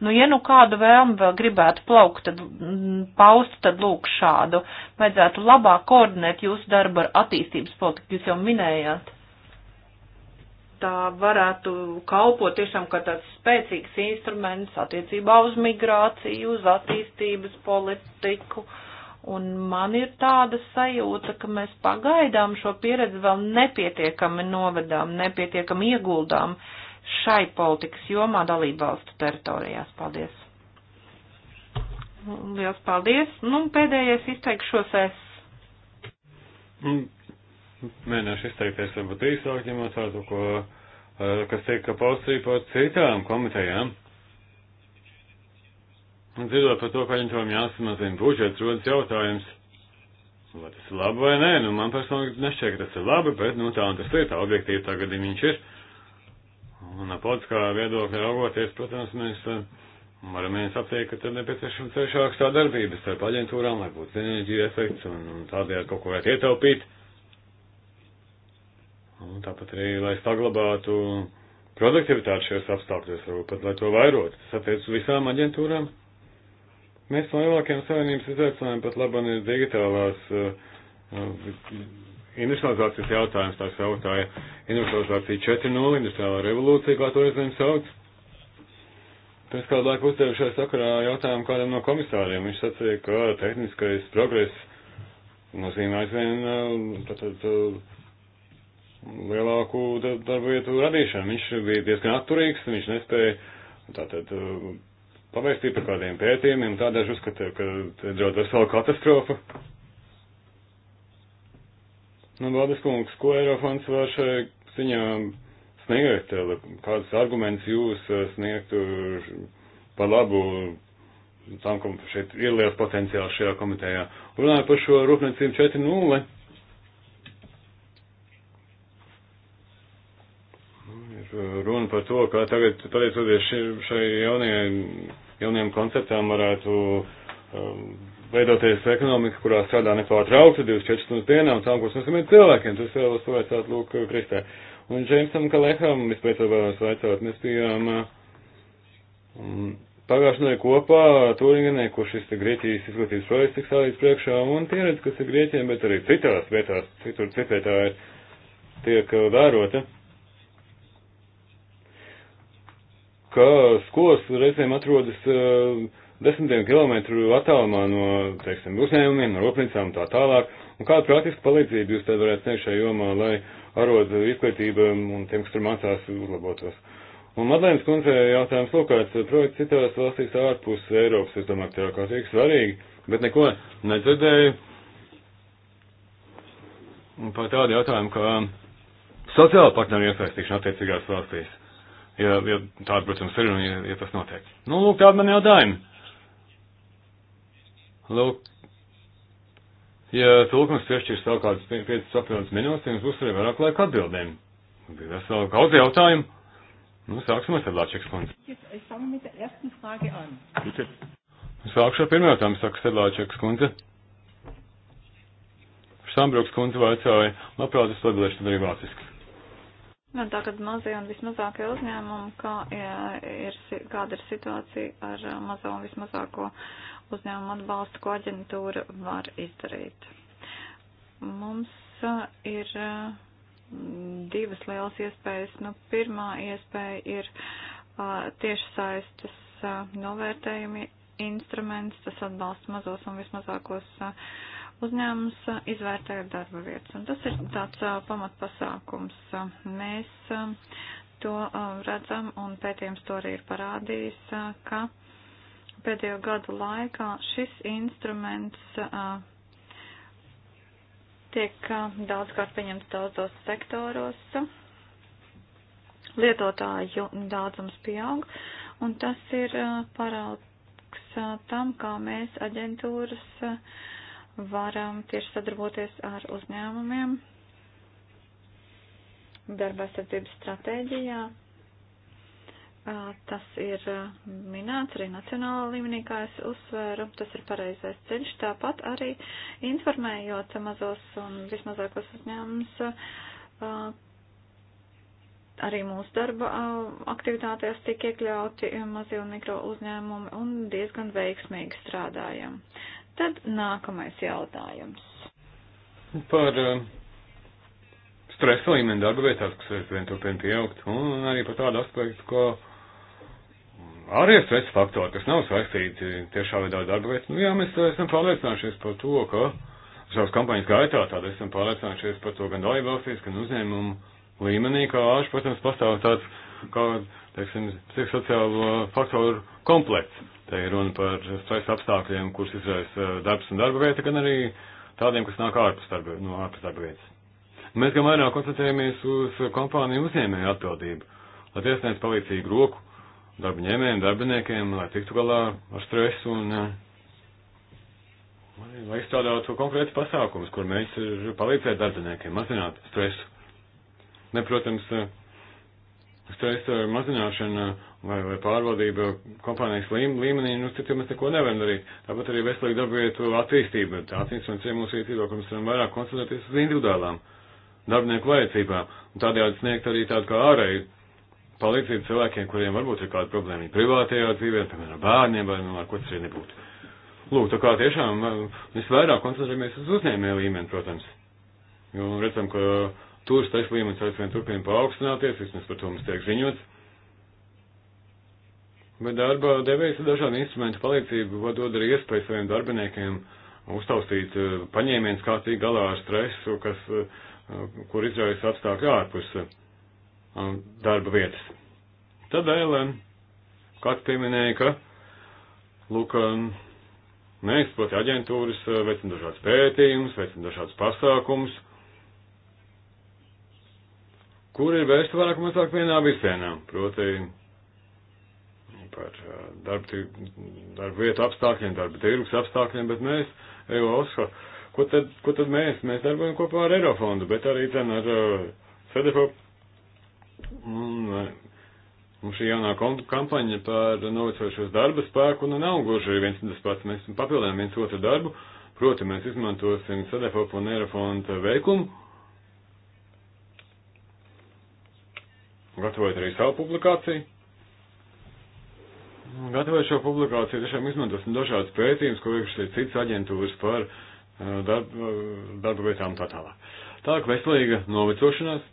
Nu, ja nu kādu vēlmu vēl gribētu plaukt, tad m, mm, paust, tad lūk šādu. Vajadzētu labāk koordinēt jūsu darbu ar attīstības politiku, jūs jau minējāt. Tā varētu kalpot tiešām kā tāds spēcīgs instruments attiecībā uz migrāciju, uz attīstības politiku. Un man ir tāda sajūta, ka mēs pagaidām šo pieredzi vēl nepietiekami novedām, nepietiekami ieguldām. Uh, šai politikas jomā dalību valstu teritorijās. Paldies! Liels paldies! Nu, pēdējais izteikšos es. Mm. Mēģināšu izteikties varbūt īsāk, ņemot vērā to, ko, eh, kas tiek paustrī par citām komitejām. Un dzirdot par to, ka viņam tom jāsamazina budžets, rodas jautājums, vai tas ir labi vai nē. Nu, man personīgi nešķiet, ka tas ir labi, bet, nu, tā un tas ir, tā objektīvi tagad viņš ir. Uh, Un no politiskā viedokļa raugoties, protams, mēs eh, varam viens apteikt, ka tad nepieciešams ciešāks tā darbības starp aģentūrām, lai būtu enerģija efekts un, un tādējādi kaut ko varētu ietaupīt. Un tāpat arī, lai saglabātu produktivitāti šajos apstākļos, varbūt pat, lai to vairot. Tas attiec uz visām aģentūrām. Mēs no lielākiem savienības izaicinājumiem pat labam ir digitālās uh, uh, Industrializācijas jautājums tā saucāja industrializācija 4.0, industriālā revolūcija, kā to reizēm sauc. Pēc kādu laiku uzdevu šajā sakarā jautājumu kādam no komisāriem. Viņš sacīja, ka tehniskais progress nozīmē aizvien um, tātad, um, lielāku darba vietu radīšanu. Viņš bija diezgan atturīgs, viņš nespēja tātad um, pavēstīt par kādiem pētījumiem, tādēļ uzskatīja, ka draudz vesela katastrofa. Nu, Valdis kungs, ko Eirofons var šai ziņā sniegt, kādas argumentus jūs eh, sniegtu par labu tam, ka šeit ir liels potenciāls šajā komitejā. Runāju par šo rūpniecību 4.0. Eh, runa par to, ka tagad, pateicoties šai jaunajai, jaunajiem konceptām, varētu um, veidoties ekonomika, kurā strādā nepārtraukti 24 stundas dienā un tam, ko esam cilvēkiem, tas jau es vajadzētu lūk Kristē. Un Džeimsam Kaleham, vispēc vēl vēlos vaicāt, mēs bijām um, pagājušajā nedēļā kopā Turingenē, kur šis Grieķijas izglītības projekts tiks stādīts priekšā, un pieredze, kas ir Grieķiem, bet arī citās vietās, citur citētā ir tiek uh, vērota, ka skolas reizēm atrodas uh, desmitiem kilometru attālumā no, teiksim, uzņēmumiem, no rūpnīcām un tā tālāk. Un kādu praktisku palīdzību jūs tad varētu sniegt šajā jomā, lai arodu izglītību un tiem, kas tur mācās, uzlabotos? Un Madlēnas kundze jautājums lūkāts, projekts eh, citās valstīs ārpus Eiropas, es domāju, ka tā ir kaut kas svarīgi, bet neko nedzirdēju par tādu jautājumu, kā sociāla partneru iesaistīšana attiecīgās valstīs. Ja, ja tāda, protams, ir un ja, ja tas notiek. Nu, lūk, tāda man jautājuma. Lūk, ja tulkums piešķir savu kādus 5 papildus minūtes, jums būs arī vairāk laika atbildēm. Bija vesela kaudz jautājumu. Nu, sāksim ar Sedlāčeks kundzi. Sākšu ar pirmā jautājumu, saka Sedlāčeks kundze. Sambruks kundze vaicāja, labprāt, es atbildēšu tad arī vāciski. Man nu, tā, kad mazie un vismazākie uzņēmumi, kā ir, kāda ir situācija ar uh, mazo un vismazāko uzņēmuma atbalstu, ko aģentūra var izdarīt. Mums ir divas lielas iespējas. Nu, pirmā iespēja ir tiešsaistes novērtējumi instruments, tas atbalsta mazos un vismazākos uzņēmums, izvērtējot darba vietas. Un tas ir tāds pamatpasākums. Mēs to redzam, un pētījums to arī ir parādījis, ka pēdējo gadu laikā šis instruments uh, tiek uh, daudzkārt pieņemts daudzos sektoros. Lietotāju daudzums pieaug, un tas ir uh, paraugs uh, tam, kā mēs aģentūras uh, varam tieši sadarboties ar uzņēmumiem darba aizsardzības stratēģijā Tas ir minēts arī nacionālā līmenī, kā es uzsvēru, tas ir pareizais ceļš. Tāpat arī informējot mazos un vismazākos uzņēmumus arī mūsu darba aktivitātēs tiek iekļauti mazie un mikro uzņēmumi un diezgan veiksmīgi strādājam. Tad nākamais jautājums. Par stresa līmeni darba vietās, kas aizvien turpina pieaugt, un arī par tādu aspektu, ko ārējie stresa faktori, kas nav saistīti tiešā veidā darba vietas, nu jā, mēs esam pārliecinājušies par to, ka savas kampaņas gaitā tādā esam pārliecinājušies par to gan dalībvalstīs, gan uzņēmumu līmenī, kā ārš, protams, pastāv tāds, kā, teiksim, psihosociālo faktoru komplekts. Te ir runa par stresa apstākļiem, kurus izraisa eh, darbs un darba vieta, gan arī tādiem, kas nāk ārpus darba, no ārpus darba vietas. Mēs gan vairāk koncentrējamies uz kompāniju uzņēmēju atbildību, lai tiesnēs palīdzīgu roku darba ņēmējiem, darbiniekiem, lai tiktu galā ar stresu un eh, lai izstrādātu konkrētus pasākumus, kur mērķis ir eh, palīdzēt darbiniekiem mazināt stresu. Ne, protams, eh, stresa mazināšana vai, vai pārvaldība kompānijas līmenī, nu, citu mēs neko nevaram darīt. Tāpat arī veselīga darba vietu attīstība, tā attīstība mūsu ietībā, ka mēs varam vairāk koncentrēties uz individuālām darbinieku vajadzībām un tādējādi sniegt arī tādu kā ārēju palīdzību cilvēkiem, kuriem varbūt ir kāda problēma privātajā dzīvē, piemēram, bērniem vai no nu ar ko tas arī nebūtu. Lūk, tā kā tiešām visvairāk eh, koncentrējamies uz uzņēmēju līmeni, protams. Jo redzam, ka turistašu līmenis aizvien turpina paaugstināties, vismaz par to mums tiek ziņots. Bet darba devējs ar dažādu instrumentu palīdzību dod arī iespēju saviem darbiniekiem uztaustīt eh, paņēmienus kārtīgi galā ar stresu, kas, eh, kur izraisa apstākļi ārpus. Uh, darba vietas. Tad vēl kāds pieminēja, ka, lūk, um, neeksploatē aģentūras, uh, veicina dažādas pētījumus, veicina dažādas pasākumus, kur ir vērsta vairāk mazāk vienā visienā, proti par uh, darba, darba vietu apstākļiem, darba tirgus apstākļiem, bet mēs, EOSHA, ko tad, ko tad mēs? Mēs darbojam kopā ar Eirofondu, bet arī ten ar uh, CDFOP Un, un šī jaunā kampaņa par novecojušos darba spēku nu, nav gluži viens un tas pats. Mēs papildinām viens otru darbu, proti mēs izmantosim Sadefop un Eirofonta veikumu, gatavojot arī savu publikāciju. Gatavojot šo publikāciju, tiešām izmantosim dažādas pētījumus, ko veikuši ir citas aģentūras par eh, darba, darba vietām tā tālāk. Tālāk veselīga novecošanās.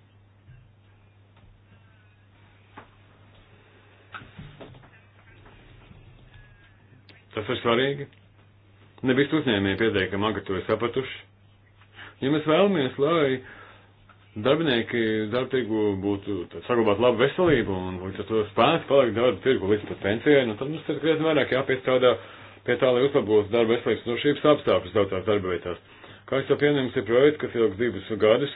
Tas ir svarīgi. Ne visi uzņēmēji pietiekami agri to ir sapratuši. Ja mēs vēlamies, lai darbinieki darba tirgu būtu saglabāt labu veselību un līdz ar to spēks palikt darba tirgu līdz pat pensijai, nu tad mums ir krietni vairāk jāpiestrādā pie tā, lai uzlabotu darba veselības drošības apstākļus daudzās darba vietās. Kā es jau pieņemu, ir projekts, kas ilgs divus gadus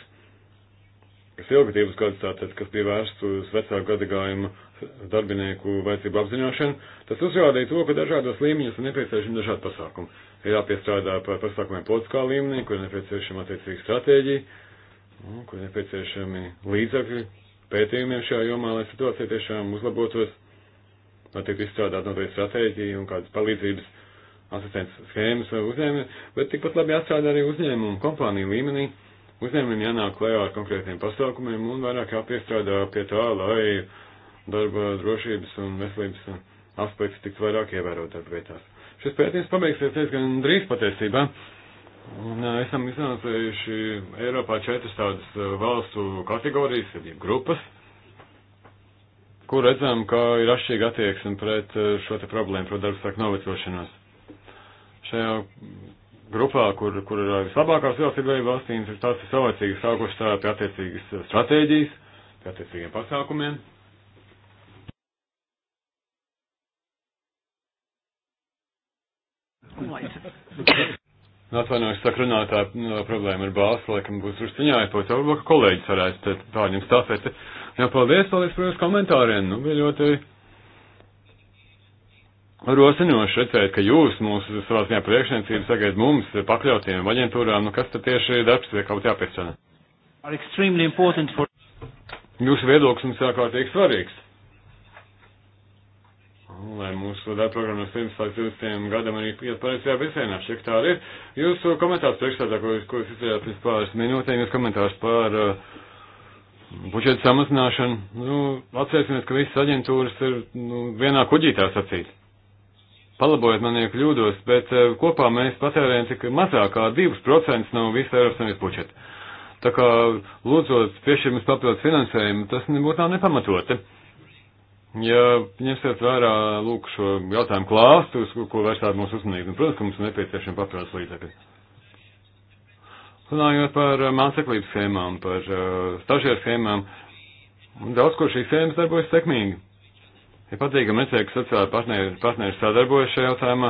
kas ilgatības gadus, tātad, kas bija vērsts uz vecāku gadagājumu darbinieku vajadzību apzināšanu, tas uzrādīja to, ka dažādos līmeņos ir nepieciešami dažādi pasākumi. Ir jāpiestrādā par pasākumiem politiskā līmenī, kur ir nepieciešama attiecīga stratēģija, un, kur ir nepieciešami līdzakļi pētījumiem šajā jomā, lai situācija tiešām uzlabotos, lai tiktu izstrādāt noteikti stratēģija un kādas palīdzības asistents schēmas vai uzņēmumi, bet tikpat labi jāstrādā arī uzņēmumu kompāniju līmenī Uzņēmumiem jānāk klajā ar konkrētiem pasākumiem un vairāk jāpiestrādā pie tā, lai darba drošības un veselības aspekts tiktu vairāk ievērot darba vietās. Šis pētījums pabeigsies diezgan drīz patiesībā. Un esam izanalizējuši Eiropā četras tādas valstu kategorijas, jeb grupas, kur redzam, ka ir atšķirīga attieksme pret šo te problēmu, pret darba spēku novecošanos. Šajā grupā, kur, kur vislabākās vielas ir dalība valstīm, ir tās ir savlaicīgi sākušas tā pie attiecīgas stratēģijas, pie attiecīgiem pasākumiem. Nu, atvainojos, saka runātāja, no, nu, problēma ar balsu, laikam būs uzciņāja, pēc varbūt kolēģis varētu pārņemt stāfeti. Jā, paldies, paldies par jūsu komentāriem. Nu, bija ļoti. Ļoti rosinoši redzēt, ka jūs mūsu savā ziņā priekšniecību sagaidat mums, pakļautiem aģentūrām, nu kas tad tieši darbs vai kaut jāpiesana? For... Jūsu viedoklis mums jākārtīgi svarīgs. Lai mūsu darbprogrammas pirms 20 gadam arī iet pareizajā virzienā, šiek tā arī ir. Jūsu komentārs priekšstādā, ko jūs, ko jūs izdarījāt pirms pāris minūtēm, jūs komentārs par uh, budžeta samazināšanu. Nu, atcerēsimies, ka visas aģentūras ir nu, vienā kuģītā sacīt. Palabojiet man, ja kļūdos, bet eh, kopā mēs patērējam tik mazāk kā 2% no visa Eiropas Savienības budžeta. Tā kā lūdzot piešķirums papildus finansējumu, tas nebūtu nav nepamatoti. Ja ņemsiet vērā lūk šo jautājumu klāstu, uz ko vērstāt mūsu uzmanību, un, protams, ka mums ir nepieciešami papildus līdzekļi. Runājot par eh, māceklības schēmām, par uh, stažieru schēmām, daudz ko šīs schēmas darbojas sekmīgi. Ir patīkami redzēt, ka sociālai partneri, partneri sadarbojas šajā jautājumā,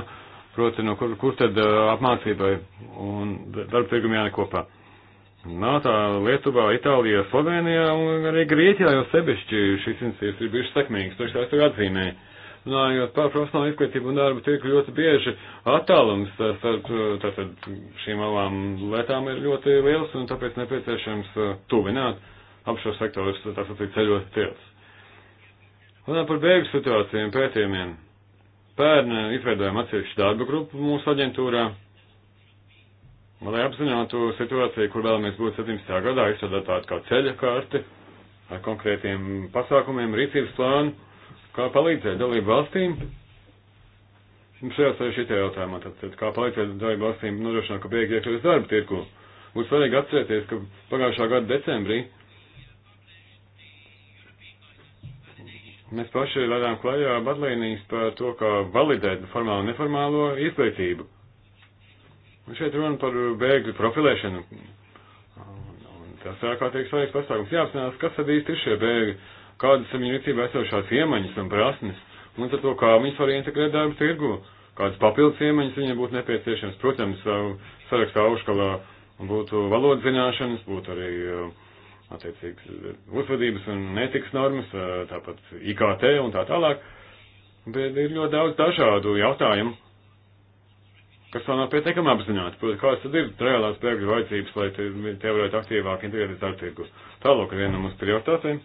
proti, no kur, kur tad apmācībai un darba tirgum jānekopā. Nav tā Lietuvā, Itālijā, Slovenijā un arī Grieķijā jau sevišķi šīs institūcijas ir bijušas sekmīgas, to es tās jau atzīmēju. Runājot par profesionālu izglītību un darbu tirgu ļoti bieži attālums starp tātad šīm abām lietām ir ļoti liels un tāpēc nepieciešams tuvināt ap šos sektorus, tā sacīt, ceļot tilts. Runājot par bēgļu situācijām, pētījumiem. Pērn eh, izveidojām atsevišķu darba grupu mūsu aģentūrā, lai apzinātu situāciju, kur vēlamies būt 17. gadā, izstrādāt tādu kā ceļa karti ar konkrētiem pasākumiem, rīcības plānu, kā palīdzēt dalību valstīm. Šajā sarežģītajā jautājumā, tad, tad kā palīdzēt dalību valstīm nodrošināt, ka bēgļi iekļūst darba tirku. Būtu svarīgi atcerēties, ka pagājušā gada decembrī Mēs paši radām klajā vadlīnijas par to, kā validēt formālo un neformālo izglītību. Un šeit runa par bēgļu profilēšanu. Un, un tas ir kā tiek svarīgs pasākums. Jāapsinās, kas tad īsti ir šie bēgļi, kādas ir viņu rīcībā esošās iemaņas un prasmes, un tad to, kā viņas var integrēt darba tirgu, kādas papildus iemaņas viņiem būtu nepieciešams. Protams, sarakstā augškalā būtu valodas zināšanas, būtu arī uh, attiecīgas eh, uzvedības un netiks normas, eh, tāpat IKT un tā tālāk. Bet ir ļoti daudz dažādu jautājumu, kas vēl nav pietiekami apzināti. Protams, kādas tad ir reālās bēgļu vajadzības, lai te, te varētu aktīvāk integrēties ar tirgu. Tālāk ir viena no mūsu prioritātēm.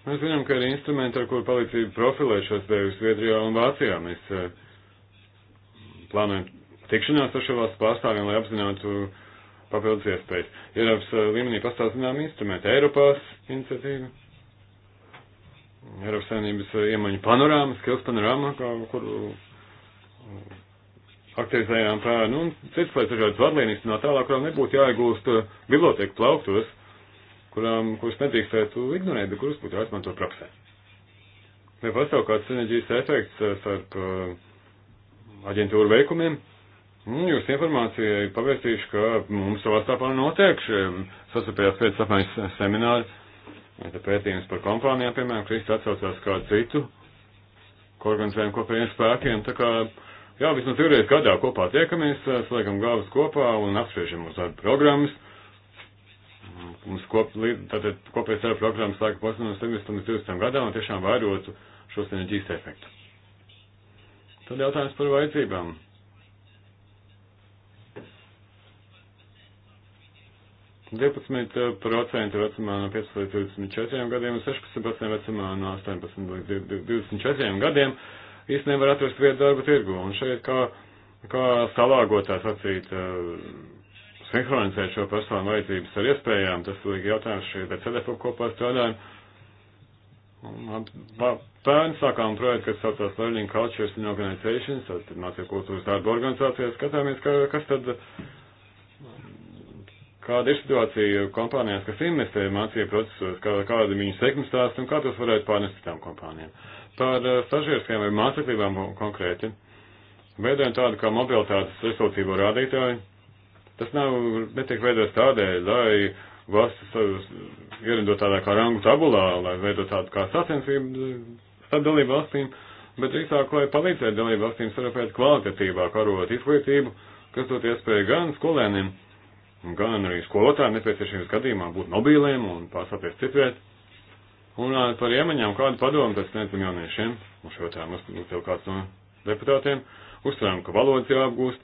Mēs zinām, ka ir instrumenti, ar kuru palīdzību profilēt šos bēgļus Viedrijā un Vācijā. Mēs eh, plānojam tikšanās ar šo valstu pārstāvjiem, lai apzinātu papildus iespējas. Eiropas uh, līmenī pastāv zinām instrumenti, Eiropās iniciatīva, Eiropas saimnības uh, iemaņu panorāma, skills panorāma, kuru uh, aktivizējām tā, nu, cits, lai dažādas vadlīnijas no tālāk, kurām nebūtu jāiegūst biblioteku plauktos, kurām, kuras nedrīkstētu ignorēt, bet kuras būtu jāizmanto praksē. Vai pastāv kāds sinerģijas efekts starp aģentūru veikumiem? Nu, jūs informācijai pavērstīšu, ka mums savā starpā notiek šie sasapējās pēc apmaiņas semināri, te pētījums par kompānijām, piemēram, Kristi atsaucās kā citu, ko organizējam kopējiem spēkiem, tā kā, jā, vismaz divreiz gadā kopā tiekamies, slēgam galvas kopā un apspriežam uz darba programmas. Mums kop, tātad kopējas darba programmas sāka posmē no 70 līdz 20 gadām un tiešām vērotu šo sinerģijas efektu. Tad jautājums par vajadzībām. 12% eh, vecumā no 15 līdz 24 gadiem un 16% vecumā no 18 līdz 24 gadiem īsti nevar atrast vietu darba tirgu. Un šeit kā, kā salāgotās atsīt, uh, eh, sinhronizēt šo personu vajadzības ar iespējām, tas ir jautājums šeit ar CDF kopā strādājam. Pērn sākām projektu, kas saucās Learning Cultures and Organizations, tad mācību kultūras darba organizācijas, skatāmies, ka, kas tad. Uh, Kāda ir situācija kompānijās, kas investē mācību procesos, kā, kāda viņu sekmes stāsta un kā tos varētu pārnest citām kompānijām? Par eh, stažierskajām vai māceklībām konkrēti. Veidojam tādu kā mobilitātes resolucīvo rādītāju. Tas nav, netiek veidots tādēļ, lai valsts ierindo tādā kā rangu tabulā, lai veidot tādu kā sacensību eh, starp dalību valstīm, bet drīzāk, lai palīdzētu dalību valstīm sarapēt kvalitatīvāk arot izglītību, kas dot iespēju gan skolēniem, gan arī skolotājiem nepieciešamības gadījumā būt mobīliem un pārstāties citviet. Un par iemaņām kādu padomu pēc sniedzam jauniešiem, un šo tēmu uzdev kāds no deputātiem, uzsveram, ka valodas jāapgūst,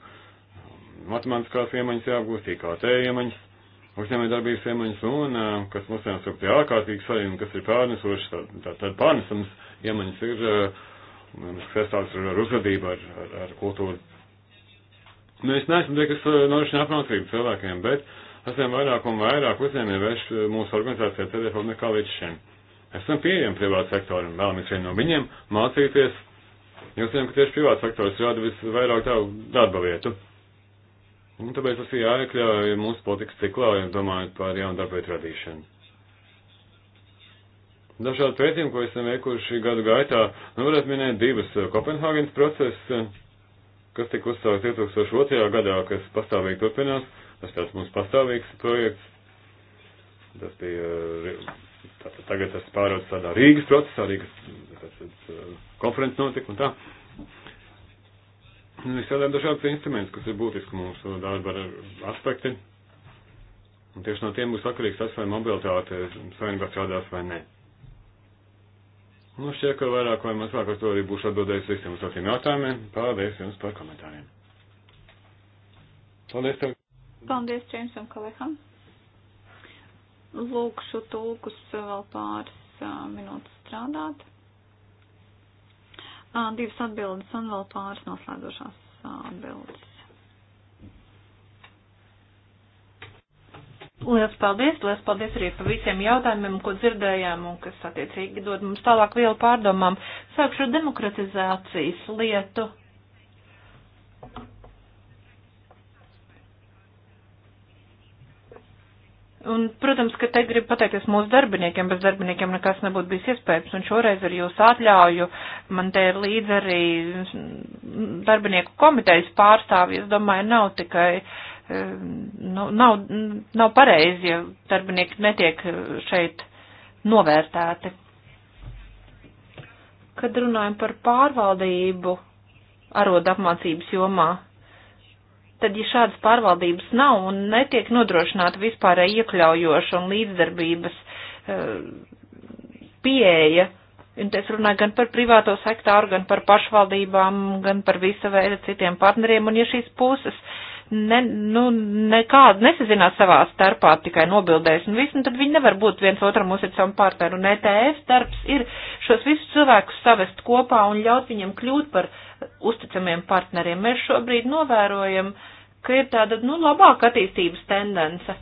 matemātiskās iemaņas jāapgūst, IKT iemaņas, uzņēmē darbības iemaņas, un, kas mums jāsaka, tie ārkārtīgi svarīgi, un kas ir pārnesoši, tad, tad, tad pārnesams iemaņas ir, kas sastāvs ar, ar uzvedību, ar, ar, ar kultūru Mēs neesam tie, kas eh, norisinā apmācību cilvēkiem, bet esam vairāk un vairāk uzņēmēji vērš eh, mūsu organizācijā CDFO nekā līdz šim. Esam pieejami privātu sektoram, vēlamies vien no viņiem mācīties. Jūs zināt, ka tieši privāts sektors rada visvairāk darba vietu. Un tāpēc tas ir jāiekļauj mūsu politikas ciklā, ja domājot par jaunu darba vietu radīšanu dažādu pētījumu, ko esam veikuši gadu gaitā, nu varētu minēt divas eh, Kopenhāgenes procesa kas tika uzsākts 2002. gadā, kas pastāvīgi turpinās. Tas tāds mums pastāvīgs projekts. Tas bija, eh, tātad tagad tas pārāds tādā Rīgas procesā, Rīgas tātad, eh, konferences notika un tā. Un nu, izstrādājam dažādas instrumentus, kas ir būtiski mūsu darba aspekti. Un tieši no tiem būs atkarīgs tas, vai mobilitāte savienībā strādās vai nē. Nu, šķiet, ka vairāk vai mazāk ar to arī būšu atbildējis visiem uz tādiem jautājumiem. Paldies jums par komentāriem. Paldies tev. Paldies Čēmsam Kaleham. Lūkšu tulkus vēl pāris uh, minūtes strādāt. Uh, divas atbildes un vēl pāris noslēdzošās uh, atbildes. Liels paldies, liels paldies arī par visiem jautājumiem, ko dzirdējām un kas attiecīgi dod mums tālāk vielu pārdomām. Sākšu ar demokratizācijas lietu. Un, protams, ka te gribu pateikties mūsu darbiniekiem, bez darbiniekiem nekas nebūtu bijis iespējams, un šoreiz ar jūsu atļauju man te ir līdz arī darbinieku komitejas pārstāvji, es domāju, nav tikai uh, Ehm, nu, nav, nav pareizi, ja darbinieki netiek eh, šeit novērtēti. Kad runājam par pārvaldību arodu apmācības jomā, tad, ja šādas pārvaldības nav un netiek nodrošināta vispārēji iekļaujoša un līdzdarbības eh, pieeja, un es runāju gan par privāto sektāru, gan par pašvaldībām, gan par visu veidu citiem partneriem, un ja šīs puses uh, ne, nu, nekādu nesazinās savā starpā, tikai nobildēs un viss, un nu, tad viņi nevar būt viens otram uzticamu partneru. Un ETF darbs ir šos visus cilvēkus savest kopā un ļaut viņiem kļūt par uzticamiem partneriem. Mēs šobrīd novērojam, ka ir tāda, nu, labāka attīstības tendence.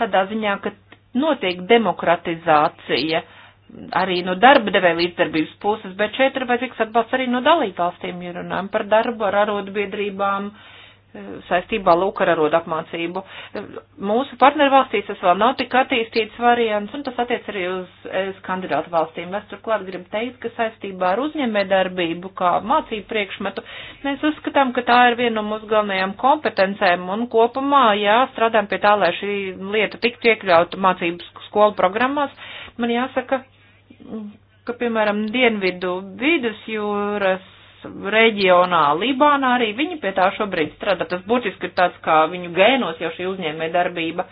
Tādā ziņā, ka notiek demokratizācija. Uh, arī no darba devēja līdzdarbības puses, bet šeit ir vajadzīgs atbalsts arī no dalībvalstīm, ja runājam par darbu ar arotbiedrībām eh, saistībā lūk ar arodu apmācību. Eh, mūsu partnervalstīs tas vēl nav tik attīstīts variants, un tas attiec arī uz es, kandidātu valstīm. Es turklāt gribu teikt, ka saistībā ar uzņēmējdarbību kā mācību priekšmetu mēs uzskatām, ka tā ir viena no mūsu galvenajām kompetencēm, un kopumā, jā, strādājam pie tā, lai šī lieta tiktu iekļauta mācības skolu programmās. Man jāsaka, ka, piemēram, Dienvidu vidusjūras reģionā, Libānā arī viņi pie tā šobrīd strādā. Tas būtiski ir tāds, kā viņu gēnos jau šī uzņēmē darbība.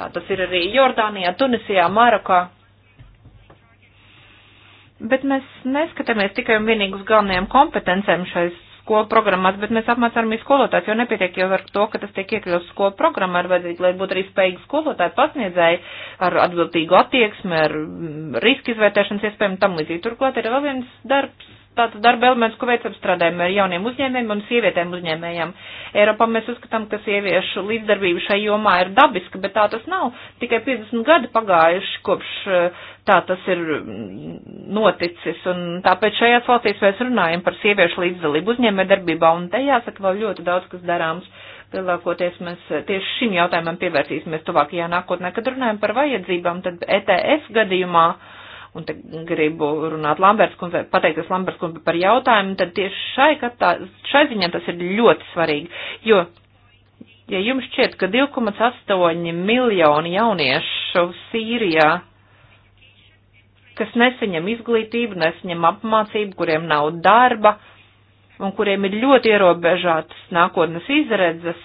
Tā tas ir arī Jordānijā, Tunisijā, Marokā. Bet mēs neskatāmies tikai un vienīgi uz galvenajām kompetencēm šais skolu programmās, bet mēs apmācām arī skolotājs, jo nepietiek jau ar to, ka tas tiek iekļauts skolu programmā, ir vajadzīgi, lai būtu arī spējīgi skolotāji pasniedzēji ar atbildīgu attieksmi, ar mm, riski izvērtēšanas iespējām tam līdzīgi. Turklāt ir vēl viens darbs, tātad darba elements, ko veic apstrādājumi ar jauniem uzņēmējiem un sievietēm uzņēmējiem. Eiropā mēs uzskatām, ka sieviešu līdzdarbība šai jomā ir dabiska, bet tā tas nav. Tikai 50 gadi pagājuši kopš eh, tā tas ir mm, noticis, un tāpēc šajās valstīs mēs runājam par sieviešu līdzdalību uzņēmē darbībā, un te jāsaka vēl ļoti daudz, kas darāms lielākoties mēs eh, tieši šim jautājumam pievērsīsimies tuvākajā nākotnē. Kad runājam par vajadzībām, tad ETF gadījumā uh, un te gribu runāt Lamberts kundze, pateikties Lamberts kundze par jautājumu, tad tieši šai, katā, šai ziņā tas ir ļoti svarīgi, jo, ja jums šķiet, ka 2,8 miljoni jauniešu Sīrijā kas nesaņem izglītību, nesaņem apmācību, kuriem nav darba un kuriem ir ļoti ierobežātas nākotnes izredzes,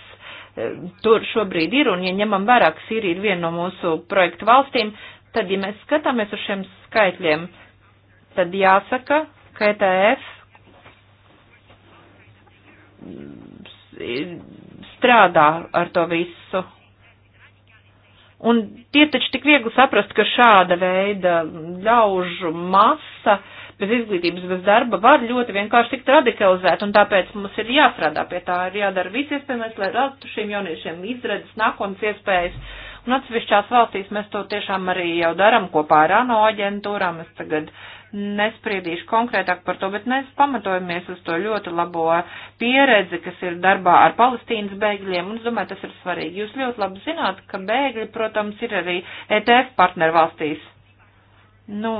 eh, tur šobrīd ir, un ja ņemam vērā, ka Sīrija ir viena no mūsu projektu valstīm, tad, ja mēs skatāmies uz šiem skaitļiem, tad jāsaka, ka ETF strādā ar to visu. Un tie taču tik viegli saprast, ka šāda veida ļaužu masa bez izglītības, bez darba var ļoti vienkārši tikt radikalizēt, un tāpēc mums ir jāstrādā pie tā, ir jādara viss iespējamais, lai radītu šiem jauniešiem izredzes, nākotnes iespējas, Un atsevišķās valstīs mēs to tiešām arī jau daram kopā ar ANO aģentūrām. Es tagad nespriedīšu konkrētāk par to, bet mēs pamatojamies uz to ļoti labo pieredzi, kas ir darbā ar palestīnas bēgļiem, un es domāju, tas ir svarīgi. Jūs ļoti labi zināt, ka bēgļi, protams, ir arī ETF partnervalstīs. Nu,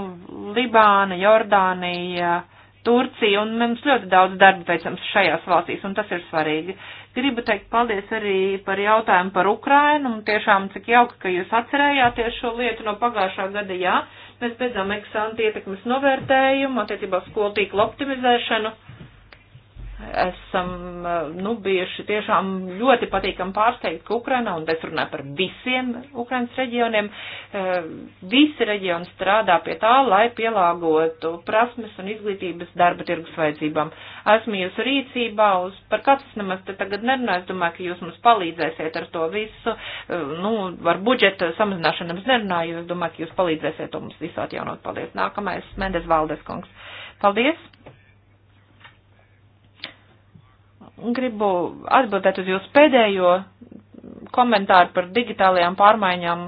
Libāna, Jordānija, Turcija, un mums ļoti daudz darba veicams šajās valstīs, un tas ir svarīgi. Gribu teikt paldies arī par jautājumu par Ukrainu, un tiešām cik jauka, ka jūs atcerējāties šo lietu no pagājušā gada, jā. Mēs beidzām eksantu ietekmes novērtējumu attiecībā uz skolu tīklu optimizēšanu esam, eh, nu, bijuši tiešām ļoti patīkami pārsteigti, ka Ukraina, un es runāju par visiem Ukrainas reģioniem, eh, visi reģioni strādā pie tā, lai pielāgotu prasmes un izglītības darba tirgus vajadzībām. Esmu jūsu rīcībā, uz, par katrs nemaz te tagad nerunāju, es domāju, ka jūs mums palīdzēsiet ar to visu, eh, nu, ar budžeta samazināšanu es nerunāju, es domāju, ka jūs palīdzēsiet to mums visu atjaunot. Paldies. Nākamais, Mendes Valdes kungs. Paldies. Gribu atbildēt uz jūsu pēdējo komentāru par digitālajām pārmaiņām.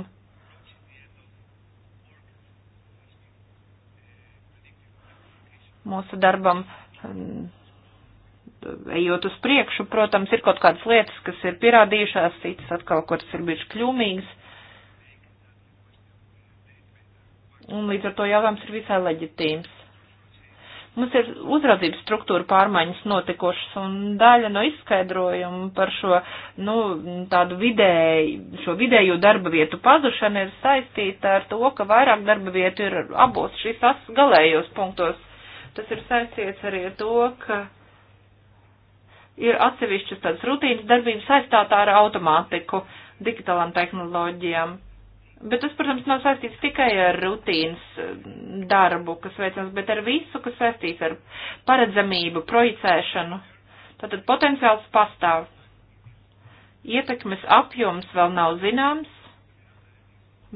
Mūsu darbam mm, ejot uz priekšu, protams, ir kaut kādas lietas, kas ir pierādījušās, citas atkal, kuras ir bijušas kļūmīgas. Un līdz ar to jautājums ir visai leģitīms. Mums ir uzraudzības struktūra pārmaiņas notikušas, un daļa no izskaidrojuma par šo, nu, tādu vidēju, šo vidēju darba vietu pazušanu ir saistīta ar to, ka vairāk darba vietu ir abos šīs as galējos punktos. Tas ir saistīts arī ar to, ka ir atsevišķas tādas rutīnas darbības saistātā ar automātiku, digitalām tehnoloģijām Bet tas, protams, nav saistīts tikai ar rutīnas eh, darbu, kas veicams, bet ar visu, kas saistīts ar paredzamību, projicēšanu. Tātad potenciāls pastāv. Ietekmes apjoms vēl nav zināms.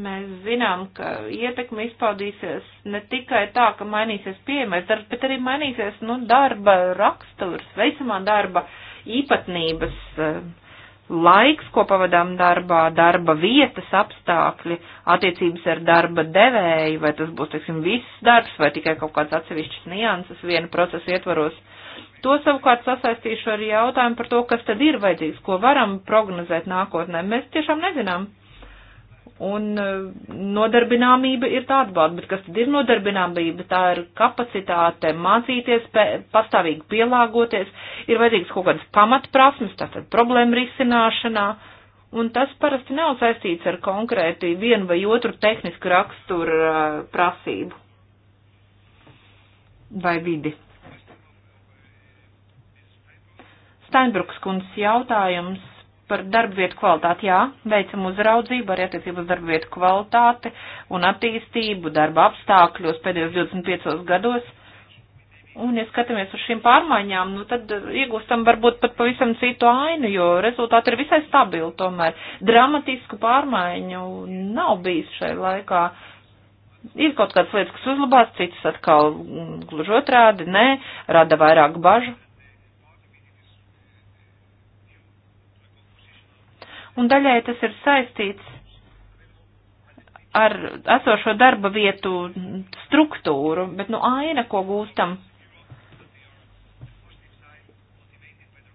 Mēs zinām, ka ietekme izpaudīsies ne tikai tā, ka mainīsies pieejamais darbs, bet arī mainīsies, nu, darba raksturs, veicamā darba īpatnības. Uh, laiks, ko pavadām darbā, darba vietas apstākļi, attiecības ar darba devēju, vai tas būs, teiksim, viss darbs, vai tikai kaut kāds atsevišķs nianses viena procesa ietvaros. To savukārt sasaistīšu ar jautājumu par to, kas tad ir vajadzīgs, ko varam prognozēt nākotnē. Mēs tiešām nezinām. Un e, nodarbināmība ir tā atbalsta, bet kas tad ir nodarbināmība? Tā ir kapacitāte mācīties, pastāvīgi pielāgoties, ir vajadzīgs kaut kādas pamatprasmes, tātad problēma risināšanā, un tas parasti nav saistīts ar konkrēti vienu vai otru tehnisku raksturu e, prasību vai vidi. Steinbruks kundzes jautājums par darbvietu kvalitāti. Jā, veicam uzraudzību arī attiecībā uz darbvietu kvalitāti un attīstību darba apstākļos pēdējos 25 gados. Un, ja skatāmies uz šīm pārmaiņām, nu tad uh, iegūstam varbūt pat pavisam citu ainu, jo rezultāti ir visai stabili tomēr. Dramatisku pārmaiņu nav bijis šai laikā. Ir kaut kādas lietas, kas uzlabās, citas atkal mm, gluži otrādi, nē, rada vairāk bažu. un daļai tas ir saistīts ar esošo darba vietu struktūru, bet nu aina, ko gūstam,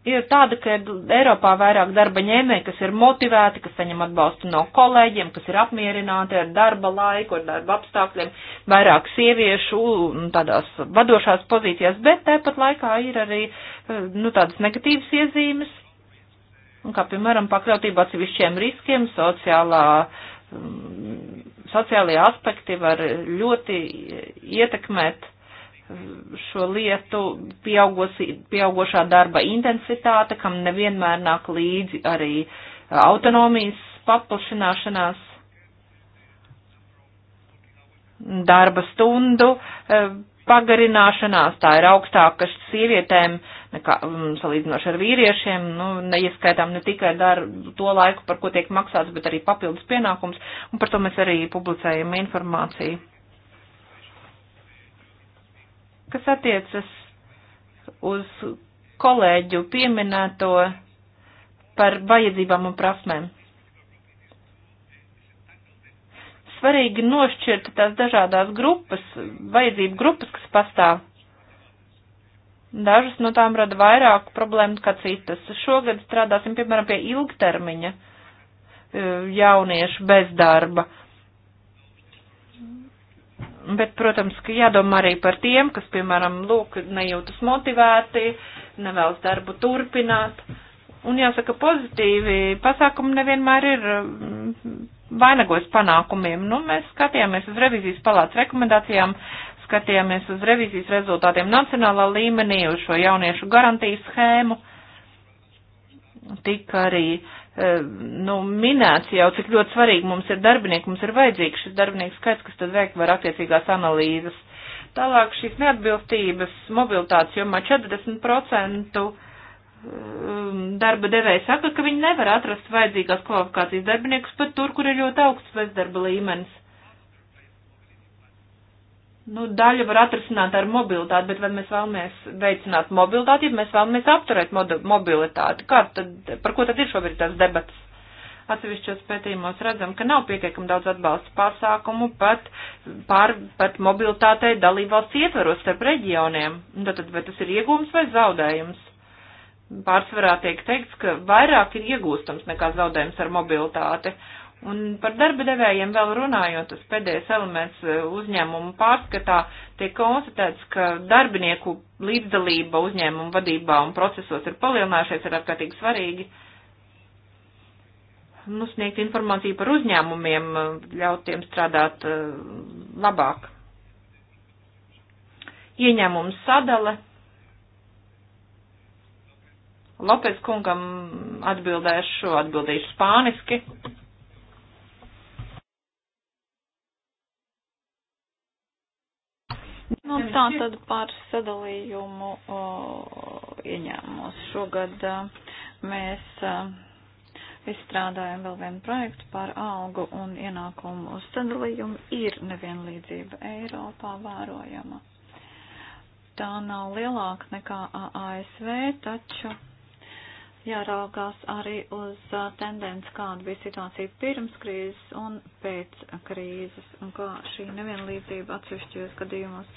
ir tāda, ka Eiropā vairāk darba ņēmēji, kas ir motivēti, kas saņem atbalstu no kolēģiem, kas ir apmierināti ar darba laiku, ar darba apstākļiem, vairāk sieviešu tādās vadošās pozīcijās, bet tāpat laikā ir arī eh, nu, tādas negatīvas iezīmes un kā, piemēram, pakļautība atsevišķiem riskiem, sociālā, mm, sociālajie aspekti var ļoti ietekmēt mm, šo lietu pieaugošā darba intensitāte, kam nevienmēr nāk līdzi arī autonomijas paplašināšanās mm, darba stundu pagarināšanās, tā ir augstāka sievietēm, nekā, mm, salīdzinoši ar vīriešiem, nu, neieskaitām ne tikai dar to laiku, par ko tiek maksāts, bet arī papildus pienākums, un par to mēs arī publicējam informāciju. Kas attiecas uz kolēģu pieminēto par vajadzībām un prasmēm. svarīgi nošķirt tās dažādās grupas, vajadzību grupas, kas pastāv. Dažas no tām rada vairāku problēmu kā citas. Šogad strādāsim, piemēram, pie ilgtermiņa e, jauniešu bezdarba. Bet, protams, ka jādomā arī par tiem, kas, piemēram, lūk, nejūtas motivēti, nevēlas darbu turpināt. Un jāsaka, pozitīvi pasākumi nevienmēr ir vainagojas panākumiem. Nu, mēs skatījāmies uz revizijas palātas rekomendācijām, skatījāmies uz revizijas rezultātiem nacionālā līmenī, uz šo jauniešu garantijas schēmu. Tik arī e, nu, minēts jau, cik ļoti svarīgi mums ir darbinieki, mums ir vajadzīgs šis darbinieks skaits, kas tad veikt var attiecīgās analīzes. Tālāk šīs neatbilstības mobilitātes jomā 40% Um, darba devēja saka, ka viņi nevar atrast vajadzīgās kvalifikācijas darbiniekus pat tur, kur ir ļoti augsts bezdarba līmenis. Nu, daļa var atrasināt ar mobilitāti, bet vai mēs vēlamies veicināt mobilitāti, ja mēs vēlamies apturēt mobilitāti? Kā tad, par ko tad ir šobrīd tās debatas? Atsevišķos pētījumos redzam, ka nav pietiekam daudz atbalsta pasākumu pat, pār, pat mobilitātei dalībvalsts ietveros starp reģioniem. Un tad, vai tas ir iegūms vai zaudējums? pārsvarā tiek teikts, ka vairāk ir iegūstams nekā zaudējums ar mobilitāti. Un par darba devējiem vēl runājot, tas pēdējais elements e, uzņēmumu pārskatā tiek konstatēts, ka darbinieku līdzdalība uzņēmumu vadībā un procesos ir palielinājušies, ir ārkārtīgi svarīgi. Nu, sniegt informāciju par uzņēmumiem, e, ļaut tiem strādāt e, labāk. Ieņēmums sadale Lopes kungam atbildēšu, atbildīšu spāniski. Nu, tā tad par sadalījumu o, ieņēmumos. Šogad o, mēs o, izstrādājam vēl vienu projektu par algu un ienākumu sadalījumu. Ir nevienlīdzība Eiropā vērojama. Tā nav lielāka nekā ASV, taču jāraugās arī uz tendenci, kāda bija situācija pirms krīzes un pēc krīzes, un kā šī nevienlīdzība atsevišķos gadījumos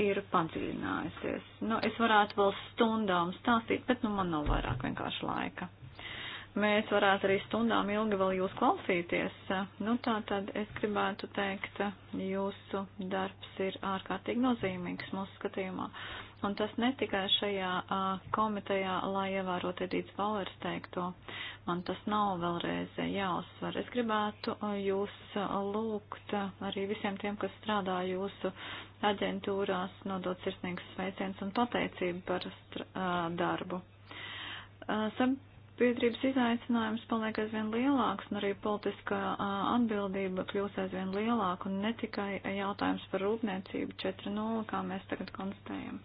ir padziļinājusies. Nu, es varētu vēl stundām stāstīt, bet nu man nav vairāk vienkārši laika. Mēs varētu arī stundām ilgi vēl jūs klausīties. Nu, tā tad es gribētu teikt, jūsu darbs ir ārkārtīgi nozīmīgs mūsu skatījumā Un tas ne tikai šajā uh, komitejā, lai ievērotu Edīts Valers teikto, man tas nav vēlreiz jāuzsver. Es gribētu uh, jūs uh, lūgt uh, arī visiem tiem, kas strādā jūsu aģentūrās, nodot sirsnīgas sveiciens un pateicību par uh, darbu. Uh, Sabiedrības izaicinājums paliek aizvien lielāks, un arī politiskā atbildība kļūs aizvien lielāka, un ne tikai jautājums par rūpniecību 4.0, kā mēs tagad konstatējam.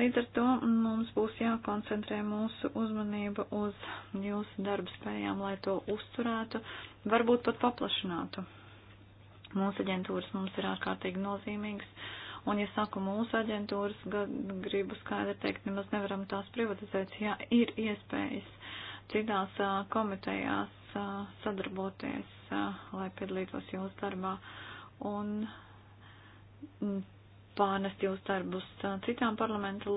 Līdz ar to mums būs jākoncentrē mūsu uzmanība uz jūsu darba spējām, lai to uzturētu, varbūt pat paplašinātu. Mūsu aģentūras mums ir ārkārtīgi nozīmīgas. Un, ja saku mūsu aģentūras, gribu skaidri teikt, nemaz nevaram tās privatizēt, ja ir iespējas citās komitejās sadarboties, lai piedalītos jūsu darbā un pārnest jūs darbus citām parlamentu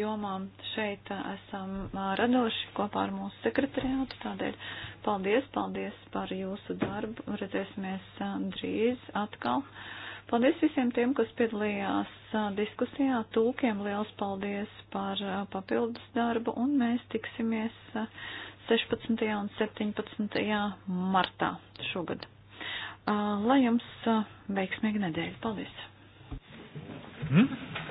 jomām. Šeit esam radoši kopā ar mūsu sekretariātu, tādēļ paldies, paldies par jūsu darbu. Redzēsimies drīz atkal. Paldies visiem tiem, kas piedalījās diskusijā. Tūkiem liels paldies par papildus darbu un mēs tiksimies 16. un 17. martā šogad. Lai jums veiksmīga nedēļa. Paldies! Hmm?